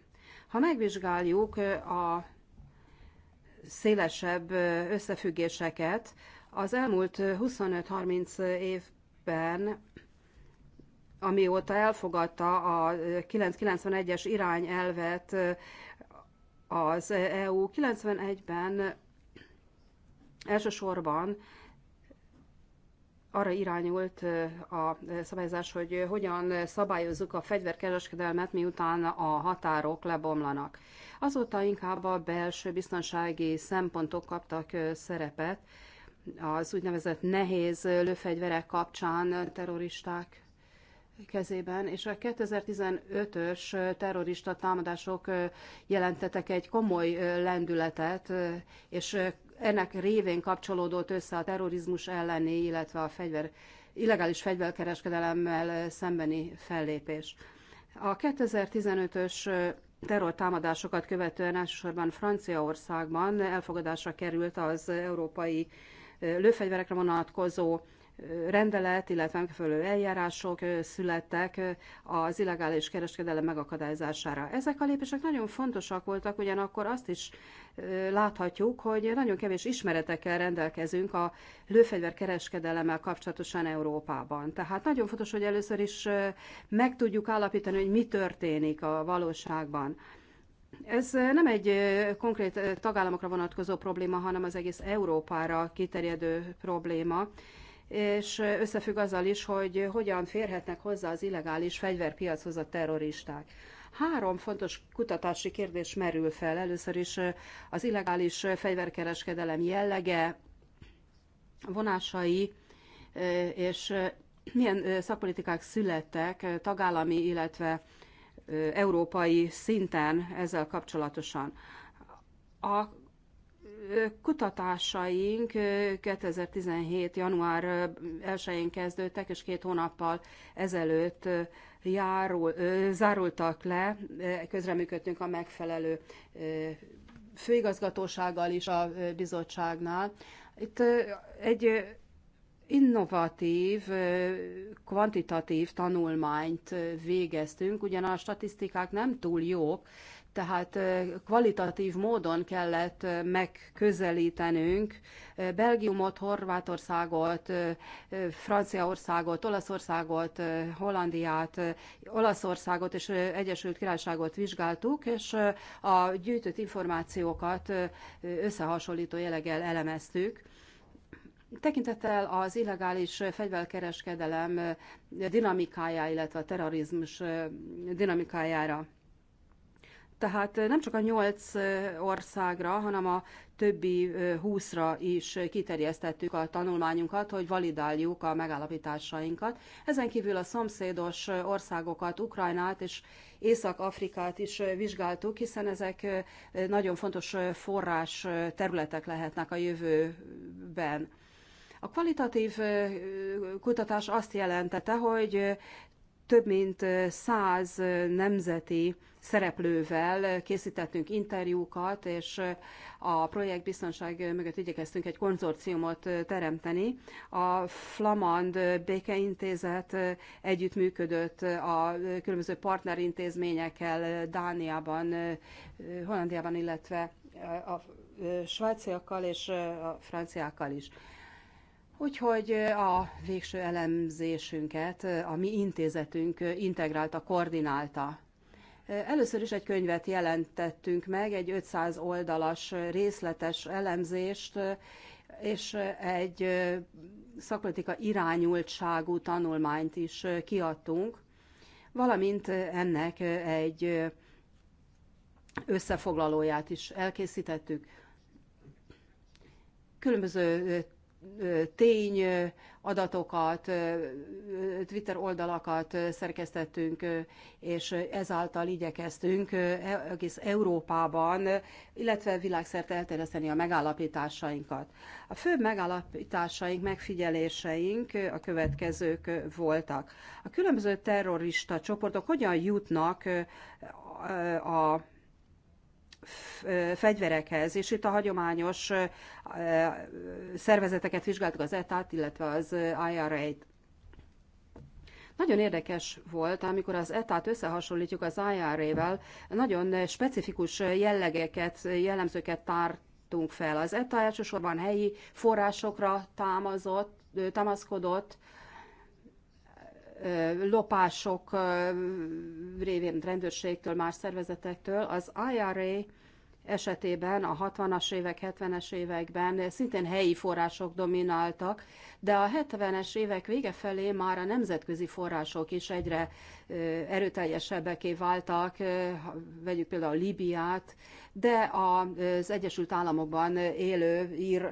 Speaker 4: Ha megvizsgáljuk a szélesebb összefüggéseket, az elmúlt 25-30 évben, amióta elfogadta a 991-es irányelvet az EU, 91-ben elsősorban arra irányult a szabályozás, hogy hogyan szabályozzuk a fegyverkereskedelmet, miután a határok lebomlanak. Azóta inkább a belső biztonsági szempontok kaptak szerepet, az úgynevezett nehéz lőfegyverek kapcsán terroristák kezében, és a 2015-ös terrorista támadások jelentettek egy komoly lendületet, és ennek révén kapcsolódott össze a terrorizmus elleni, illetve a fegyver, illegális fegyverkereskedelemmel szembeni fellépés. A 2015-ös terrortámadásokat követően elsősorban Franciaországban elfogadásra került az európai lőfegyverekre vonatkozó rendelet, illetve megfelelő eljárások születtek az illegális kereskedelem megakadályozására. Ezek a lépések nagyon fontosak voltak, ugyanakkor azt is láthatjuk, hogy nagyon kevés ismeretekkel rendelkezünk a lőfegyver kereskedelemmel kapcsolatosan Európában. Tehát nagyon fontos, hogy először is meg tudjuk állapítani, hogy mi történik a valóságban. Ez nem egy konkrét tagállamokra vonatkozó probléma, hanem az egész Európára kiterjedő probléma és összefügg azzal is, hogy hogyan férhetnek hozzá az illegális fegyverpiachoz a terroristák. Három fontos kutatási kérdés merül fel. Először is az illegális fegyverkereskedelem jellege, vonásai, és milyen szakpolitikák születtek tagállami, illetve európai szinten ezzel kapcsolatosan. A Kutatásaink 2017. január 1-én kezdődtek, és két hónappal ezelőtt járul, zárultak le, közreműködtünk a megfelelő főigazgatósággal is a bizottságnál. Itt egy innovatív, kvantitatív tanulmányt végeztünk, ugyan a statisztikák nem túl jók, tehát kvalitatív módon kellett megközelítenünk Belgiumot, Horvátországot, Franciaországot, Olaszországot, Hollandiát, Olaszországot és Egyesült Királyságot vizsgáltuk, és a gyűjtött információkat összehasonlító jeleggel elemeztük. Tekintettel az illegális fegyverkereskedelem dinamikájára, illetve a terrorizmus dinamikájára. Tehát nem csak a nyolc országra, hanem a többi húszra is kiterjesztettük a tanulmányunkat, hogy validáljuk a megállapításainkat. Ezen kívül a szomszédos országokat, Ukrajnát és Észak-Afrikát is vizsgáltuk, hiszen ezek nagyon fontos forrás területek lehetnek a jövőben. A kvalitatív kutatás azt jelentette, hogy több mint száz nemzeti szereplővel készítettünk interjúkat, és a projekt biztonság mögött igyekeztünk egy konzorciumot teremteni. A Flamand Békeintézet együttműködött a különböző partnerintézményekkel Dániában, Hollandiában, illetve a svájciakkal és a franciákkal is. Úgyhogy a végső elemzésünket a mi intézetünk integrálta, koordinálta. Először is egy könyvet jelentettünk meg, egy 500 oldalas részletes elemzést, és egy szakpolitika irányultságú tanulmányt is kiadtunk, valamint ennek egy összefoglalóját is elkészítettük. Különböző tény adatokat, Twitter oldalakat szerkesztettünk, és ezáltal igyekeztünk e, egész Európában, illetve világszerte elterjeszteni a megállapításainkat. A fő megállapításaink, megfigyeléseink a következők voltak. A különböző terrorista csoportok hogyan jutnak a fegyverekhez, és itt a hagyományos szervezeteket vizsgáltuk az ETA-t, illetve az IRA-t. Nagyon érdekes volt, amikor az ETA-t összehasonlítjuk az IRA-vel, nagyon specifikus jellegeket, jellemzőket tártunk fel. Az ETA elsősorban helyi forrásokra támazott, támaszkodott, lopások révén rendőrségtől, más szervezetektől. Az IRA esetében a 60-as évek, 70-es években szintén helyi források domináltak, de a 70-es évek vége felé már a nemzetközi források is egyre erőteljesebbeké váltak, vegyük például Libiát, de az Egyesült Államokban élő ír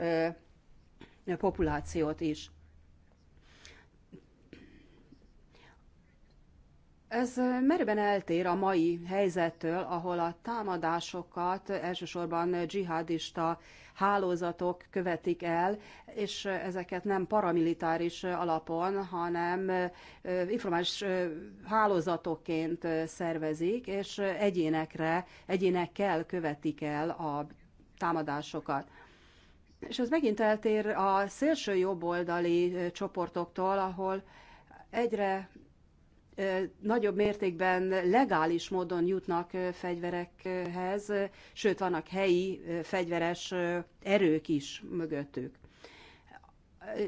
Speaker 4: populációt is. Ez merőben eltér a mai helyzettől, ahol a támadásokat elsősorban dzsihadista hálózatok követik el, és ezeket nem paramilitáris alapon, hanem informális hálózatokként szervezik, és egyénekre, egyénekkel követik el a támadásokat. És ez megint eltér a szélső jobboldali csoportoktól, ahol egyre nagyobb mértékben legális módon jutnak fegyverekhez, sőt, vannak helyi fegyveres erők is mögöttük.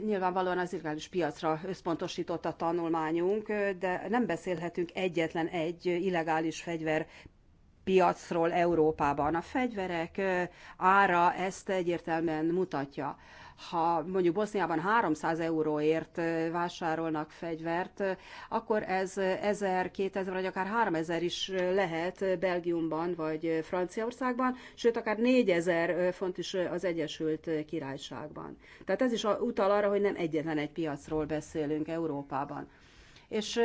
Speaker 4: Nyilvánvalóan az illegális piacra összpontosított a tanulmányunk, de nem beszélhetünk egyetlen egy illegális fegyver piacról Európában. A fegyverek ára ezt egyértelműen mutatja ha mondjuk Boszniában 300 euróért vásárolnak fegyvert, akkor ez 1000, 2000 vagy akár 3000 is lehet Belgiumban vagy Franciaországban, sőt akár 4000 font is az Egyesült Királyságban. Tehát ez is utal arra, hogy nem egyetlen egy piacról beszélünk Európában. És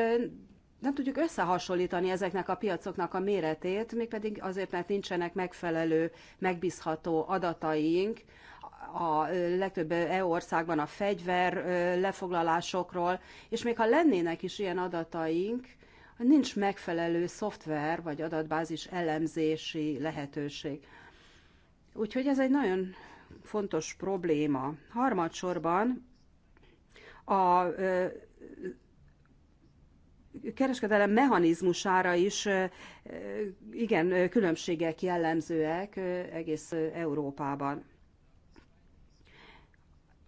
Speaker 4: nem tudjuk összehasonlítani ezeknek a piacoknak a méretét, mégpedig azért, mert nincsenek megfelelő, megbízható adataink a legtöbb EU országban a fegyver lefoglalásokról, és még ha lennének is ilyen adataink, nincs megfelelő szoftver vagy adatbázis elemzési lehetőség. Úgyhogy ez egy nagyon fontos probléma. Harmadsorban a kereskedelem mechanizmusára is igen különbségek jellemzőek egész Európában.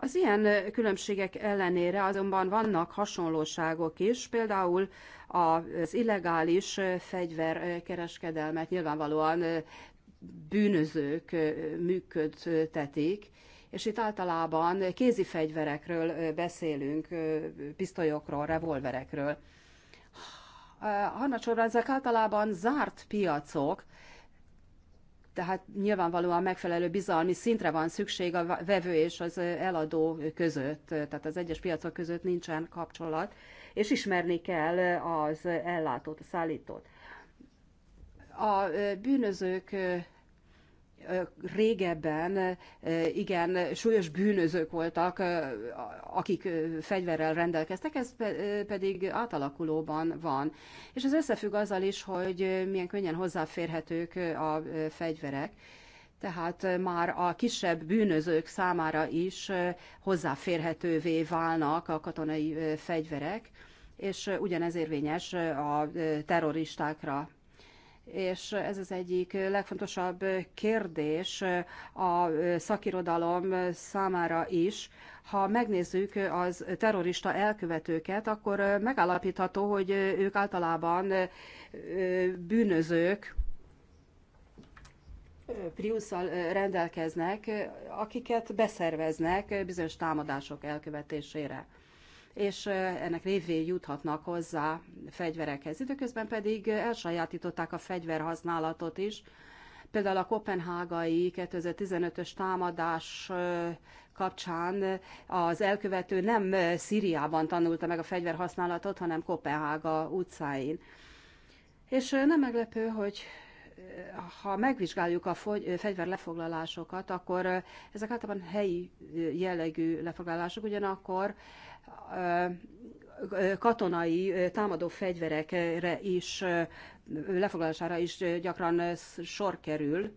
Speaker 4: Az ilyen különbségek ellenére azonban vannak hasonlóságok is, például az illegális fegyverkereskedelmet nyilvánvalóan bűnözők működtetik, és itt általában kézi fegyverekről beszélünk, pisztolyokról, revolverekről. Hanna Csobranzek általában zárt piacok, tehát nyilvánvalóan megfelelő bizalmi szintre van szükség a vevő és az eladó között, tehát az egyes piacok között nincsen kapcsolat, és ismerni kell az ellátót, a szállítót. A bűnözők régebben igen súlyos bűnözők voltak, akik fegyverrel rendelkeztek, ez pedig átalakulóban van. És ez összefügg azzal is, hogy milyen könnyen hozzáférhetők a fegyverek, tehát már a kisebb bűnözők számára is hozzáférhetővé válnak a katonai fegyverek, és ugyanez érvényes a terroristákra és ez az egyik legfontosabb kérdés a szakirodalom számára is. Ha megnézzük az terrorista elkövetőket, akkor megállapítható, hogy ők általában bűnözők, Priusszal rendelkeznek, akiket beszerveznek bizonyos támadások elkövetésére és ennek révén juthatnak hozzá fegyverekhez. Időközben pedig elsajátították a fegyverhasználatot is, például a kopenhágai 2015-ös támadás kapcsán az elkövető nem Szíriában tanulta meg a fegyverhasználatot, hanem Kopenhága utcáin. És nem meglepő, hogy ha megvizsgáljuk a fegyver lefoglalásokat, akkor ezek általában helyi jellegű lefoglalások, ugyanakkor katonai támadó fegyverekre is, lefoglalására is gyakran sor kerül.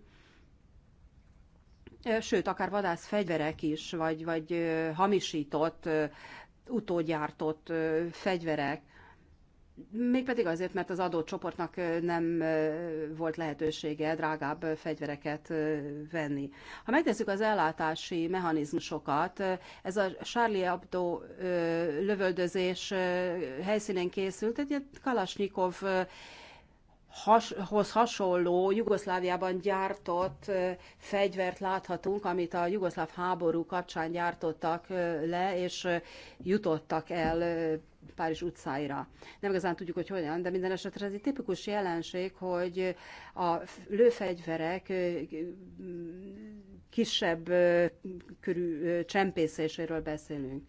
Speaker 4: Sőt, akár vadász fegyverek is, vagy, vagy hamisított, utógyártott fegyverek. Mégpedig azért, mert az adott csoportnak nem volt lehetősége drágább fegyvereket venni. Ha megnézzük az ellátási mechanizmusokat, ez a Charlie Hebdo lövöldözés helyszínen készült, egy Kalasnyikov has, hoz hasonló Jugoszláviában gyártott fegyvert láthatunk, amit a jugoszláv háború kapcsán gyártottak le, és jutottak el Párizs utcáira. Nem igazán tudjuk, hogy hogyan, de minden esetre ez egy tipikus jelenség, hogy a lőfegyverek kisebb körű csempészéséről beszélünk.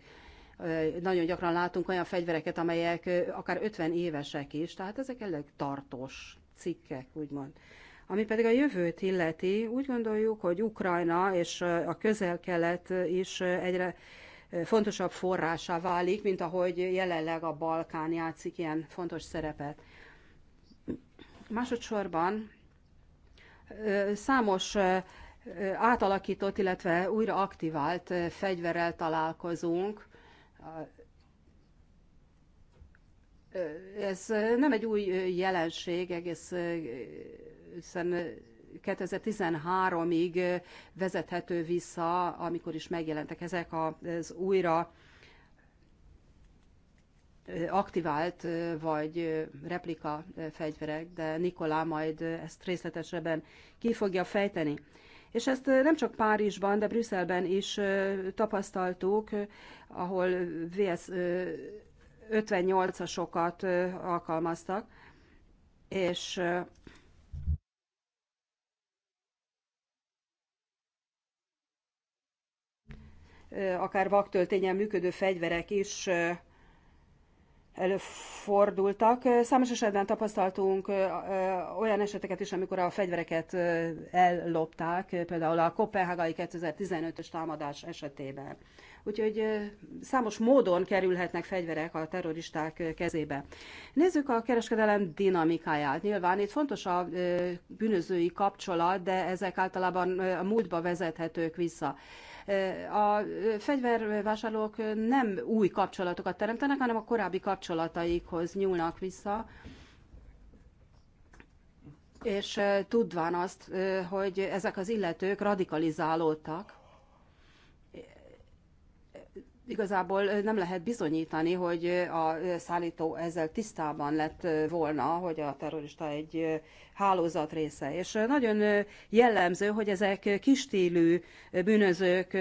Speaker 4: Nagyon gyakran látunk olyan fegyvereket, amelyek akár 50 évesek is, tehát ezek elég tartós cikkek, úgymond. Ami pedig a jövőt illeti, úgy gondoljuk, hogy Ukrajna és a közel-kelet is egyre fontosabb forrásá válik, mint ahogy jelenleg a Balkán játszik ilyen fontos szerepet. Másodszorban számos átalakított, illetve újra aktivált fegyverrel találkozunk, ez nem egy új jelenség, egész hiszen 2013-ig vezethető vissza, amikor is megjelentek ezek az újra aktivált vagy replika fegyverek, de Nikolá majd ezt részletesebben ki fogja fejteni. És ezt nem csak Párizsban, de Brüsszelben is tapasztaltuk, ahol VS 58-asokat alkalmaztak, és akár vaktöltényen működő fegyverek is előfordultak. Számos esetben tapasztaltunk olyan eseteket is, amikor a fegyvereket ellopták, például a Kopenhágai 2015-ös támadás esetében. Úgyhogy számos módon kerülhetnek fegyverek a terroristák kezébe. Nézzük a kereskedelem dinamikáját. Nyilván itt fontos a bűnözői kapcsolat, de ezek általában a múltba vezethetők vissza. A fegyvervásárlók nem új kapcsolatokat teremtenek, hanem a korábbi kapcsolataikhoz nyúlnak vissza, és eh, tudván azt, eh, hogy ezek az illetők radikalizálódtak, igazából nem lehet bizonyítani, hogy a szállító ezzel tisztában lett volna, hogy a terrorista egy hálózat része. És nagyon jellemző, hogy ezek kistílű bűnözők,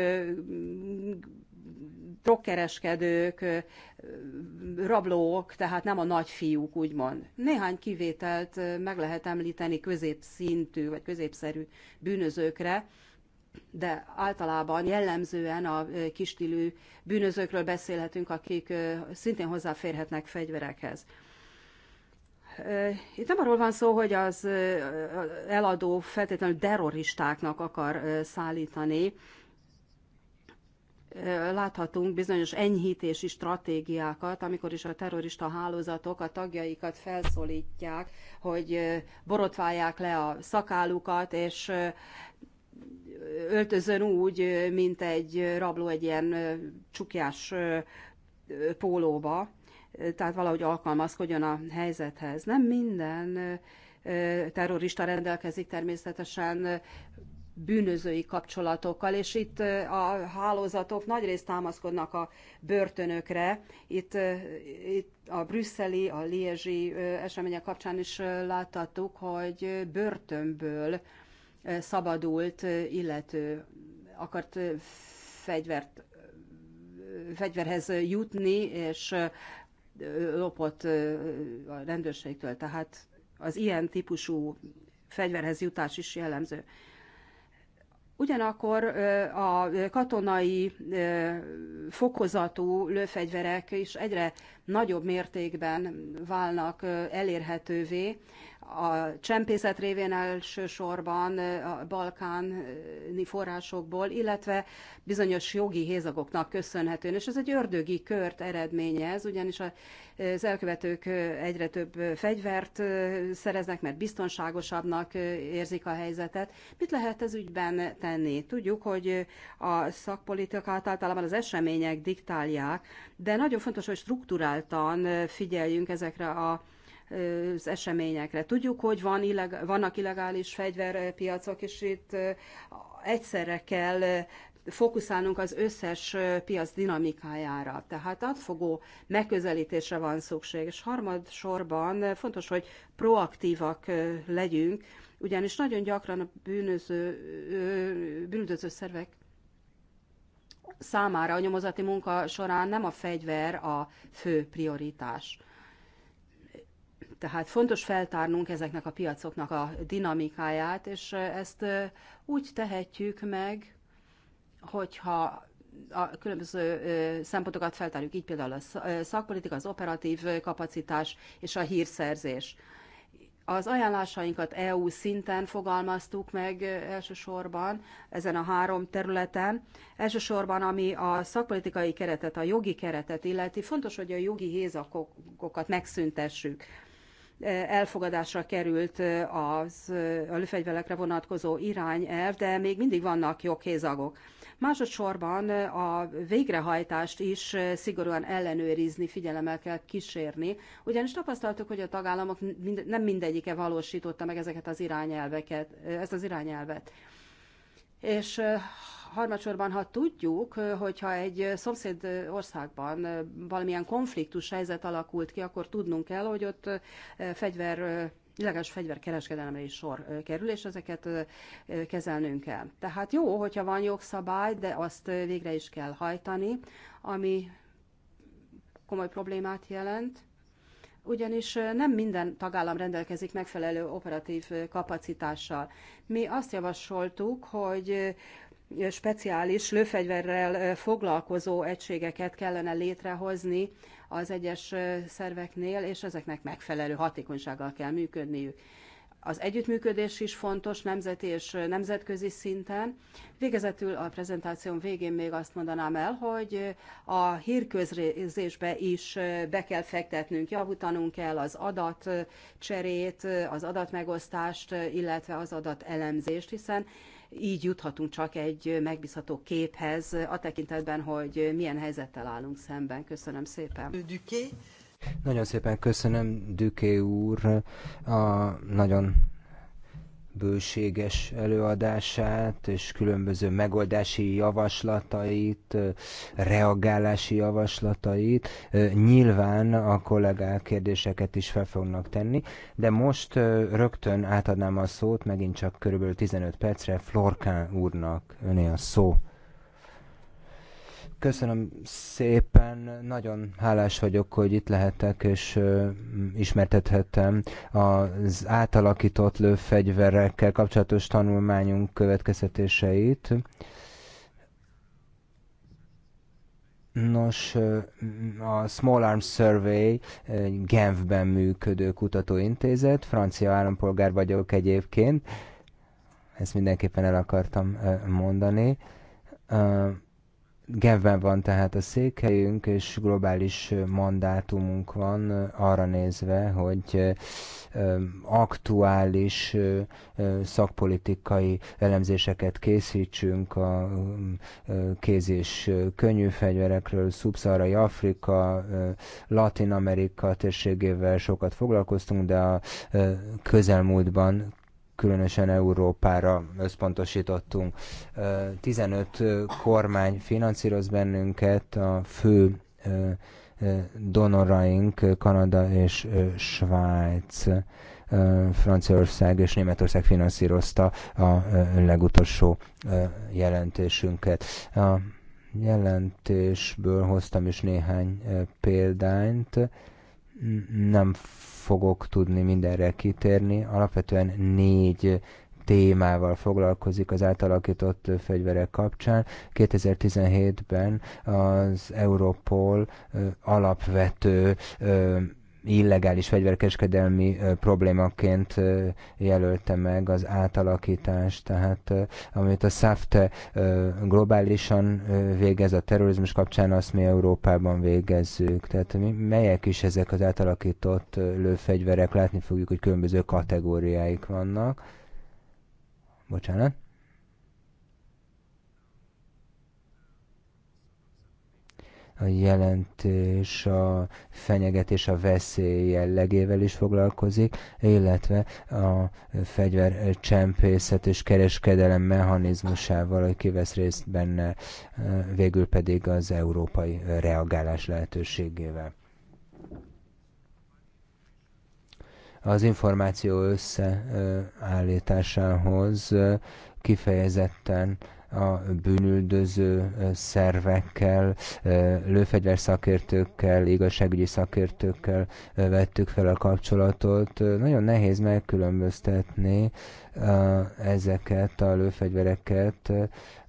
Speaker 4: drogkereskedők, rablók, tehát nem a nagy fiúk, úgymond. Néhány kivételt meg lehet említeni középszintű vagy középszerű bűnözőkre, de általában jellemzően a kistilű bűnözőkről beszélhetünk, akik szintén hozzáférhetnek fegyverekhez. Itt nem arról van szó, hogy az eladó feltétlenül terroristáknak akar szállítani. Láthatunk bizonyos enyhítési stratégiákat, amikor is a terrorista hálózatok a tagjaikat felszólítják, hogy borotválják le a szakállukat, és öltözön úgy, mint egy rabló egy ilyen csukjás pólóba, tehát valahogy alkalmazkodjon a helyzethez. Nem minden terrorista rendelkezik természetesen bűnözői kapcsolatokkal, és itt a hálózatok nagyrészt támaszkodnak a börtönökre. Itt, itt a brüsszeli, a liézsi események kapcsán is láttattuk, hogy börtönből szabadult illető akart fegyvert, fegyverhez jutni, és lopott a rendőrségtől. Tehát az ilyen típusú fegyverhez jutás is jellemző. Ugyanakkor a katonai fokozatú lőfegyverek is egyre nagyobb mértékben válnak elérhetővé a csempészet révén elsősorban a balkáni forrásokból, illetve bizonyos jogi hézagoknak köszönhetően. És ez egy ördögi kört eredményez, ugyanis az elkövetők egyre több fegyvert szereznek, mert biztonságosabbnak érzik a helyzetet. Mit lehet ez ügyben tenni? Tudjuk, hogy a szakpolitikát általában az események diktálják, de nagyon fontos, hogy struktúráltan figyeljünk ezekre a az eseményekre. Tudjuk, hogy van illeg, vannak illegális fegyverpiacok, és itt egyszerre kell fókuszálnunk az összes piac dinamikájára. Tehát átfogó megközelítésre van szükség, és harmad sorban fontos, hogy proaktívak legyünk, ugyanis nagyon gyakran a bűnöző, bűnöző szervek számára a nyomozati munka során nem a fegyver a fő prioritás. Tehát fontos feltárnunk ezeknek a piacoknak a dinamikáját, és ezt úgy tehetjük meg, hogyha a különböző szempontokat feltárjuk, így például a szakpolitika, az operatív kapacitás és a hírszerzés. Az ajánlásainkat EU szinten fogalmaztuk meg elsősorban ezen a három területen. Elsősorban, ami a szakpolitikai keretet, a jogi keretet illeti, fontos, hogy a jogi hézakokat megszüntessük elfogadásra került az, a lőfegyverekre vonatkozó irányelv, de még mindig vannak joghézagok. Másodszorban a végrehajtást is szigorúan ellenőrizni, figyelemmel kell kísérni, ugyanis tapasztaltuk, hogy a tagállamok nem mindegyike valósította meg ezeket az irányelveket, ezt az irányelvet. És harmadsorban, ha tudjuk, hogyha egy szomszéd országban valamilyen konfliktus helyzet alakult ki, akkor tudnunk kell, hogy ott fegyver illegális fegyverkereskedelemre is sor kerül, és ezeket kezelnünk kell. Tehát jó, hogyha van jogszabály, de azt végre is kell hajtani, ami komoly problémát jelent, ugyanis nem minden tagállam rendelkezik megfelelő operatív kapacitással. Mi azt javasoltuk, hogy speciális lőfegyverrel foglalkozó egységeket kellene létrehozni az egyes szerveknél, és ezeknek megfelelő hatékonysággal kell működniük. Az együttműködés is fontos nemzeti és nemzetközi szinten. Végezetül a prezentációm végén még azt mondanám el, hogy a hírközrézésbe is be kell fektetnünk, javítanunk kell az adatcserét, az adatmegosztást, illetve az adatelemzést, hiszen így juthatunk csak egy megbízható képhez a tekintetben, hogy milyen helyzettel állunk szemben. Köszönöm szépen. Duké.
Speaker 2: Nagyon szépen köszönöm, Düké úr, a nagyon bőséges előadását és különböző megoldási javaslatait, reagálási javaslatait. Nyilván a kollégák kérdéseket is fel fognak tenni, de most rögtön átadnám a szót, megint csak körülbelül 15 percre Florkán úrnak öné a szó. Köszönöm szépen, nagyon hálás vagyok, hogy itt lehetek, és ismertethettem az átalakított lőfegyverekkel kapcsolatos tanulmányunk következtetéseit. Nos, a Small Arms Survey Genfben működő kutatóintézet, francia állampolgár vagyok egyébként, ezt mindenképpen el akartam mondani Genfben van tehát a székhelyünk, és globális mandátumunk van arra nézve, hogy aktuális szakpolitikai elemzéseket készítsünk a kéz és könnyű fegyverekről, szubszarai Afrika, Latin Amerika térségével sokat foglalkoztunk, de a közelmúltban különösen Európára összpontosítottunk. 15 kormány finanszíroz bennünket, a fő donoraink Kanada és Svájc. Franciaország és Németország finanszírozta a legutolsó jelentésünket. A jelentésből hoztam is néhány példányt. Nem fogok tudni mindenre kitérni. Alapvetően négy témával foglalkozik az átalakított fegyverek kapcsán. 2017-ben az Europol alapvető illegális fegyverkereskedelmi problémaként jelölte meg az átalakítást, tehát amit a SAFTE globálisan végez a terrorizmus kapcsán, azt mi Európában végezzük. Tehát mi, melyek is ezek az átalakított lőfegyverek, látni fogjuk, hogy különböző kategóriáik vannak. Bocsánat. A jelentés a fenyegetés, a veszély jellegével is foglalkozik, illetve a csempészet és kereskedelem mechanizmusával, hogy kivesz részt benne, végül pedig az európai reagálás lehetőségével. az információ összeállításához kifejezetten a bűnüldöző szervekkel, lőfegyverszakértőkkel, igazságügyi szakértőkkel vettük fel a kapcsolatot. Nagyon nehéz megkülönböztetni ezeket a lőfegyvereket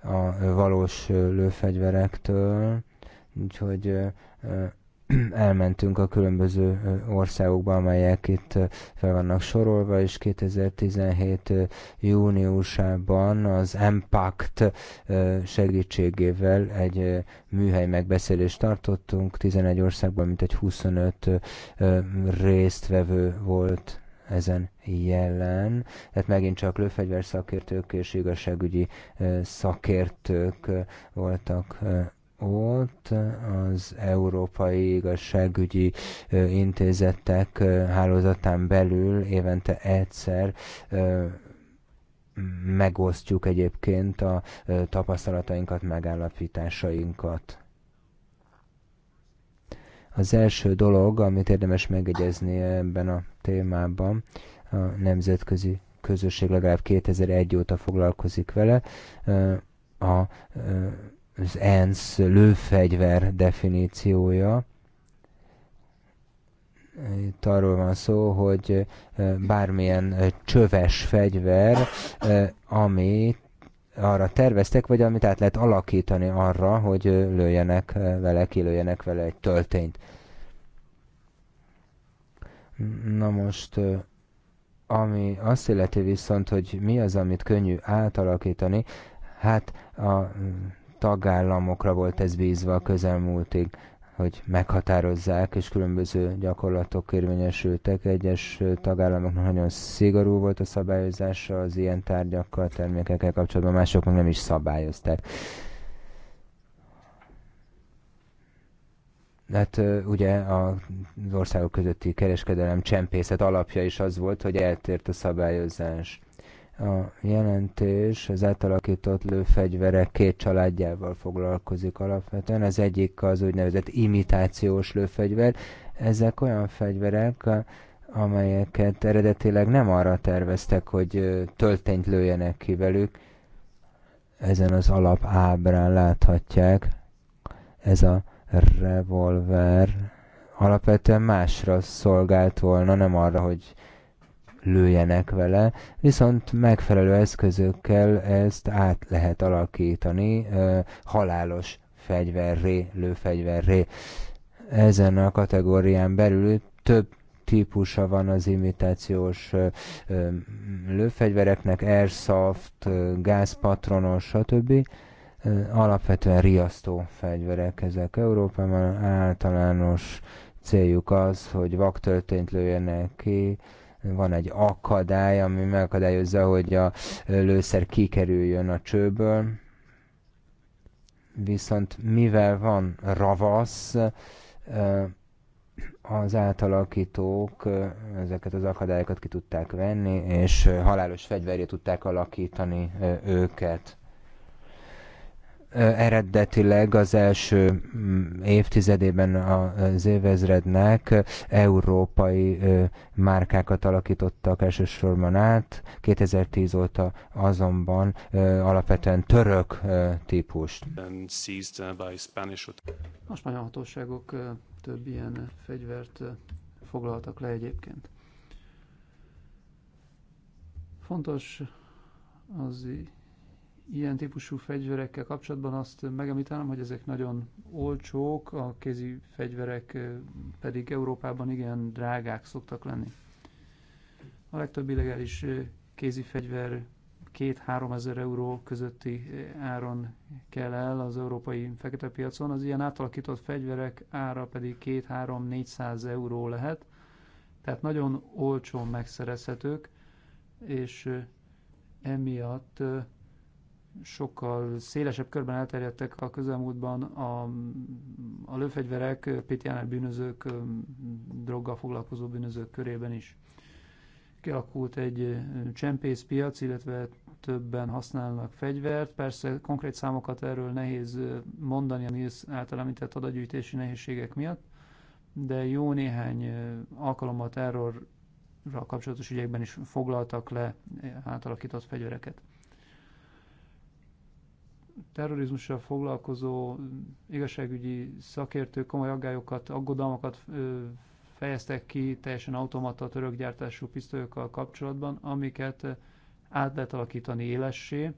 Speaker 2: a valós lőfegyverektől, úgyhogy elmentünk a különböző országokba, amelyek itt fel vannak sorolva, és 2017 júniusában az Impact segítségével egy műhely megbeszélést tartottunk, 11 országban mintegy 25 résztvevő volt ezen jelen. Tehát megint csak lőfegyverszakértők és igazságügyi szakértők voltak ott az Európai Igazságügyi Intézetek hálózatán belül évente egyszer megosztjuk egyébként a tapasztalatainkat, megállapításainkat. Az első dolog, amit érdemes megegyezni ebben a témában, a nemzetközi közösség legalább 2001 óta foglalkozik vele, a az ENSZ lőfegyver definíciója. Itt arról van szó, hogy bármilyen csöves fegyver, amit arra terveztek, vagy amit át lehet alakítani arra, hogy lőjenek vele, kilőjenek vele egy töltényt. Na most, ami azt illeti viszont, hogy mi az, amit könnyű átalakítani, hát a tagállamokra volt ez bízva a közelmúltig, hogy meghatározzák, és különböző gyakorlatok érvényesültek. Egyes tagállamoknak nagyon szigorú volt a szabályozása az ilyen tárgyakkal, termékekkel kapcsolatban, mások meg nem is szabályozták. Hát ugye az országok közötti kereskedelem csempészet alapja is az volt, hogy eltért a szabályozás a jelentés az átalakított lőfegyverek két családjával foglalkozik alapvetően. Az egyik az úgynevezett imitációs lőfegyver. Ezek olyan fegyverek, amelyeket eredetileg nem arra terveztek, hogy töltényt lőjenek ki velük. Ezen az alap ábrán láthatják. Ez a revolver alapvetően másra szolgált volna, nem arra, hogy lőjenek vele, viszont megfelelő eszközökkel ezt át lehet alakítani halálos fegyverré, lőfegyverré. Ezen a kategórián belül több típusa van az imitációs lőfegyvereknek, airsoft, gázpatronos, stb. Alapvetően riasztó fegyverek ezek Európában, általános céljuk az, hogy vaktöltényt lőjenek ki, van egy akadály, ami megakadályozza, hogy a lőszer kikerüljön a csőből. Viszont mivel van ravasz, az átalakítók ezeket az akadályokat ki tudták venni, és halálos fegyverje tudták alakítani őket eredetileg az első mm, évtizedében az évezrednek európai márkákat alakítottak elsősorban át, 2010 óta azonban alapvetően török típust.
Speaker 3: A spanyol hatóságok több ilyen fegyvert foglaltak le egyébként. Fontos az ilyen típusú fegyverekkel kapcsolatban azt megemlítenem, hogy ezek nagyon olcsók, a kézi fegyverek pedig Európában igen drágák szoktak lenni. A legtöbb illegális kézi fegyver 2-3 ezer euró közötti áron kell el az európai fekete piacon, az ilyen átalakított fegyverek ára pedig 2-3-400 euró lehet, tehát nagyon olcsón megszerezhetők, és emiatt sokkal szélesebb körben elterjedtek a közelmúltban a, a lőfegyverek PTNR bűnözők, droggal foglalkozó bűnözők körében is. Kialakult egy csempészpiac, illetve többen használnak fegyvert. Persze konkrét számokat erről nehéz mondani a NISZ által említett adagyűjtési nehézségek miatt, de jó néhány alkalommal terrorral kapcsolatos ügyekben is foglaltak le átalakított fegyvereket terrorizmussal foglalkozó igazságügyi szakértők komoly aggályokat, aggodalmakat fejeztek ki teljesen automata török gyártású pisztolyokkal kapcsolatban, amiket át lehet alakítani élessé.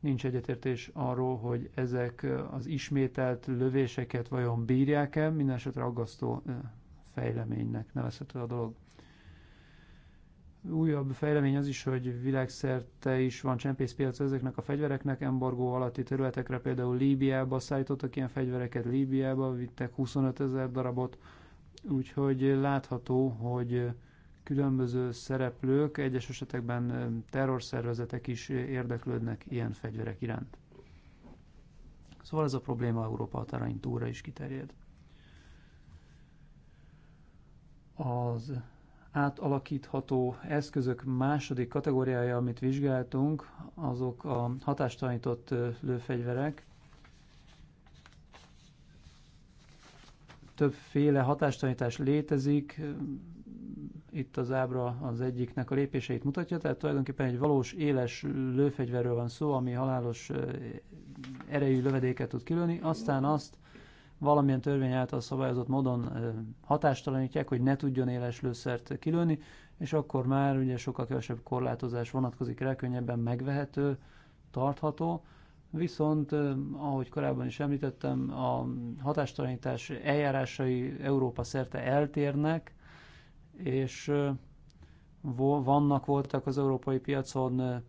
Speaker 3: Nincs egyetértés arról, hogy ezek az ismételt lövéseket vajon bírják-e, minden esetre aggasztó fejleménynek nevezhető a dolog. Újabb fejlemény az is, hogy világszerte is van csempészpiac ezeknek a fegyvereknek, embargó alatti területekre, például Líbiába szállítottak ilyen fegyvereket, Líbiába vittek 25 ezer darabot, úgyhogy látható, hogy különböző szereplők, egyes esetekben terrorszervezetek is érdeklődnek ilyen fegyverek iránt. Szóval ez a probléma Európa határain túlra is kiterjed. Az átalakítható eszközök második kategóriája, amit vizsgáltunk, azok a hatástalanított lőfegyverek. Többféle hatástalanítás létezik, itt az ábra az egyiknek a lépéseit mutatja, tehát tulajdonképpen egy valós éles lőfegyverről van szó, ami halálos erejű lövedéket tud kilőni, aztán azt valamilyen törvény által szabályozott módon hatástalanítják, hogy ne tudjon éles lőszert kilőni, és akkor már ugye sokkal kevesebb korlátozás vonatkozik rá, könnyebben megvehető, tartható. Viszont, ahogy korábban is említettem, a hatástalanítás eljárásai Európa szerte eltérnek, és vannak, voltak az európai piacon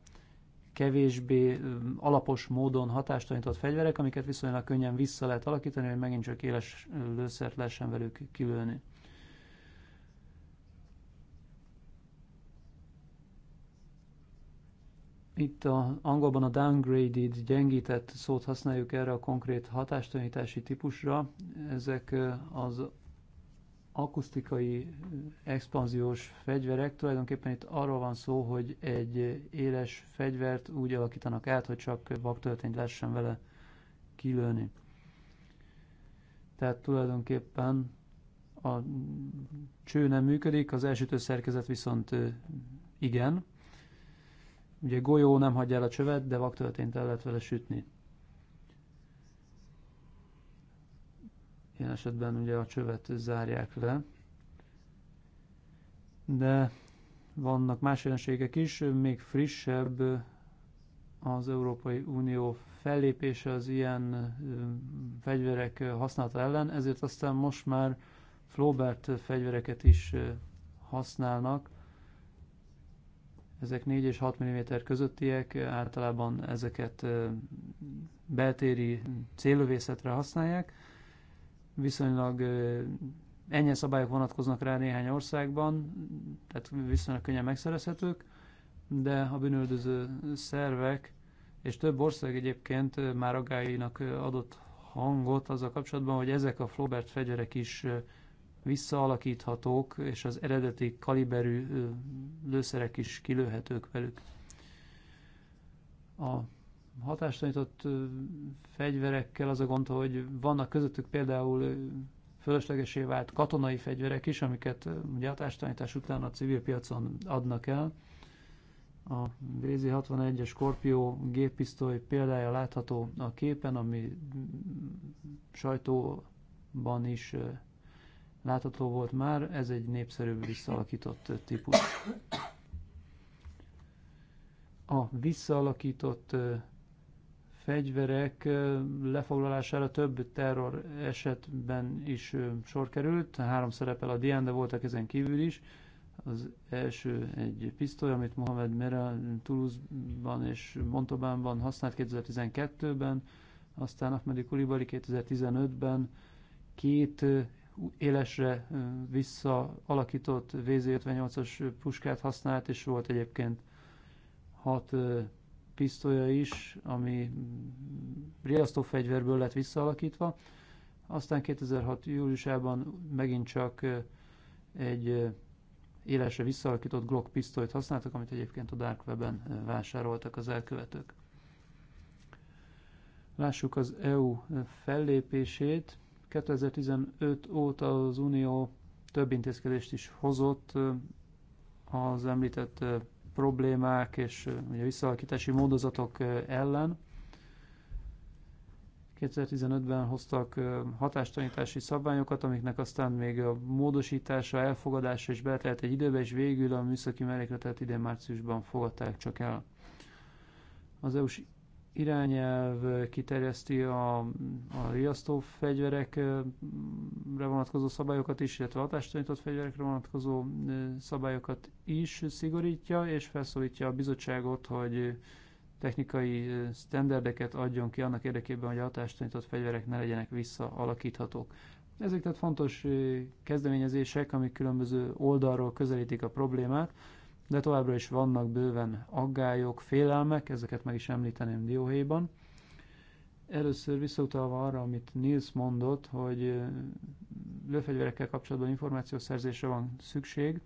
Speaker 3: kevésbé alapos módon hatástalanított fegyverek, amiket viszonylag könnyen vissza lehet alakítani, hogy megint csak éles lőszert lehessen velük kilőni. Itt a, angolban a downgraded, gyengített szót használjuk erre a konkrét hatástalanítási típusra. Ezek az akusztikai eh, expanziós fegyverek, tulajdonképpen itt arról van szó, hogy egy éles fegyvert úgy alakítanak át, hogy csak vaktörtényt lehessen vele kilőni. Tehát tulajdonképpen a cső nem működik, az elsütő szerkezet viszont eh, igen. Ugye golyó nem hagyja el a csövet, de vaktöltényt el lehet vele sütni. Ilyen esetben ugye a csövet zárják le. De vannak más jelenségek is, még frissebb az Európai Unió fellépése az ilyen fegyverek használata ellen, ezért aztán most már Flaubert fegyvereket is használnak. Ezek 4 és 6 mm közöttiek, általában ezeket beltéri célövészetre használják viszonylag enyhe szabályok vonatkoznak rá néhány országban, tehát viszonylag könnyen megszerezhetők, de a bűnöldöző szervek és több ország egyébként már agáinak adott hangot az a kapcsolatban, hogy ezek a Flobert fegyverek is visszaalakíthatók, és az eredeti kaliberű lőszerek is kilőhetők velük. A hatástanított fegyverekkel az a gond, hogy vannak közöttük például fölöslegesé vált katonai fegyverek is, amiket ugye hatástanítás után a civil piacon adnak el. A Brézi 61-es Scorpio géppisztoly példája látható a képen, ami mm, sajtóban is látható volt már, ez egy népszerűbb visszaalakított típus. A visszaalakított fegyverek lefoglalására több terror esetben is sor került. Három szerepel a Dián, de voltak ezen kívül is. Az első egy pisztoly, amit Mohamed Mera Toulouse-ban és Montaubanban használt 2012-ben, aztán Ahmedi Kulibali 2015-ben két élesre vissza alakított VZ-58-as puskát használt, és volt egyébként hat pisztolya is, ami riasztófegyverből lett visszaalakítva. Aztán 2006. júliusában megint csak egy élesre visszaalakított Glock pisztolyt használtak, amit egyébként a Dark Web-en vásároltak az elkövetők. Lássuk az EU fellépését. 2015 óta az Unió több intézkedést is hozott az említett problémák és ugye, visszalakítási módozatok ellen. 2015-ben hoztak hatástanítási szabványokat, amiknek aztán még a módosítása, elfogadása is beletelt egy időbe, és végül a műszaki mellékletet idén márciusban fogadták csak el. Az EU-s irányelv kiterjeszti a, a riasztó fegyverekre vonatkozó szabályokat is, illetve hatástalanított fegyverekre vonatkozó szabályokat is szigorítja, és felszólítja a bizottságot, hogy technikai standardeket adjon ki annak érdekében, hogy a hatástalanított fegyverek ne legyenek visszaalakíthatók. Ezek tehát fontos kezdeményezések, amik különböző oldalról közelítik a problémát, de továbbra is vannak bőven aggályok, félelmek, ezeket meg is említeném dióhéjban. Először visszautalva arra, amit Nils mondott, hogy lőfegyverekkel kapcsolatban információszerzésre van szükség,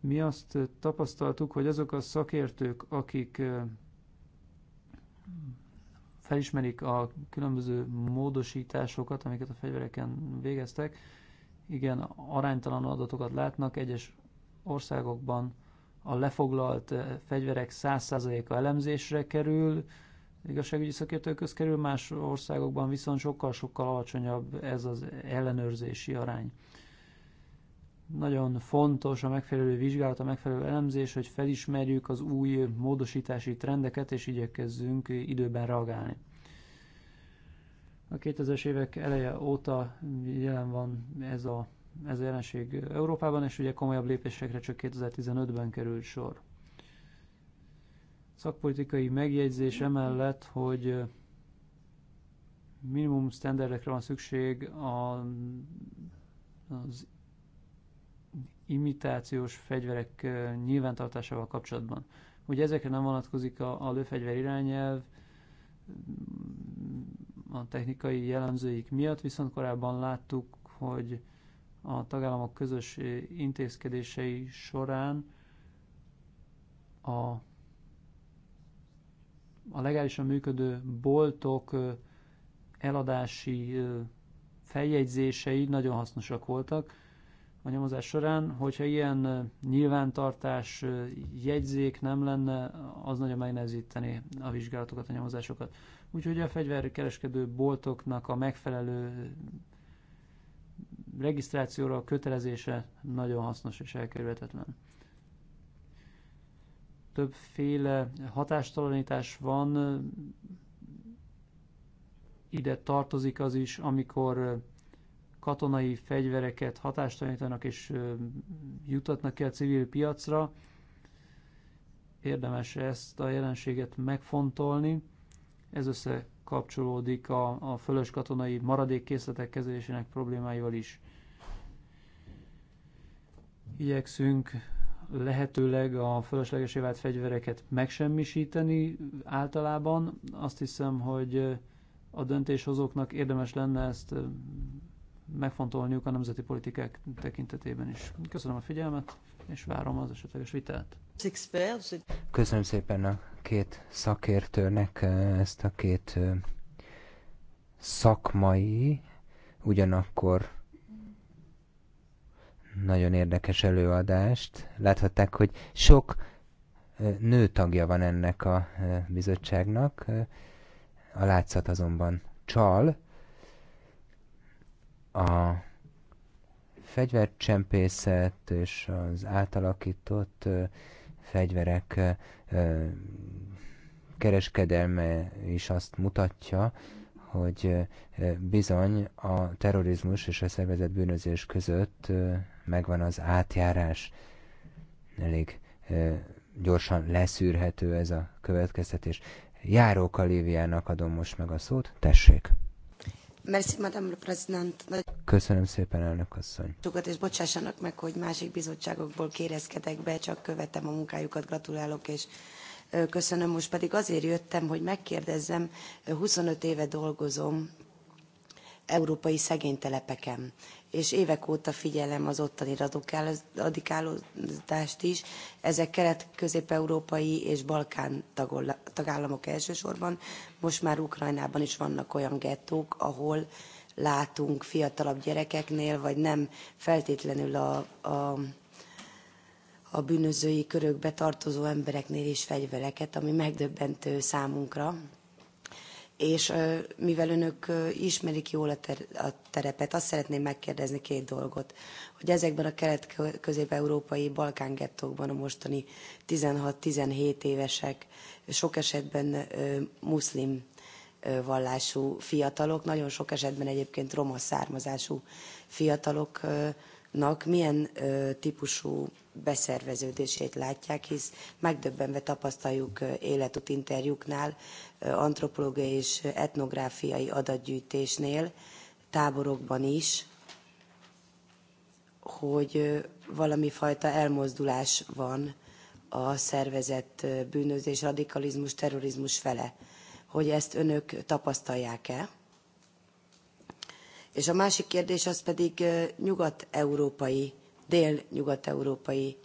Speaker 3: mi azt tapasztaltuk, hogy azok a szakértők, akik felismerik a különböző módosításokat, amiket a fegyvereken végeztek, igen, aránytalan adatokat látnak, egyes országokban a lefoglalt eh, fegyverek 100%-a elemzésre kerül, igazságügyi szakértőköz kerül, más országokban viszont sokkal-sokkal alacsonyabb ez az ellenőrzési arány. Nagyon fontos a megfelelő vizsgálat, a megfelelő elemzés, hogy felismerjük az új módosítási trendeket, és igyekezzünk időben reagálni. A 2000-es évek eleje óta jelen van ez a ez a jelenség Európában, és ugye komolyabb lépésekre csak 2015-ben került sor. Szakpolitikai megjegyzés emellett, hogy minimum standardekre van szükség a, az imitációs fegyverek eh, nyilvántartásával kapcsolatban. Ugye ezekre nem vonatkozik a, a lőfegyver irányelv, a technikai jellemzőik miatt, viszont korábban láttuk, hogy a tagállamok közös eh, intézkedései során a, a legálisan működő boltok eh, eladási eh, feljegyzései nagyon hasznosak voltak a nyomozás során. Hogyha ilyen nyilvántartás jegyzék nem lenne, az nagyon megnehezítené a vizsgálatokat, a nyomozásokat. Úgyhogy a fegyverkereskedő boltoknak a megfelelő regisztrációra, a kötelezése nagyon hasznos és elkerülhetetlen. Többféle hatástalanítás van, ide tartozik az is, amikor katonai fegyvereket hatástalanítanak és jutatnak ki a civil piacra. Érdemes ezt a jelenséget megfontolni. Ez összekapcsolódik a, a fölös katonai maradékkészletek kezelésének problémáival is. Igyekszünk lehetőleg a fölöslegesé vált fegyvereket megsemmisíteni általában. Azt hiszem, hogy a döntéshozóknak érdemes lenne ezt megfontolniuk a nemzeti politikák tekintetében is. Köszönöm a figyelmet, és várom az esetleges vitát.
Speaker 2: Köszönöm szépen a két szakértőnek ezt a két szakmai, ugyanakkor nagyon érdekes előadást. Láthatták, hogy sok nő tagja van ennek a bizottságnak, a látszat azonban csal. A fegyvercsempészet és az átalakított fegyverek kereskedelme is azt mutatja, hogy bizony a terrorizmus és a szervezett bűnözés között megvan az átjárás, elég ö, gyorsan leszűrhető ez a következtetés. Járóka Léviának adom most meg a szót, tessék!
Speaker 1: Merci, Madame le
Speaker 2: Köszönöm szépen, elnök asszony.
Speaker 1: Sokat és bocsássanak meg, hogy másik bizottságokból kérezkedek be, csak követem a munkájukat, gratulálok, és köszönöm. Most pedig azért jöttem, hogy megkérdezzem, 25 éve dolgozom európai telepeken, És évek óta figyelem az ottani radikálódást is. Ezek kelet-közép-európai és balkán tagállamok elsősorban. Most már Ukrajnában is vannak olyan gettók, ahol látunk fiatalabb gyerekeknél, vagy nem feltétlenül a, a a bűnözői körökbe tartozó embereknél is fegyvereket, ami megdöbbentő számunkra, és mivel önök ismerik jól a, ter- a terepet, azt szeretném megkérdezni két dolgot, hogy ezekben a kelet-közép-európai Balkán gettókban a mostani 16-17 évesek, sok esetben muszlim vallású fiatalok, nagyon sok esetben egyébként roma származású fiataloknak milyen típusú beszerveződését látják, hisz megdöbbenve tapasztaljuk életút interjúknál, antropológiai és etnográfiai adatgyűjtésnél, táborokban is, hogy valami fajta elmozdulás van a szervezett bűnözés, radikalizmus, terrorizmus fele. Hogy ezt önök tapasztalják-e? És a másik kérdés az pedig nyugat-európai dél-nyugat-európai,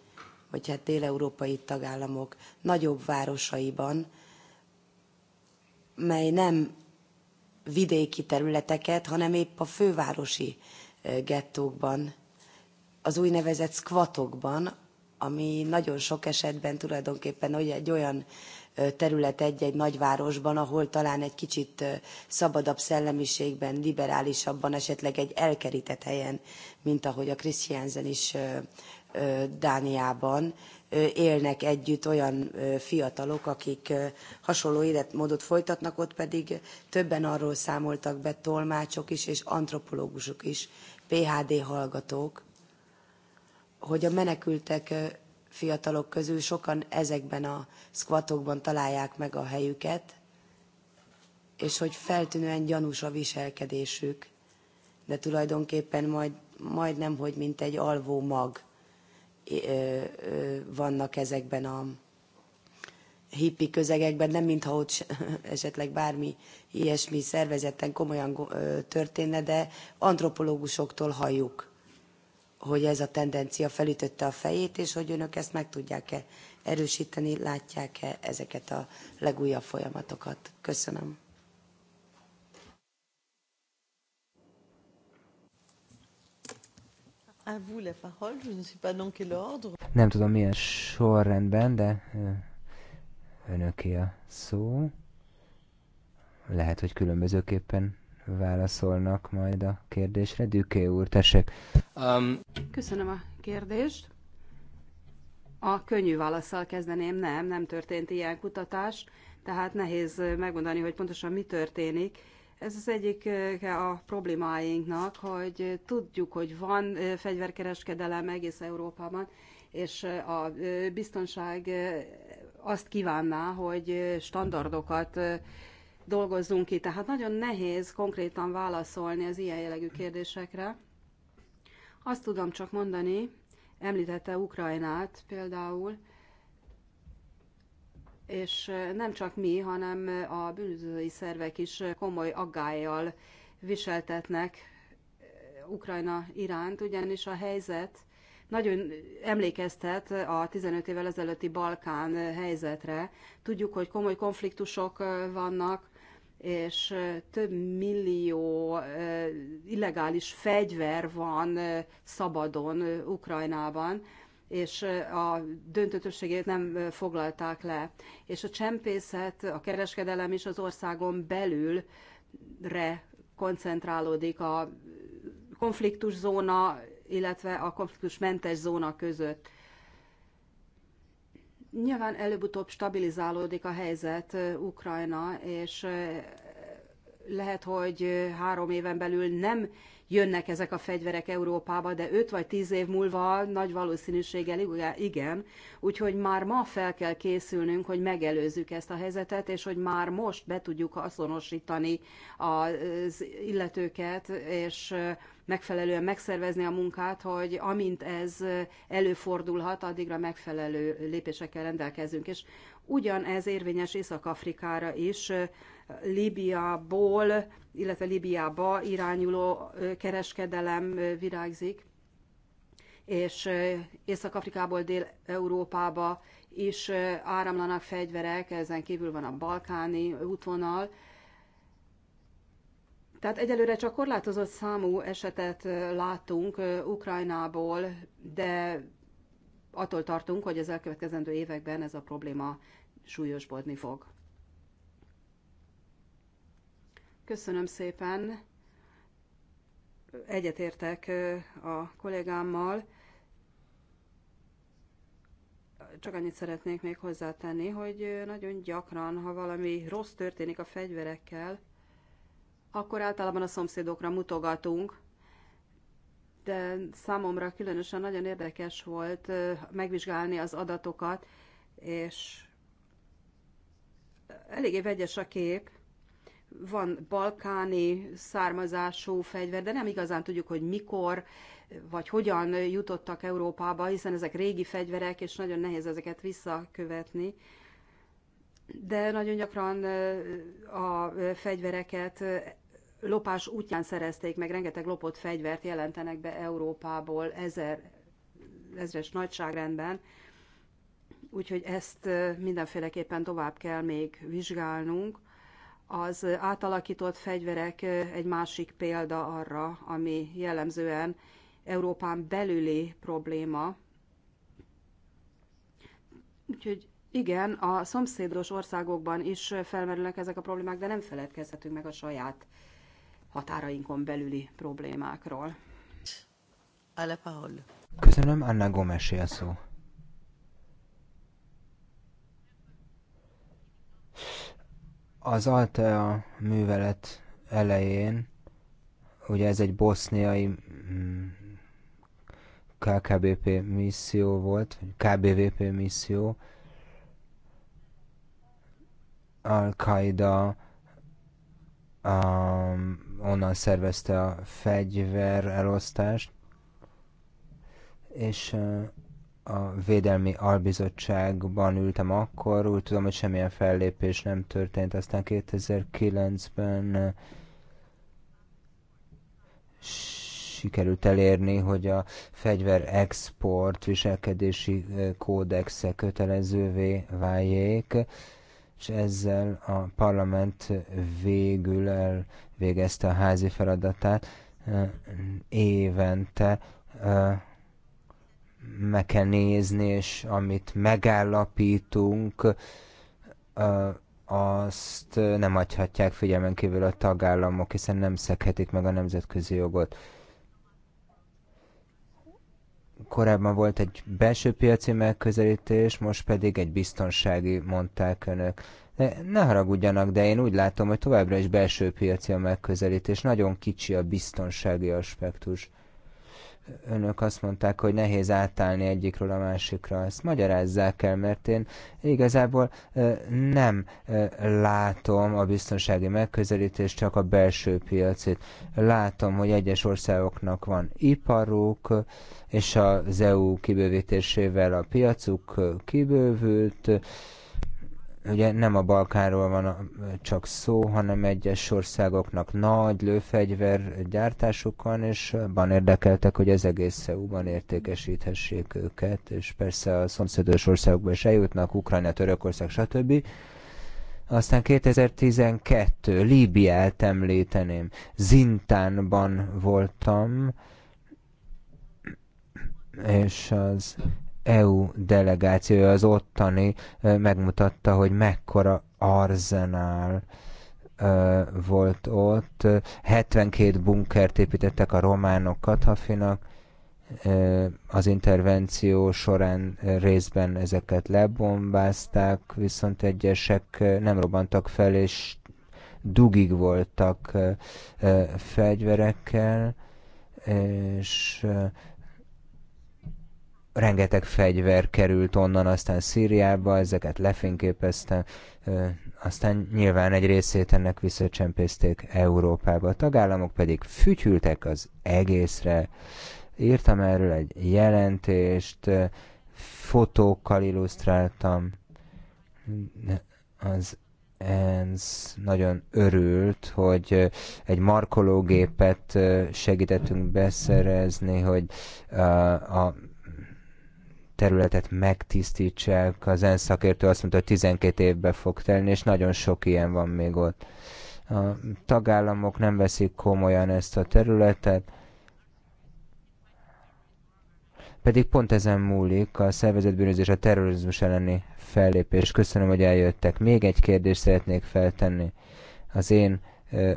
Speaker 1: vagy hát dél-európai tagállamok nagyobb városaiban, mely nem vidéki területeket, hanem épp a fővárosi gettókban, az úgynevezett squatokban, ami nagyon sok esetben tulajdonképpen egy olyan terület egy-egy nagyvárosban, ahol talán egy kicsit szabadabb szellemiségben, liberálisabban, esetleg egy elkerített helyen, mint ahogy a Christiansen is Dániában élnek együtt olyan fiatalok, akik hasonló életmódot folytatnak, ott pedig többen arról számoltak be tolmácsok is és antropológusok is, PHD hallgatók, hogy a menekültek fiatalok közül sokan ezekben a squatokban találják meg a helyüket, és hogy feltűnően gyanús a viselkedésük, de tulajdonképpen majd, majdnem, hogy mint egy alvó mag vannak ezekben a hippi közegekben, nem mintha ott esetleg bármi ilyesmi szervezetten komolyan történne, de antropológusoktól halljuk hogy ez a tendencia felütötte a fejét, és hogy önök ezt meg tudják-e erősíteni, látják-e ezeket a legújabb folyamatokat. Köszönöm.
Speaker 2: Nem tudom milyen sorrendben, de önöké a szó. Lehet, hogy különbözőképpen válaszolnak majd a kérdésre. Düké úr, tessék. Um...
Speaker 4: Köszönöm a kérdést. A könnyű válaszsal kezdeném, nem, nem történt ilyen kutatás, tehát nehéz megmondani, hogy pontosan mi történik. Ez az egyik eh, a problémáinknak, hogy tudjuk, hogy van eh, fegyverkereskedelem egész Európában, és eh, a biztonság azt kívánná, hogy standardokat dolgozzunk ki. Tehát nagyon nehéz konkrétan válaszolni az ilyen jellegű kérdésekre. Azt tudom csak mondani, említette Ukrajnát például, és nem csak mi, hanem a bűnözői szervek is komoly aggájjal viseltetnek Ukrajna iránt, ugyanis a helyzet nagyon emlékeztet a 15 évvel ezelőtti Balkán helyzetre. Tudjuk, hogy komoly konfliktusok vannak, és több millió illegális fegyver van szabadon Ukrajnában, és a döntő nem foglalták le. És a csempészet, a kereskedelem is az országon belülre koncentrálódik a zóna, illetve a konfliktusmentes zóna között. Nyilván előbb-utóbb stabilizálódik a helyzet Ukrajna, és lehet, hogy három éven belül nem jönnek ezek a fegyverek Európába, de 5 vagy 10 év múlva nagy valószínűséggel igen, úgyhogy már ma fel kell készülnünk, hogy megelőzzük ezt a helyzetet, és hogy már most be tudjuk azonosítani az illetőket, és megfelelően megszervezni a munkát, hogy amint ez előfordulhat, addigra megfelelő lépésekkel rendelkezünk. És ugyanez érvényes Észak-Afrikára is, Líbiából, illetve Líbiába irányuló kereskedelem virágzik, és Észak-Afrikából Dél-Európába is áramlanak fegyverek, ezen kívül van a balkáni útvonal. Tehát egyelőre csak korlátozott számú esetet látunk Ukrajnából, de attól tartunk, hogy az elkövetkezendő években ez a probléma súlyosbodni fog. Köszönöm szépen. Egyetértek a kollégámmal. Csak annyit szeretnék még hozzátenni, hogy nagyon gyakran, ha valami rossz történik a fegyverekkel, akkor általában a szomszédokra mutogatunk, de számomra különösen nagyon érdekes volt megvizsgálni az adatokat, és eléggé vegyes a kép, van balkáni származású fegyver, de nem igazán tudjuk, hogy mikor vagy hogyan jutottak Európába, hiszen ezek régi fegyverek, és nagyon nehéz ezeket visszakövetni. De nagyon gyakran a fegyvereket lopás útján szerezték meg, rengeteg lopott fegyvert jelentenek be Európából ezer, ezres nagyságrendben, úgyhogy ezt mindenféleképpen tovább kell még vizsgálnunk. Az átalakított fegyverek egy másik példa arra, ami jellemzően Európán belüli probléma. Úgyhogy igen, a szomszédos országokban is felmerülnek ezek a problémák, de nem feledkezhetünk meg a saját határainkon belüli problémákról.
Speaker 2: Köszönöm, Anna Gomes a szó. Az Altea művelet elején, ugye ez egy boszniai mm, KKBP misszió volt, KBVP misszió, al qaeda um, onnan szervezte a fegyver elosztást, és uh, a Védelmi Albizottságban ültem akkor, úgy tudom, hogy semmilyen fellépés nem történt. Aztán 2009-ben eh, sikerült elérni, hogy a fegyver export viselkedési eh, kódexe kötelezővé váljék, és ezzel a parlament végül elvégezte a házi feladatát eh, évente meg kell nézni, és amit megállapítunk, azt nem adhatják figyelmen kívül a tagállamok, hiszen nem szekhetik meg a nemzetközi jogot. Korábban volt egy belső piaci megközelítés, most pedig egy biztonsági, mondták önök. De ne haragudjanak, de én úgy látom, hogy továbbra is belső piaci a megközelítés. Nagyon kicsi a biztonsági aspektus önök azt mondták, hogy nehéz átállni egyikről a másikra. Ezt magyarázzák el, mert én igazából nem látom a biztonsági megközelítést, csak a belső piacit. Látom, hogy egyes országoknak van iparuk, és az EU kibővítésével a piacuk kibővült, Ugye nem a Balkánról van csak szó, hanem egyes országoknak nagy lőfegyver gyártásuk van, és abban érdekeltek, hogy az egész EU-ban értékesíthessék őket, és persze a szomszédos országokban is eljutnak, Ukrajna, Törökország, stb. Aztán 2012, Líbiát említeném. Zintánban voltam, és az EU delegációja az ottani megmutatta, hogy mekkora arzenál volt ott. 72 bunkert építettek a románok Kathafinak, az intervenció során részben ezeket lebombázták, viszont egyesek nem robbantak fel, és dugig voltak fegyverekkel, és rengeteg fegyver került onnan, aztán Szíriába, ezeket lefényképezte, aztán nyilván egy részét ennek visszacsempészték Európába. A tagállamok pedig fütyültek az egészre. Írtam erről egy jelentést, fotókkal illusztráltam. Az ENSZ nagyon örült, hogy egy markológépet segítettünk beszerezni, hogy a területet megtisztítsák. Az ENSZ szakértő azt mondta, hogy 12 évbe fog telni, és nagyon sok ilyen van még ott. A tagállamok nem veszik komolyan ezt a területet, pedig pont ezen múlik a szervezetbűnözés a terrorizmus elleni fellépés. Köszönöm, hogy eljöttek. Még egy kérdést szeretnék feltenni. Az én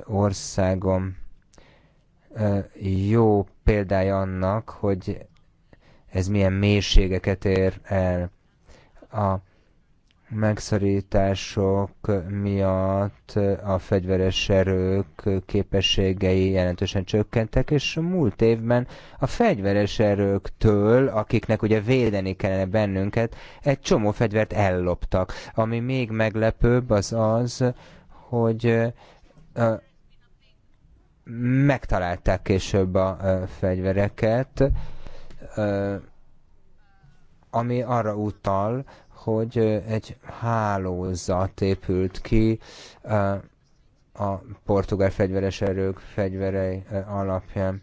Speaker 2: országom jó példája annak, hogy ez milyen mélységeket ér el. A megszorítások miatt a fegyveres erők képességei jelentősen csökkentek, és múlt évben a fegyveres erőktől, akiknek ugye védeni kellene bennünket, egy csomó fegyvert elloptak. Ami még meglepőbb az az, hogy megtalálták később a fegyvereket, ami arra utal, hogy egy hálózat épült ki a portugál fegyveres erők fegyverei alapján.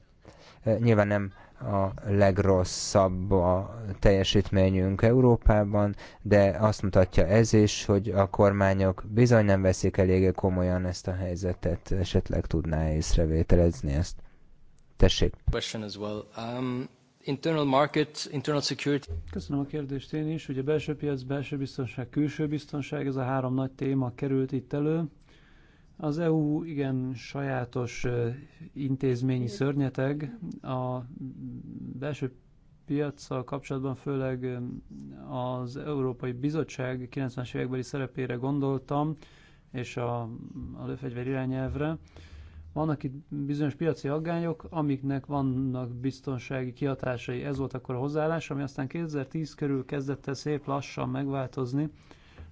Speaker 2: Nyilván nem a legrosszabb a teljesítményünk Európában, de azt mutatja ez is, hogy a kormányok bizony nem veszik eléggé komolyan ezt a helyzetet, esetleg tudná észrevételezni ezt. Tessék
Speaker 3: internal market, internal security. Köszönöm a kérdést én is. Ugye belső piac, belső biztonság, külső biztonság, ez a három nagy téma került itt elő. Az EU igen sajátos intézményi szörnyeteg. A belső piacsal kapcsolatban főleg az Európai Bizottság 90-es évekbeli szerepére gondoltam, és a, a lőfegyver irányelvre. Vannak itt bizonyos piaci aggányok, amiknek vannak biztonsági kihatásai. Ez volt akkor a hozzáállás, ami aztán 2010 körül kezdett el szép lassan megváltozni,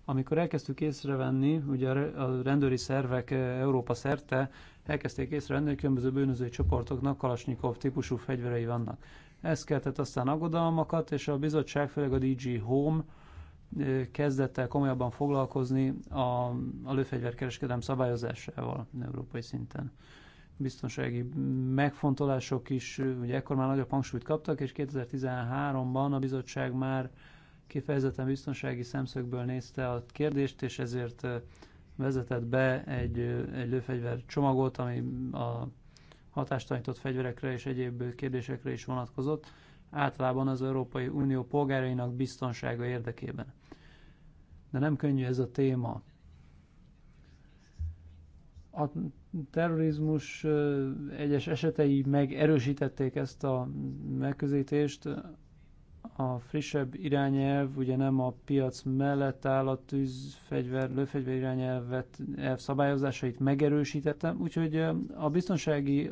Speaker 3: amikor elkezdtük észrevenni, ugye a rendőri szervek e, Európa szerte elkezdték észrevenni, hogy különböző bűnözői csoportoknak kalasnyikov típusú fegyverei vannak. Ez keltett aztán aggodalmakat, és a bizottság, főleg a DG Home kezdett el komolyabban foglalkozni a, a lőfegyverkereskedelem szabályozásával európai szinten. Biztonsági megfontolások is, ugye ekkor már nagyobb hangsúlyt kaptak, és 2013-ban a bizottság már kifejezetten biztonsági szemszögből nézte a kérdést, és ezért vezetett be egy, egy lőfegyver csomagot, ami a hatástalanított fegyverekre és egyéb kérdésekre is vonatkozott, általában az Európai Unió polgárainak biztonsága érdekében de nem könnyű ez a téma. A terrorizmus egyes esetei megerősítették ezt a megközelítést. A frissebb irányelv ugye nem a piac mellett áll a tűzfegyver, lőfegyver irányelvet elv szabályozásait megerősítettem, úgyhogy a biztonsági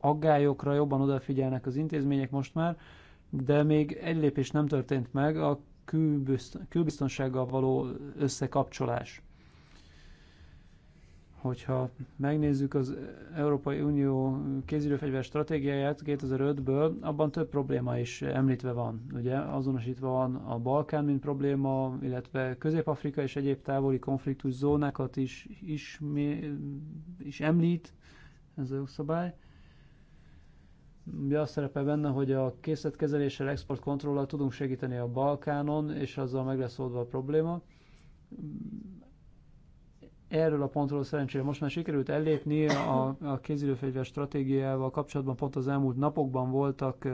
Speaker 3: aggályokra jobban odafigyelnek az intézmények most már, de még egy lépés nem történt meg, a külbiztonsággal való összekapcsolás. Hogyha megnézzük az Európai Unió kézirőfegyver stratégiáját 2005-ből, abban több probléma is említve van. Ugye azonosítva van a Balkán, mint probléma, illetve Közép-Afrika és egyéb távoli konfliktus zónákat is, is, is említ ez a jogszabály. Ugye azt szerepel benne, hogy a készletkezeléssel, exportkontrollal tudunk segíteni a Balkánon, és azzal meg lesz oldva a probléma. Erről a pontról szerencsére most már sikerült ellépni a, a kézilőfegyver stratégiával kapcsolatban, pont az elmúlt napokban voltak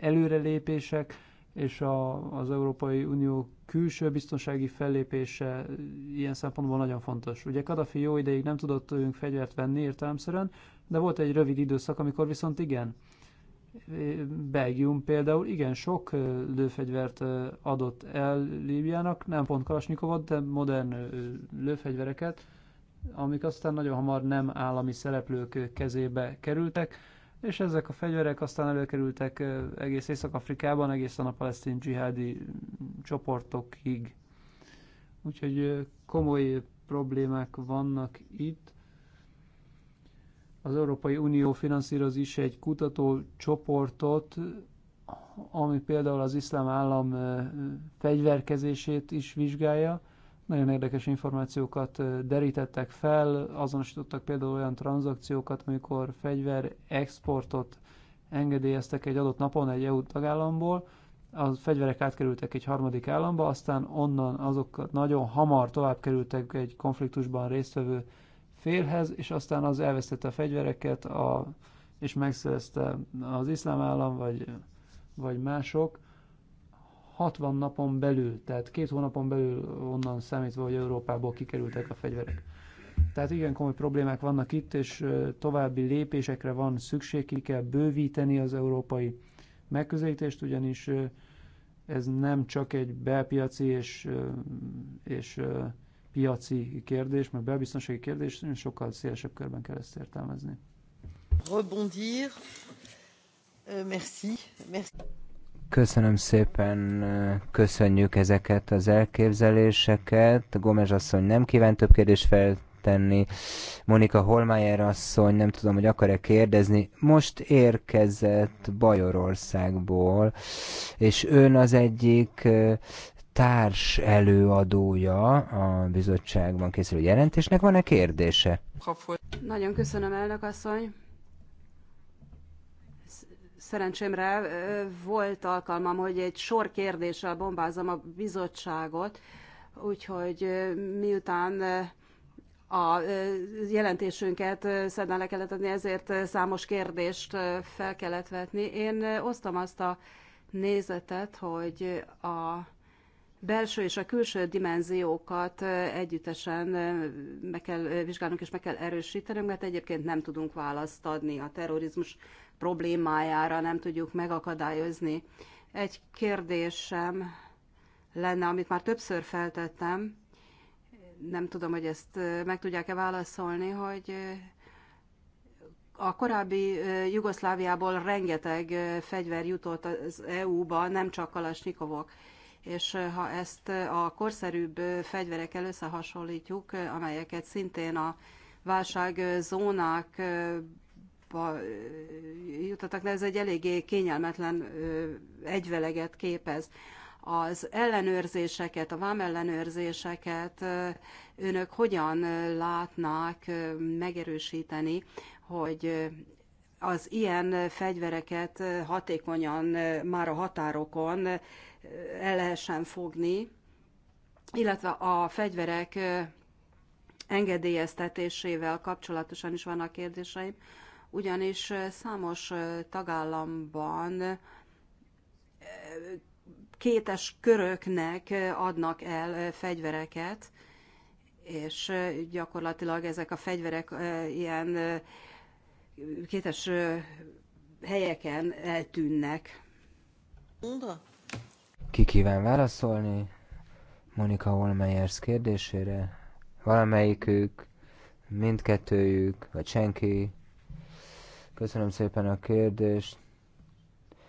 Speaker 3: előrelépések, és a, az Európai Unió külső biztonsági fellépése ilyen szempontból nagyon fontos. Ugye Kadafi jó ideig nem tudott tőlünk fegyvert venni értelemszerűen, de volt egy rövid időszak, amikor viszont igen. Belgium például igen sok lőfegyvert adott el Líbiának, nem pont Kalasnyikovot, de modern lőfegyvereket, amik aztán nagyon hamar nem állami szereplők kezébe kerültek, és ezek a fegyverek aztán előkerültek egész Észak-Afrikában, egészen a palesztin dzsihádi csoportokig. Úgyhogy komoly problémák vannak itt, az Európai Unió finanszíroz is egy kutatócsoportot, ami például az iszlám állam fegyverkezését is vizsgálja. Nagyon érdekes információkat derítettek fel, azonosítottak például olyan tranzakciókat, amikor fegyver exportot engedélyeztek egy adott napon egy EU tagállamból, a fegyverek átkerültek egy harmadik államba, aztán onnan azok nagyon hamar tovább kerültek egy konfliktusban résztvevő félhez, és aztán az elvesztette a fegyvereket, a, és megszerezte az iszlám állam, vagy, vagy mások, 60 napon belül, tehát két hónapon belül onnan számítva, hogy Európából kikerültek a fegyverek. Tehát igen komoly problémák vannak itt, és további lépésekre van szükség, ki kell bővíteni az európai megközelítést, ugyanis ez nem csak egy belpiaci és, és piaci kérdés, meg belbiztonsági kérdés, sokkal szélesebb körben kell ezt értelmezni.
Speaker 1: Rebondir. Euh, merci. Merci.
Speaker 2: Köszönöm szépen, köszönjük ezeket az elképzeléseket. Gomez asszony nem kíván több kérdést feltenni. Monika Holmájer asszony, nem tudom, hogy akar-e kérdezni. Most érkezett Bajorországból, és ön az egyik társ előadója a bizottságban készülő jelentésnek. Van-e kérdése?
Speaker 4: Nagyon köszönöm, elnök asszony. Szerencsémre volt alkalmam, hogy egy sor kérdéssel bombázom a bizottságot, úgyhogy miután a jelentésünket szedben le kellett adni, ezért számos kérdést fel kellett vetni. Én osztom azt a nézetet, hogy a belső és a külső dimenziókat együttesen meg kell vizsgálnunk és meg kell erősítenünk, mert egyébként nem tudunk választ adni a terrorizmus problémájára, nem tudjuk megakadályozni. Egy kérdésem lenne, amit már többször feltettem, nem tudom, hogy ezt meg tudják-e válaszolni, hogy a korábbi Jugoszláviából rengeteg fegyver jutott az EU-ba, nem csak kalasnyikovok és ha ezt a korszerűbb fegyverekkel összehasonlítjuk, amelyeket szintén a válságzónák jutottak, de ez egy eléggé kényelmetlen egyveleget képez. Az ellenőrzéseket, a vám ellenőrzéseket, önök hogyan látnák megerősíteni, hogy az ilyen fegyvereket hatékonyan már a határokon el lehessen fogni, illetve a fegyverek engedélyeztetésével kapcsolatosan is vannak kérdéseim, ugyanis számos tagállamban kétes köröknek adnak el fegyvereket, és gyakorlatilag ezek a fegyverek ilyen kétes helyeken eltűnnek.
Speaker 2: Ki kíván válaszolni Monika Holmeyers kérdésére? Valamelyikük, mindkettőjük, vagy senki? Köszönöm szépen a kérdést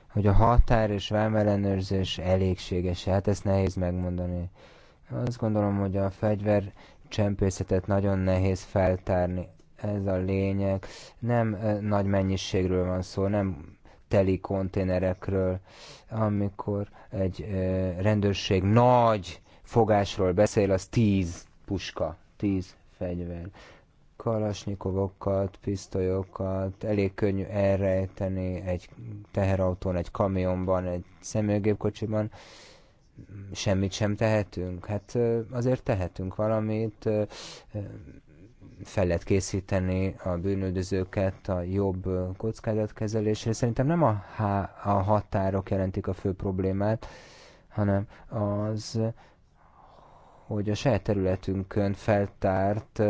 Speaker 2: hogy a határ és vámellenőrzés elégséges, hát ezt nehéz megmondani. Azt gondolom, hogy a fegyver csempészetet nagyon nehéz feltárni. Ez a lényeg. Nem nagy mennyiségről van szó, nem teli konténerekről, amikor egy rendőrség nagy fogásról beszél, az tíz puska, tíz fegyver. Kalasnyikovokat, pisztolyokat, elég könnyű elrejteni egy teherautón, egy kamionban, egy személygépkocsiban semmit sem tehetünk. Hát azért tehetünk valamit, fel lehet készíteni a bűnöldözőket a jobb kockázatkezelésre. Szerintem nem a, há- a határok jelentik a fő problémát, hanem az, hogy a saját területünkön feltárt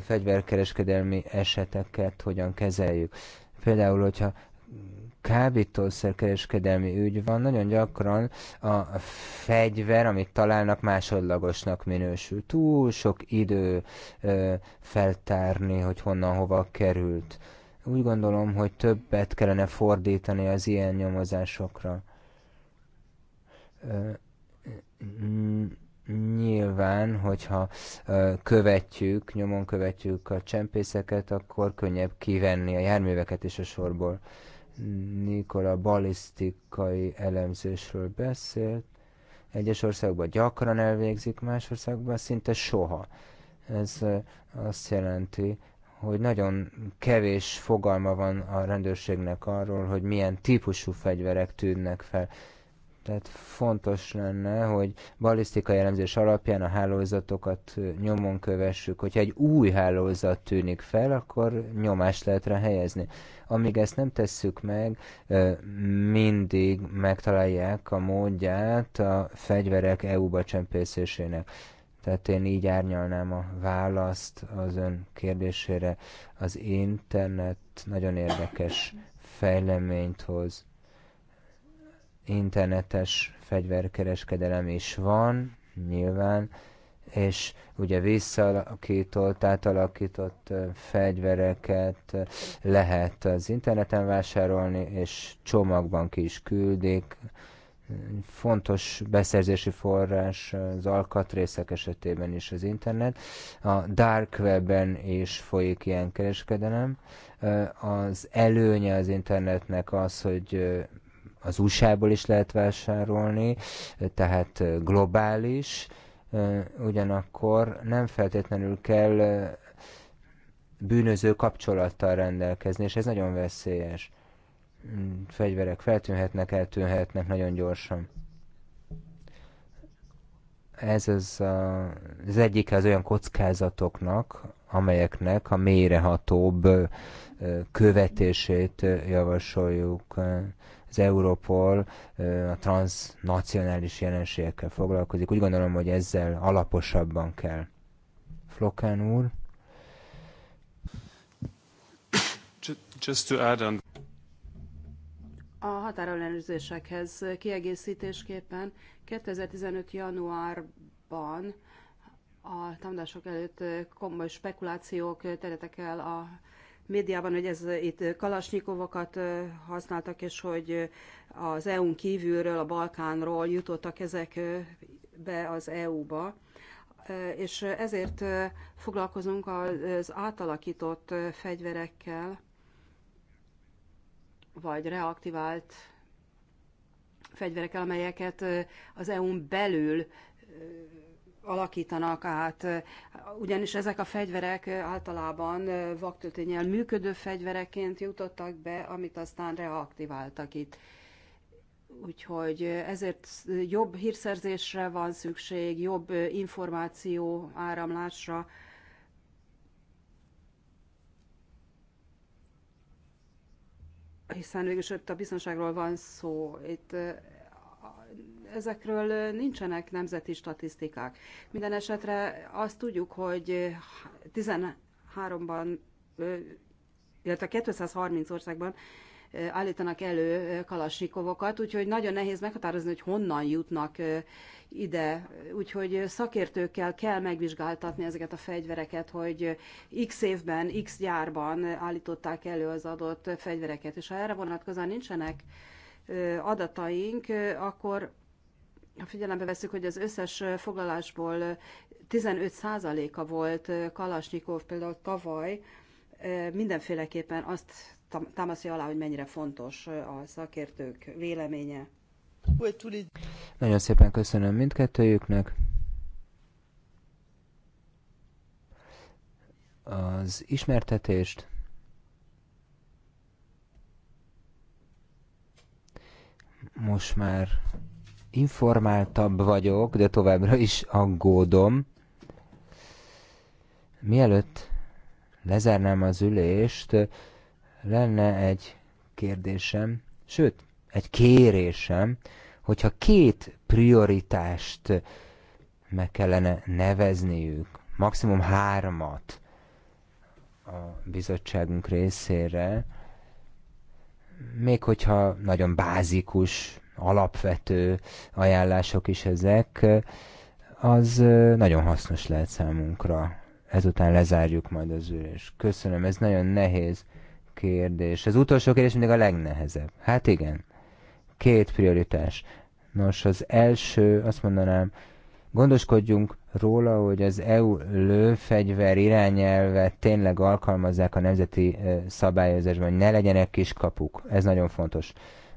Speaker 2: fegyverkereskedelmi eseteket hogyan kezeljük. Például, hogyha kábítószerkereskedelmi ügy van, nagyon gyakran a fegyver, amit találnak, másodlagosnak minősül. Túl sok idő ö, feltárni, hogy honnan hova került. Úgy gondolom, hogy többet kellene fordítani az ilyen nyomozásokra. nyilván, hogyha követjük, nyomon követjük a csempészeket, akkor könnyebb kivenni a járműveket is a sorból. Nikola balisztikai elemzésről beszélt. Egyes országban gyakran elvégzik, más országban szinte soha. Ez azt jelenti, hogy nagyon kevés fogalma van a rendőrségnek arról, hogy milyen típusú fegyverek tűnnek fel. Tehát fontos lenne, hogy balisztikai elemzés alapján a hálózatokat nyomon kövessük. Hogyha egy új hálózat tűnik fel, akkor nyomást lehet rá helyezni. Amíg ezt nem tesszük meg, mindig megtalálják a módját a fegyverek EU-ba csempészésének. Tehát én így árnyalnám a választ az ön kérdésére. Az internet nagyon érdekes fejleményt hoz internetes fegyverkereskedelem is van, nyilván, és ugye visszalakított, átalakított fegyvereket lehet az interneten vásárolni, és csomagban ki is küldik. Fontos beszerzési forrás az alkatrészek esetében is az internet. A dark webben is folyik ilyen kereskedelem. Az előnye az internetnek az, hogy az USA-ból is lehet vásárolni, tehát globális, ugyanakkor nem feltétlenül kell bűnöző kapcsolattal rendelkezni, és ez nagyon veszélyes. Mm, fegyverek feltűnhetnek, eltűnhetnek nagyon gyorsan. Ez az, a, az egyik az olyan kockázatoknak, amelyeknek a mélyrehatóbb követését javasoljuk az Europol a transnacionális jelenségekkel foglalkozik. Úgy gondolom, hogy ezzel alaposabban kell. Flokán úr.
Speaker 3: Just to add on.
Speaker 4: A határellenőrzésekhez kiegészítésképpen 2015. januárban a támadások előtt komoly spekulációk terjedtek el a médiában, hogy ez itt kalasnyikovokat használtak, és hogy az EU-n kívülről, a Balkánról jutottak ezek be az EU-ba és ezért foglalkozunk az átalakított fegyverekkel, vagy reaktivált fegyverekkel, amelyeket az EU-n belül alakítanak át, ugyanis ezek a fegyverek általában vaktöltényel működő fegyvereként jutottak be, amit aztán reaktiváltak itt. Úgyhogy ezért jobb hírszerzésre van szükség, jobb információ áramlásra. Hiszen végülis ott a biztonságról van szó. Itt ezekről nincsenek nemzeti statisztikák. Minden esetre azt tudjuk, hogy 13-ban, illetve 230 országban állítanak elő kalasnikovokat, úgyhogy nagyon nehéz meghatározni, hogy honnan jutnak ide. Úgyhogy szakértőkkel kell megvizsgáltatni ezeket a fegyvereket, hogy x évben, x gyárban állították elő az adott fegyvereket, és ha erre vonatkozóan nincsenek adataink, akkor ha figyelembe veszük, hogy az összes foglalásból 15%-a volt Kalasnyikov például tavaly, mindenféleképpen azt támaszja alá, hogy mennyire fontos a szakértők véleménye.
Speaker 2: Nagyon szépen köszönöm mindkettőjüknek. Az ismertetést. Most már informáltabb vagyok, de továbbra is aggódom. Mielőtt lezárnám az ülést, lenne egy kérdésem, sőt, egy kérésem, hogyha két prioritást meg kellene nevezniük, maximum hármat a bizottságunk részére, még hogyha nagyon bázikus alapvető ajánlások is ezek, az nagyon hasznos lehet számunkra. Ezután lezárjuk majd az ülés. Köszönöm, ez nagyon nehéz kérdés. Az utolsó kérdés mindig a legnehezebb. Hát igen. Két prioritás. Nos, az első, azt mondanám, gondoskodjunk róla, hogy az EU lőfegyver irányelvet tényleg alkalmazzák a nemzeti szabályozásban, hogy ne legyenek kiskapuk. Ez nagyon fontos.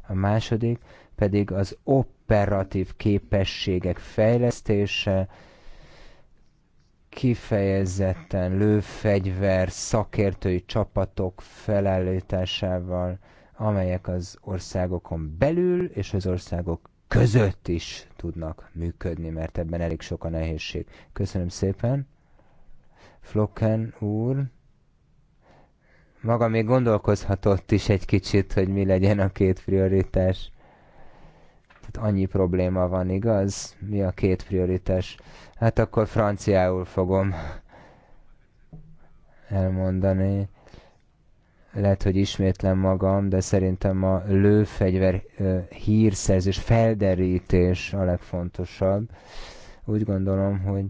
Speaker 2: A második, pedig az operatív képességek fejlesztése, kifejezetten lőfegyver szakértői csapatok felállításával, amelyek az országokon belül és az országok között is tudnak működni, mert ebben elég sok a nehézség. Köszönöm szépen. Flocken úr, maga még gondolkozhatott is egy kicsit, hogy mi legyen a két prioritás annyi probléma van, igaz? Mi a két prioritás? Hát akkor franciául fogom elmondani. Lehet, hogy ismétlem magam, de szerintem a lőfegyver hírszerzés, felderítés a legfontosabb. Úgy gondolom, hogy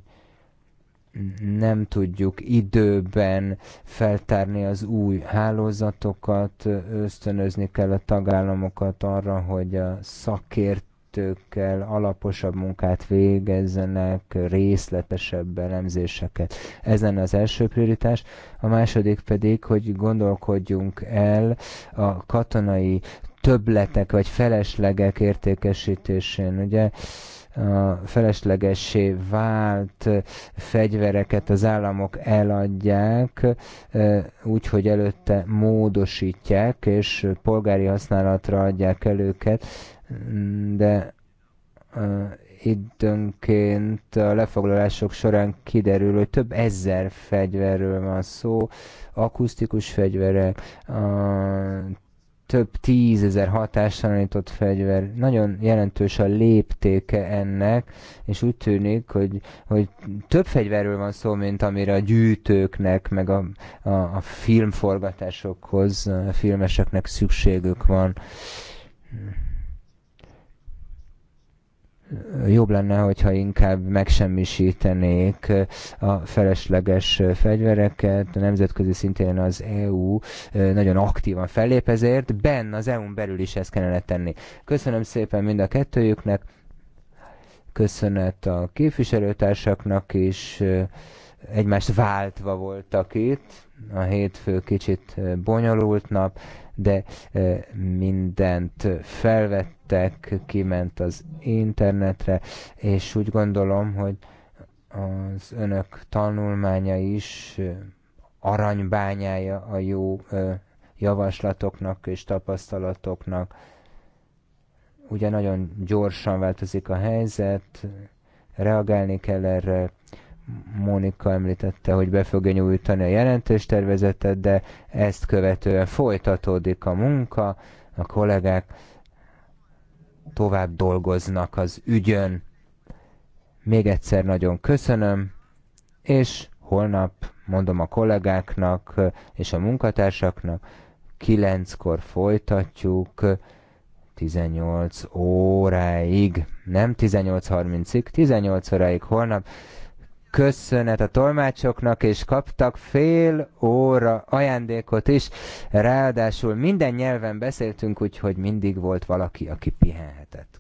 Speaker 2: nem tudjuk időben feltárni az új hálózatokat, ösztönözni kell a tagállamokat arra, hogy a szakért szakértőkkel alaposabb munkát végezzenek, részletesebb elemzéseket. Ez lenne az első prioritás. A második pedig, hogy gondolkodjunk el a katonai többletek vagy feleslegek értékesítésén. Ugye a feleslegessé vált fegyvereket az államok eladják, úgyhogy előtte módosítják, és polgári használatra adják el őket de időnként a lefoglalások során kiderül, hogy több ezer fegyverről van szó, akusztikus fegyverek, több tízezer hatástalanított fegyver. Nagyon jelentős a léptéke ennek, és úgy tűnik, hogy, hogy több fegyverről van szó, mint amire a gyűjtőknek, meg a, a, a filmforgatásokhoz, a filmeseknek szükségük van jobb lenne, hogyha inkább megsemmisítenék a felesleges fegyvereket. A nemzetközi szintén az EU nagyon aktívan fellép ezért, benn az EU-n belül is ezt kellene tenni. Köszönöm szépen mind a kettőjüknek, köszönet a képviselőtársaknak is, egymást váltva voltak itt, a hétfő kicsit bonyolult nap, de mindent felvettek, kiment az internetre, és úgy gondolom, hogy az önök tanulmánya is aranybányája a jó javaslatoknak és tapasztalatoknak. Ugye nagyon gyorsan változik a helyzet, reagálni kell erre, Mónika említette, hogy be fogja nyújtani a jelentéstervezetet, de ezt követően folytatódik a munka, a kollégák tovább dolgoznak az ügyön. Még egyszer nagyon köszönöm, és holnap mondom a kollégáknak és a munkatársaknak, kilenckor folytatjuk 18 óráig, nem 18.30-ig, 18 óráig holnap köszönet a tolmácsoknak, és kaptak fél óra ajándékot is. Ráadásul minden nyelven beszéltünk, úgyhogy mindig volt valaki, aki pihenhetett.